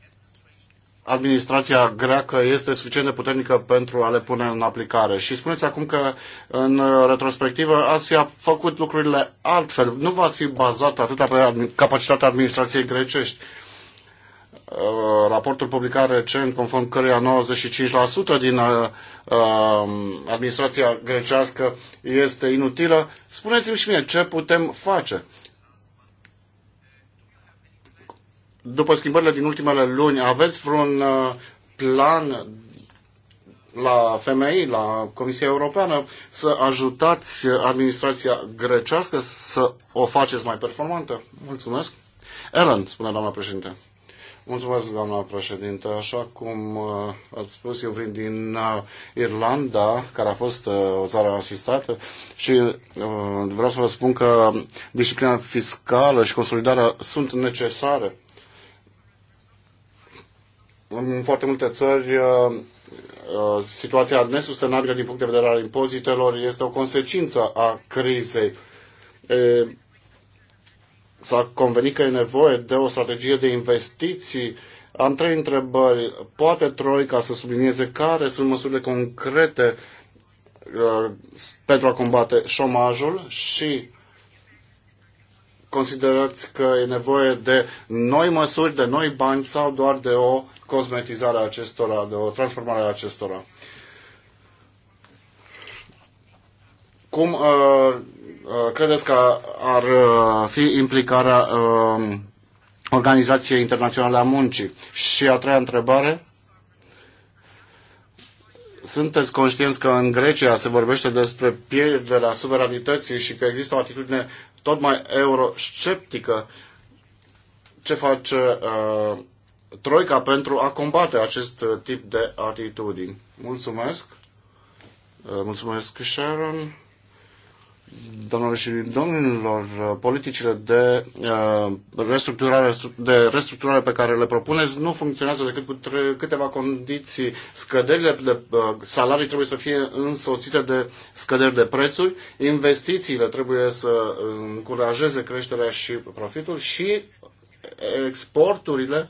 [SPEAKER 1] administrația greacă este suficient de puternică pentru a le pune în aplicare. Și spuneți acum că în retrospectivă ați fi făcut lucrurile altfel. Nu v-ați fi bazat atâta pe capacitatea administrației grecești. Uh, raportul publicat recent, conform căruia 95% din uh, um, administrația grecească este inutilă, spuneți-mi și mie ce putem face după schimbările din ultimele luni, aveți vreun uh, plan la FMI, la Comisia Europeană, să ajutați administrația grecească să o faceți mai performantă? Mulțumesc. Ellen, spune doamna președinte. Mulțumesc, doamna președinte. Așa cum uh, ați spus, eu vin din uh, Irlanda, care a fost o țară asistată și vreau să vă spun că disciplina fiscală și consolidarea sunt necesare în foarte multe țări uh, uh, situația nesustenabilă din punct de vedere al impozitelor este o consecință a crizei. S-a convenit că e nevoie de o strategie de investiții. Am trei întrebări. Poate Troica să sublinieze care sunt măsurile concrete uh, pentru a combate șomajul și considerați că e nevoie de noi măsuri, de noi bani sau doar de o cosmetizare a acestora, de o transformare a acestora? Cum uh, uh credeți că ar uh, fi implicarea uh, Organizației Internaționale a Muncii? Și a treia întrebare? sunteți conștienți că în Grecia se vorbește despre pierderea suveranității și că există o atitudine tot mai eurosceptică. Ce face uh, Troica pentru a combate acest uh, tip de atitudini? Mulțumesc! Uh, mulțumesc, Sharon! domnilor și domnilor, politicile de uh, restructurare, de restructurare pe care le propuneți nu funcționează decât cu câteva condiții. Scăderile de uh, salarii trebuie să fie însoțite de scăderi de prețuri, investițiile trebuie să încurajeze creșterea și profitul și exporturile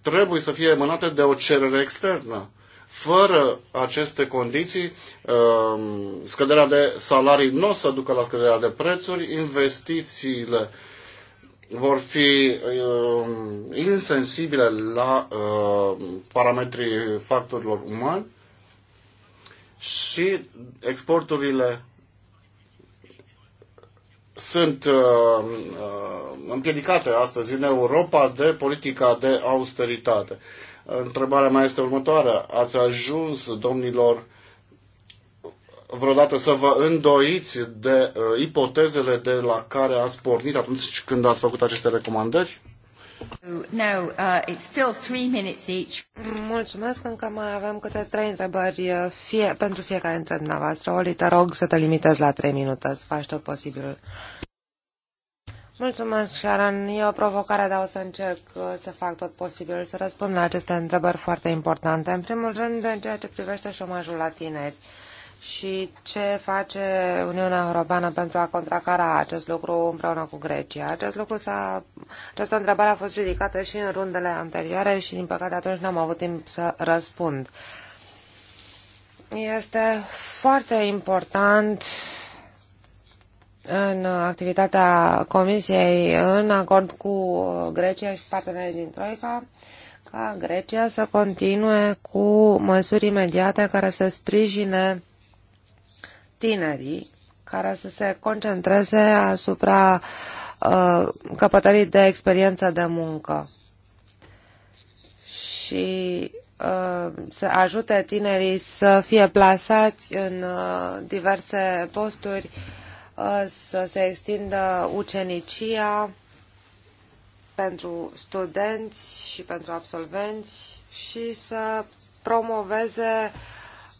[SPEAKER 1] trebuie să fie emanate de o cerere externă. Fără aceste condiții, ehm, scăderea de salarii nu o să ducă la scăderea de prețuri, investițiile vor fi ehm, insensibile la ehm, parametrii factorilor umani și exporturile sunt împiedicate astăzi în Europa de politica de austeritate. Întrebarea mea este următoarea. Ați ajuns, domnilor, vreodată să vă îndoiți de uh, ipotezele de la care ați pornit atunci când ați făcut aceste recomandări?
[SPEAKER 2] No, uh, it's still three minutes each. Mulțumesc, încă mai avem câte trei întrebări uh, fie, pentru fiecare dintre dumneavoastră. Oli, te rog să te limitezi la trei minute, să faci tot posibilul. Mulțumesc, Sharon. E o provocare, dar o să încerc uh, să fac tot posibilul să răspund la aceste întrebări foarte importante. În primul rând, în ceea ce privește șomajul la tineri și ce face Uniunea Europeană pentru a contracara acest lucru împreună cu Grecia. Acest lucru s-a, această întrebare a fost ridicată și în rundele anterioare și, din păcate, atunci n-am avut timp să răspund. Este foarte important uh, în activitatea Comisiei în acord cu Grecia și partenerii din Troica ca Grecia să continue cu măsuri imediate care să sprijine tinerii, care să se concentreze asupra uh, căpătării de experiență de muncă și uh, să ajute tinerii să fie plasați în uh, diverse posturi uh, să se extindă ucenicia pentru studenți și pentru absolvenți și să promoveze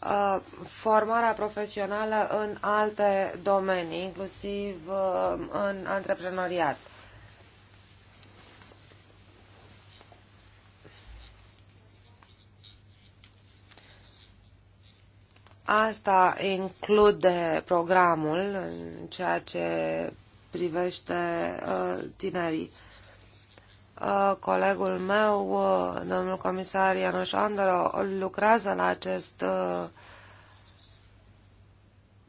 [SPEAKER 2] uh, formarea profesională în alte domenii, inclusiv uh, în antreprenoriat. Asta include programul în ceea ce privește uh, tinerii. Uh, colegul meu, uh, domnul comisar Ianuș Andoro, lucrează la acest uh,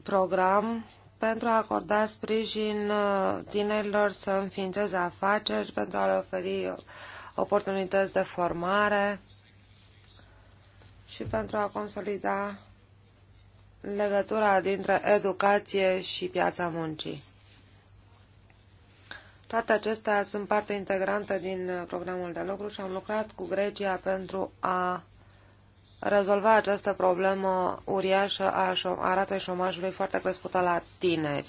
[SPEAKER 2] program pentru a acorda sprijin uh, tinerilor să înființeze afaceri, pentru a le oferi oportunități de formare și pentru a consolida legătura dintre educație și piața muncii. Toate acestea sunt parte integrantă din programul de lucru și am lucrat cu Grecia pentru a rezolva această problemă uriașă a, a șomajului foarte crescută la tineri.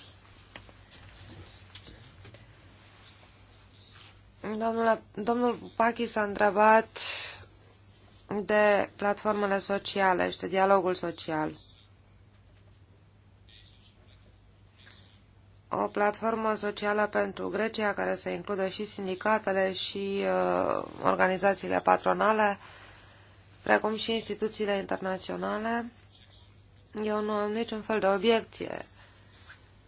[SPEAKER 2] Domnule, domnul Pachi s-a întrebat de platformele sociale și de dialogul social. o platformă socială pentru Grecia care să includă și sindicatele și uh, organizațiile patronale, precum și instituțiile internaționale. Eu nu am niciun fel de obiecție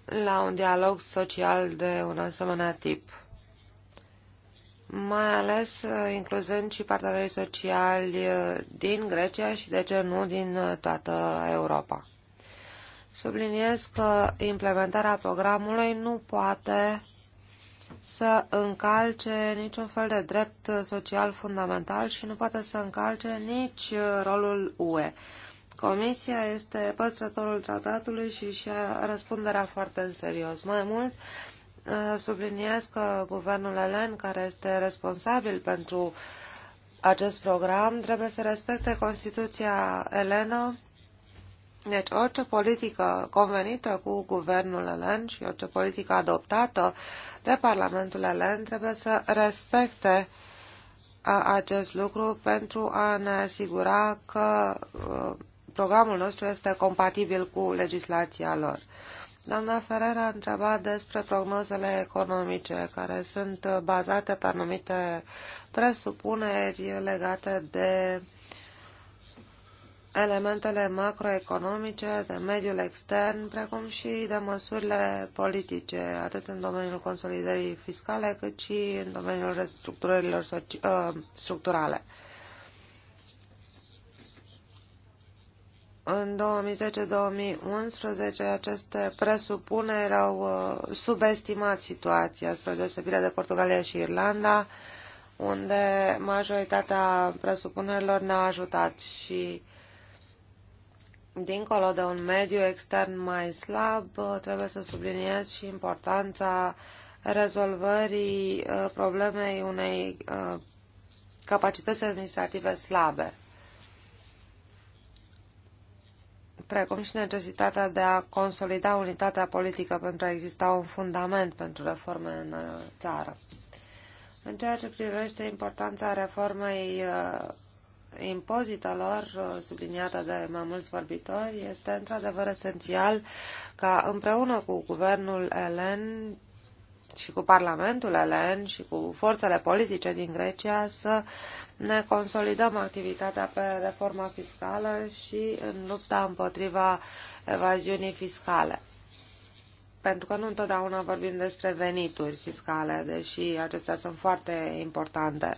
[SPEAKER 2] la un dialog social de un asemenea tip, mai ales uh, incluzând și partenerii sociali uh, din Grecia și, de ce nu, din uh, toată Europa. Subliniez că implementarea programului nu poate să încalce niciun fel de drept social fundamental și nu poate să încalce nici rolul UE. Comisia este păstrătorul tratatului și și-a răspunderea foarte în serios. Mai mult, subliniez că guvernul elen, care este responsabil pentru acest program, trebuie să respecte Constituția elenă deci orice politică convenită cu guvernul elen și orice politică adoptată de Parlamentul elen trebuie să respecte acest lucru pentru a ne asigura că uh, programul nostru este compatibil cu legislația lor. Doamna Ferrer a întrebat despre prognozele economice care sunt bazate pe anumite presupuneri legate de elementele macroeconomice, de mediul extern, precum și de măsurile politice, atât în domeniul consolidării fiscale, cât și în domeniul restructurărilor ă, structurale. În 2010-2011 aceste presupuneri au ă, subestimat situația, spre deosebire de Portugalia și Irlanda, unde majoritatea presupunerilor ne-a ajutat și dincolo de un mediu extern mai slab, uh, trebuie să subliniez și importanța rezolvării uh, problemei unei uh, capacități administrative slabe, precum și necesitatea de a consolida unitatea politică pentru a exista un fundament pentru reforme în țară. În ceea ce privește importanța reformei Impozita lor uh, subliniată de mai mulți vorbitori, este într-adevăr esențial ca împreună cu guvernul elen și cu Parlamentul elen și cu forțele politice din Grecia să ne consolidăm activitatea pe reforma fiscală și în lupta împotriva evaziunii fiscale pentru că nu întotdeauna vorbim despre venituri fiscale, deși acestea sunt foarte importante.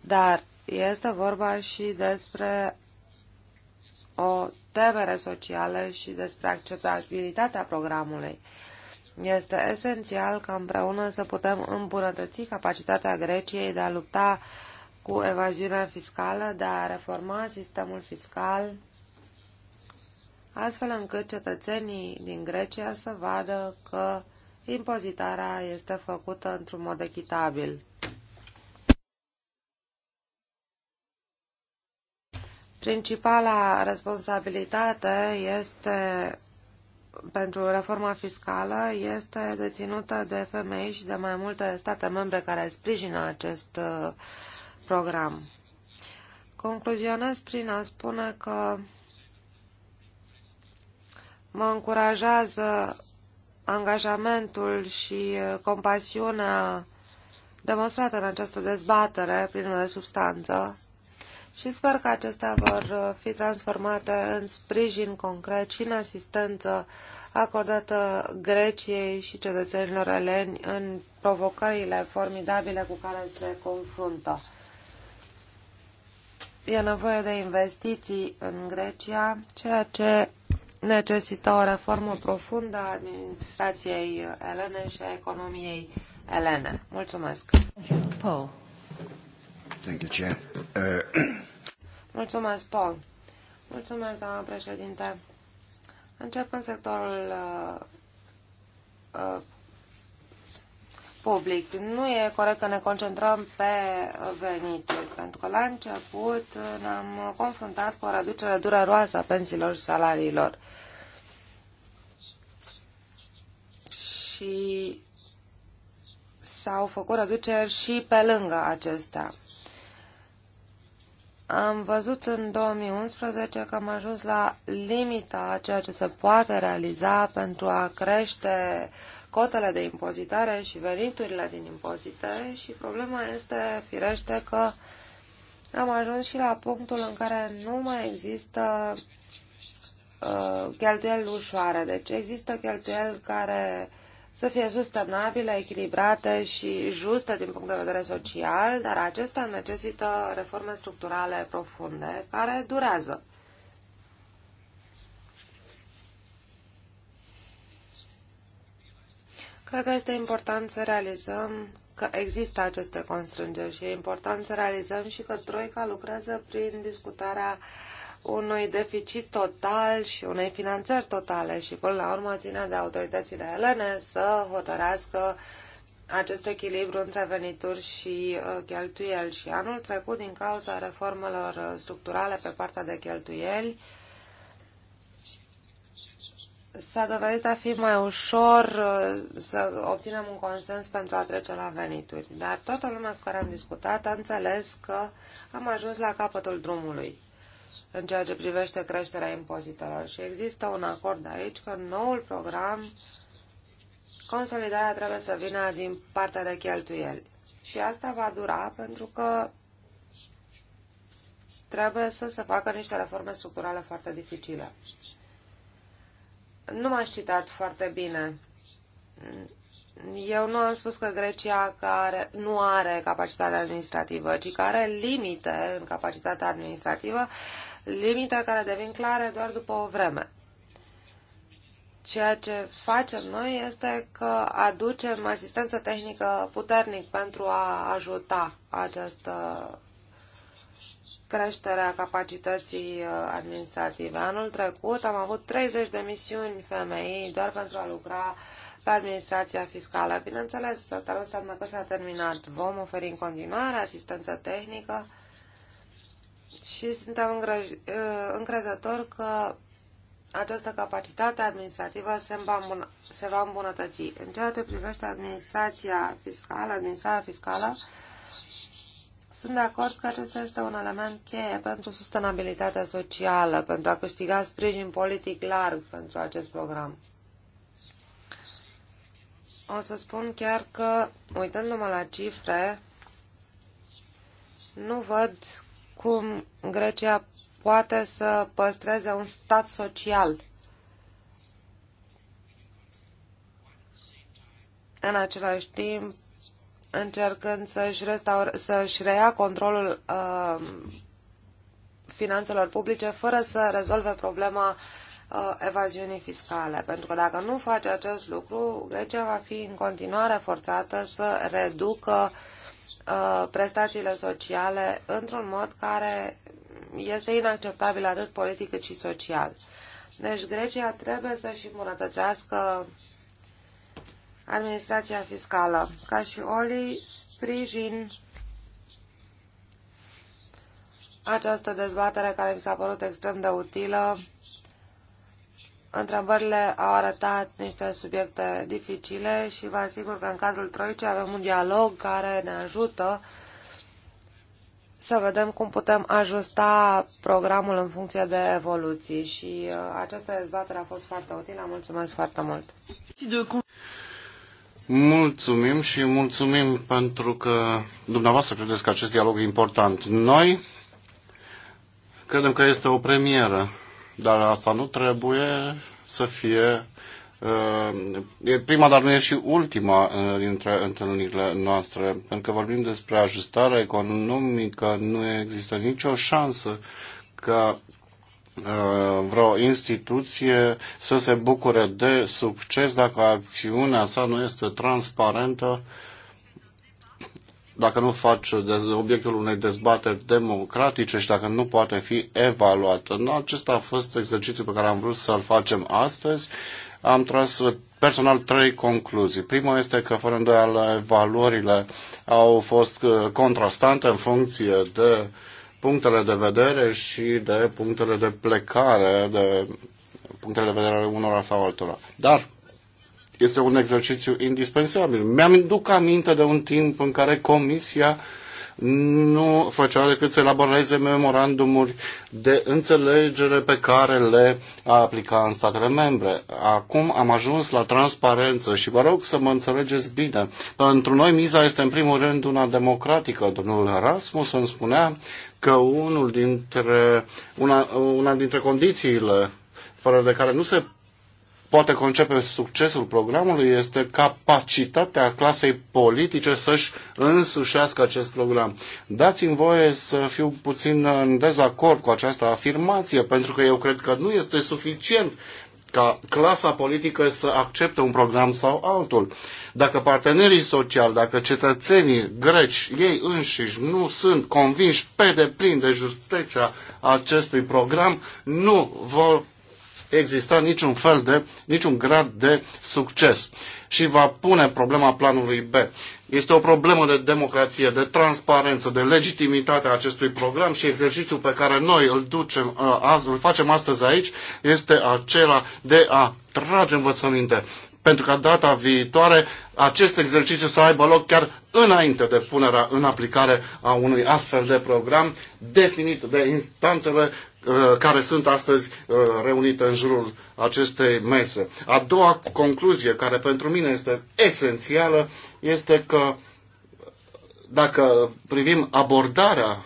[SPEAKER 2] Dar este vorba și despre o temere socială și despre acceptabilitatea programului. Este esențial ca împreună să putem îmbunătăți capacitatea Greciei de a lupta cu evaziunea fiscală, de a reforma sistemul fiscal, astfel încât cetățenii din Grecia să vadă că impozitarea este făcută într-un mod echitabil. Principala responsabilitate este pentru reforma fiscală este deținută de femei și de mai multe state membre care sprijină acest uh, program. Concluzionez prin a spune că mă încurajează angajamentul și uh, compasiunea demonstrată în această dezbatere plină de substanță și sper că acestea vor uh, fi transformate în sprijin concret și în asistență acordată Greciei și cetățenilor eleni în provocările formidabile cu care se confruntă. E nevoie de investiții în Grecia, ceea ce necesită o reformă profundă a administrației elene și a economiei elene. Mulțumesc!
[SPEAKER 3] Paul.
[SPEAKER 1] Thank you, Chair. Uh, [clears throat]
[SPEAKER 2] Mulțumesc, Paul. Mulțumesc, doamna președinte. Încep în sectorul uh, uh, public. Nu e corect că ne concentrăm pe venituri, pentru că la început ne-am confruntat cu o reducere dureroasă a pensiilor și salariilor. Și s-au făcut reduceri și pe lângă acestea. Am văzut în 2011 că am ajuns la limita a ceea ce se poate realiza pentru a crește cotele de impozitare și veniturile din impozite și problema este, firește, că am ajuns și la punctul în care nu mai există uh, cheltuieli ușoare. Deci există cheltuieli care uh, să fie sustenabilă, echilibrată și justă din punct de vedere social, dar acesta necesită reforme structurale profunde care durează. Cred că este important să realizăm că există aceste constrângeri și e important să realizăm și că Troica lucrează prin discutarea uh, unui deficit total și unei finanțări totale și până la urmă ține de autoritățile elene să hotărească acest echilibru între venituri și uh, cheltuieli. Și anul trecut, din cauza reformelor uh, structurale pe partea de cheltuieli, s-a dovedit a fi mai ușor uh, să obținem un consens pentru a trece la venituri. Dar toată lumea cu care am discutat a înțeles că am ajuns la capătul drumului în ceea ce privește creșterea impozitelor. Și există un acord aici că noul program, consolidarea trebuie să vină din partea de cheltuieli. Și asta va dura pentru că trebuie să se facă niște reforme structurale foarte dificile. Nu m-aș citat foarte bine eu nu am spus că Grecia care nu are capacitate administrativă, ci că are limite în capacitatea administrativă, limite care devin clare doar după o vreme. Ceea ce facem noi este că aducem asistență tehnică puternic pentru a ajuta această creștere a capacității uh, administrative. Anul trecut am avut 30 de misiuni femei doar pentru a lucra uh, pe administrația fiscală. Bineînțeles, asta nu înseamnă că s-a terminat. Vom oferi în continuare asistență tehnică și suntem uh, încrezători că această capacitate administrativă se, se va îmbunătăți. În ceea ce privește administrația fiscală, administrarea fiscală, sunt de acord că acesta este un element cheie pentru sustenabilitatea socială, pentru a câștiga sprijin politic larg pentru acest program o să spun chiar că, uitându-mă la cifre, nu văd cum Grecia poate să păstreze un stat social. În același timp, încercând să-și, restaur- să reia controlul uh, finanțelor publice fără să rezolve problema uh, Uh, evaziunii fiscale. Pentru că dacă nu face acest lucru, Grecia va fi în continuare forțată să reducă uh, prestațiile sociale într-un mod care este inacceptabil atât politic cât și social. Deci Grecia trebuie să-și îmbunătățească administrația fiscală. Ca și Oli, sprijin această dezbatere care mi s-a părut extrem de utilă Întrebările au arătat niște subiecte dificile și vă asigur că în cadrul Troicii avem un dialog care ne ajută să vedem cum putem ajusta programul în funcție de evoluții și uh, această dezbatere a fost foarte utilă. Mulțumesc foarte mult!
[SPEAKER 1] Mulțumim și mulțumim pentru că dumneavoastră credeți că acest dialog e important. Noi credem că este o premieră dar asta nu trebuie să fie uh, e prima, dar nu e și ultima uh, dintre întâlnirile noastre, pentru că vorbim despre ajustarea economică, nu există nicio șansă ca uh, vreo instituție să se bucure de succes dacă acțiunea sa nu este transparentă dacă nu face obiectul unei dezbateri democratice și dacă nu poate fi evaluată. Acesta a fost exercițiul pe care am vrut să-l facem astăzi. Am tras personal trei concluzii. Prima este că, fără îndoială, evaluările, au fost uh, contrastante în funcție de punctele de vedere și de punctele de plecare, de punctele de vedere ale unora sau altora. Dar este un exercițiu indispensabil. Mi-am duc aminte de un timp în care comisia nu făcea decât să elaboreze memorandumuri de înțelegere pe care le aplica în statele membre. Acum am ajuns la transparență și vă rog să mă înțelegeți bine. Pentru noi miza este în primul rând una democratică. Domnul Erasmus îmi spunea că unul dintre, una, una dintre condițiile fără de care nu se poate concepe succesul programului este capacitatea clasei politice să-și însușească acest program. Dați-mi voie să fiu puțin în dezacord cu această afirmație, pentru că eu cred că nu este suficient ca clasa politică să accepte un program sau altul. Dacă partenerii sociali, dacă cetățenii greci, ei înșiși, nu sunt convinși pe deplin de justeția acestui program, nu vor exista niciun fel de, niciun grad de succes și va pune problema planului B. Este o problemă de democrație, de transparență, de legitimitate a acestui program și exercițiul pe care noi îl, ducem, uh, azi, îl facem astăzi aici este acela de a trage învățăminte pentru ca data viitoare acest exercițiu să aibă loc chiar înainte de punerea în aplicare a unui astfel de program definit de instanțele Uh, care sunt astăzi uh, reunite în jurul acestei mese. A doua concluzie, care pentru mine este esențială, este că dacă privim abordarea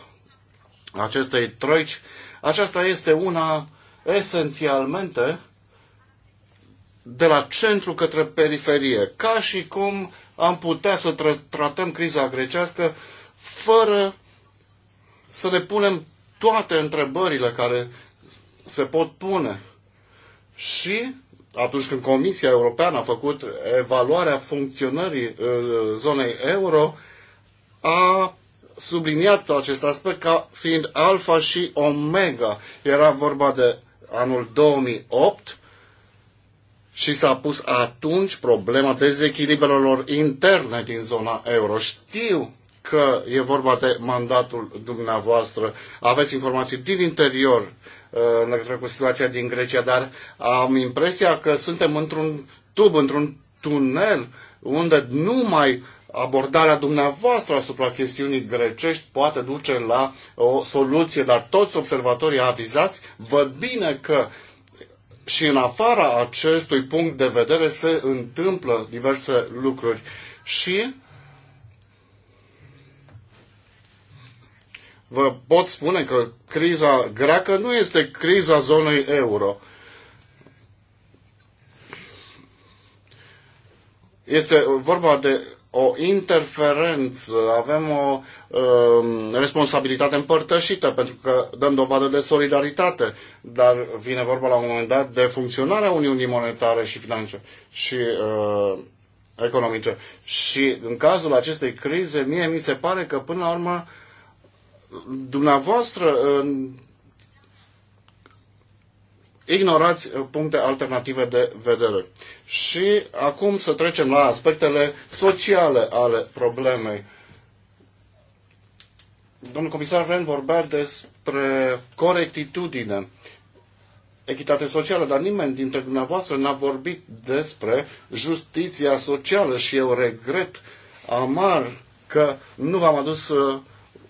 [SPEAKER 1] acestei troici, aceasta este una esențialmente de la centru către periferie, ca și cum am putea să tratăm criza grecească fără să ne punem toate întrebările care se pot pune. Și atunci când Comisia Europeană a făcut evaluarea funcționării uh, zonei euro, a subliniat acest aspect ca fiind alfa și omega. Era vorba de anul 2008 și s-a pus atunci problema dezechilibrelor interne din zona euro. Știu că e vorba de mandatul dumneavoastră. Aveți informații din interior uh, în legătură cu situația din Grecia, dar am impresia că suntem într-un tub, într-un tunel unde numai abordarea dumneavoastră asupra chestiunii grecești poate duce la o soluție, dar toți observatorii avizați văd bine că și în afara acestui punct de vedere se întâmplă diverse lucruri. Și vă pot spune că criza greacă nu este criza zonei euro. Este vorba de o interferență, avem o um, responsabilitate împărtășită pentru că dăm dovadă de solidaritate, dar vine vorba la un moment dat de funcționarea Uniunii Monetare și Financiare și uh, Economice. Și în cazul acestei crize, mie mi se pare că până la urmă uh, dumneavoastră ignorați uh, puncte alternative de vedere. Și acum să trecem la aspectele sociale ale problemei. Domnul comisar Ren vorbea despre corectitudine, echitate socială, dar nimeni dintre dumneavoastră n-a vorbit despre justiția socială și eu regret amar că nu v-am adus uh,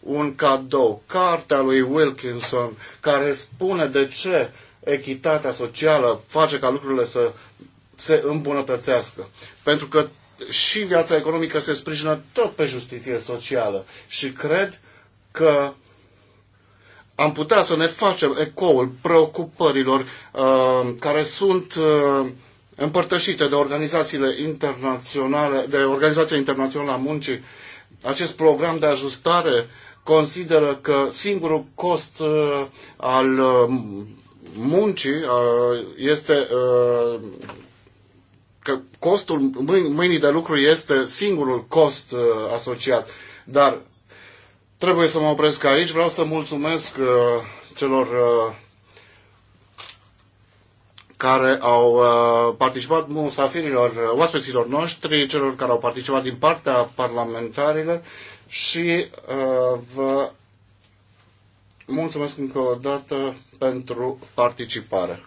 [SPEAKER 1] un cadou, cartea lui Wilkinson, care spune de ce echitatea socială face ca lucrurile să se îmbunătățească. Pentru că și viața economică se sprijină tot pe justiție socială și cred că am putea să ne facem ecoul preocupărilor uh, care sunt uh, împărtășite de organizațiile internaționale, de Organizația Internațională a Muncii, acest program de ajustare consideră că singurul cost uh, al uh, muncii uh, este că costul mâinii de lucru este singurul cost asociat. Dar trebuie să mă opresc aici. Vreau să mulțumesc celor care au participat, musafirilor, oaspeților noștri, celor care au participat din partea parlamentarilor și uh, vă mulțumesc încă o dată pentru participare.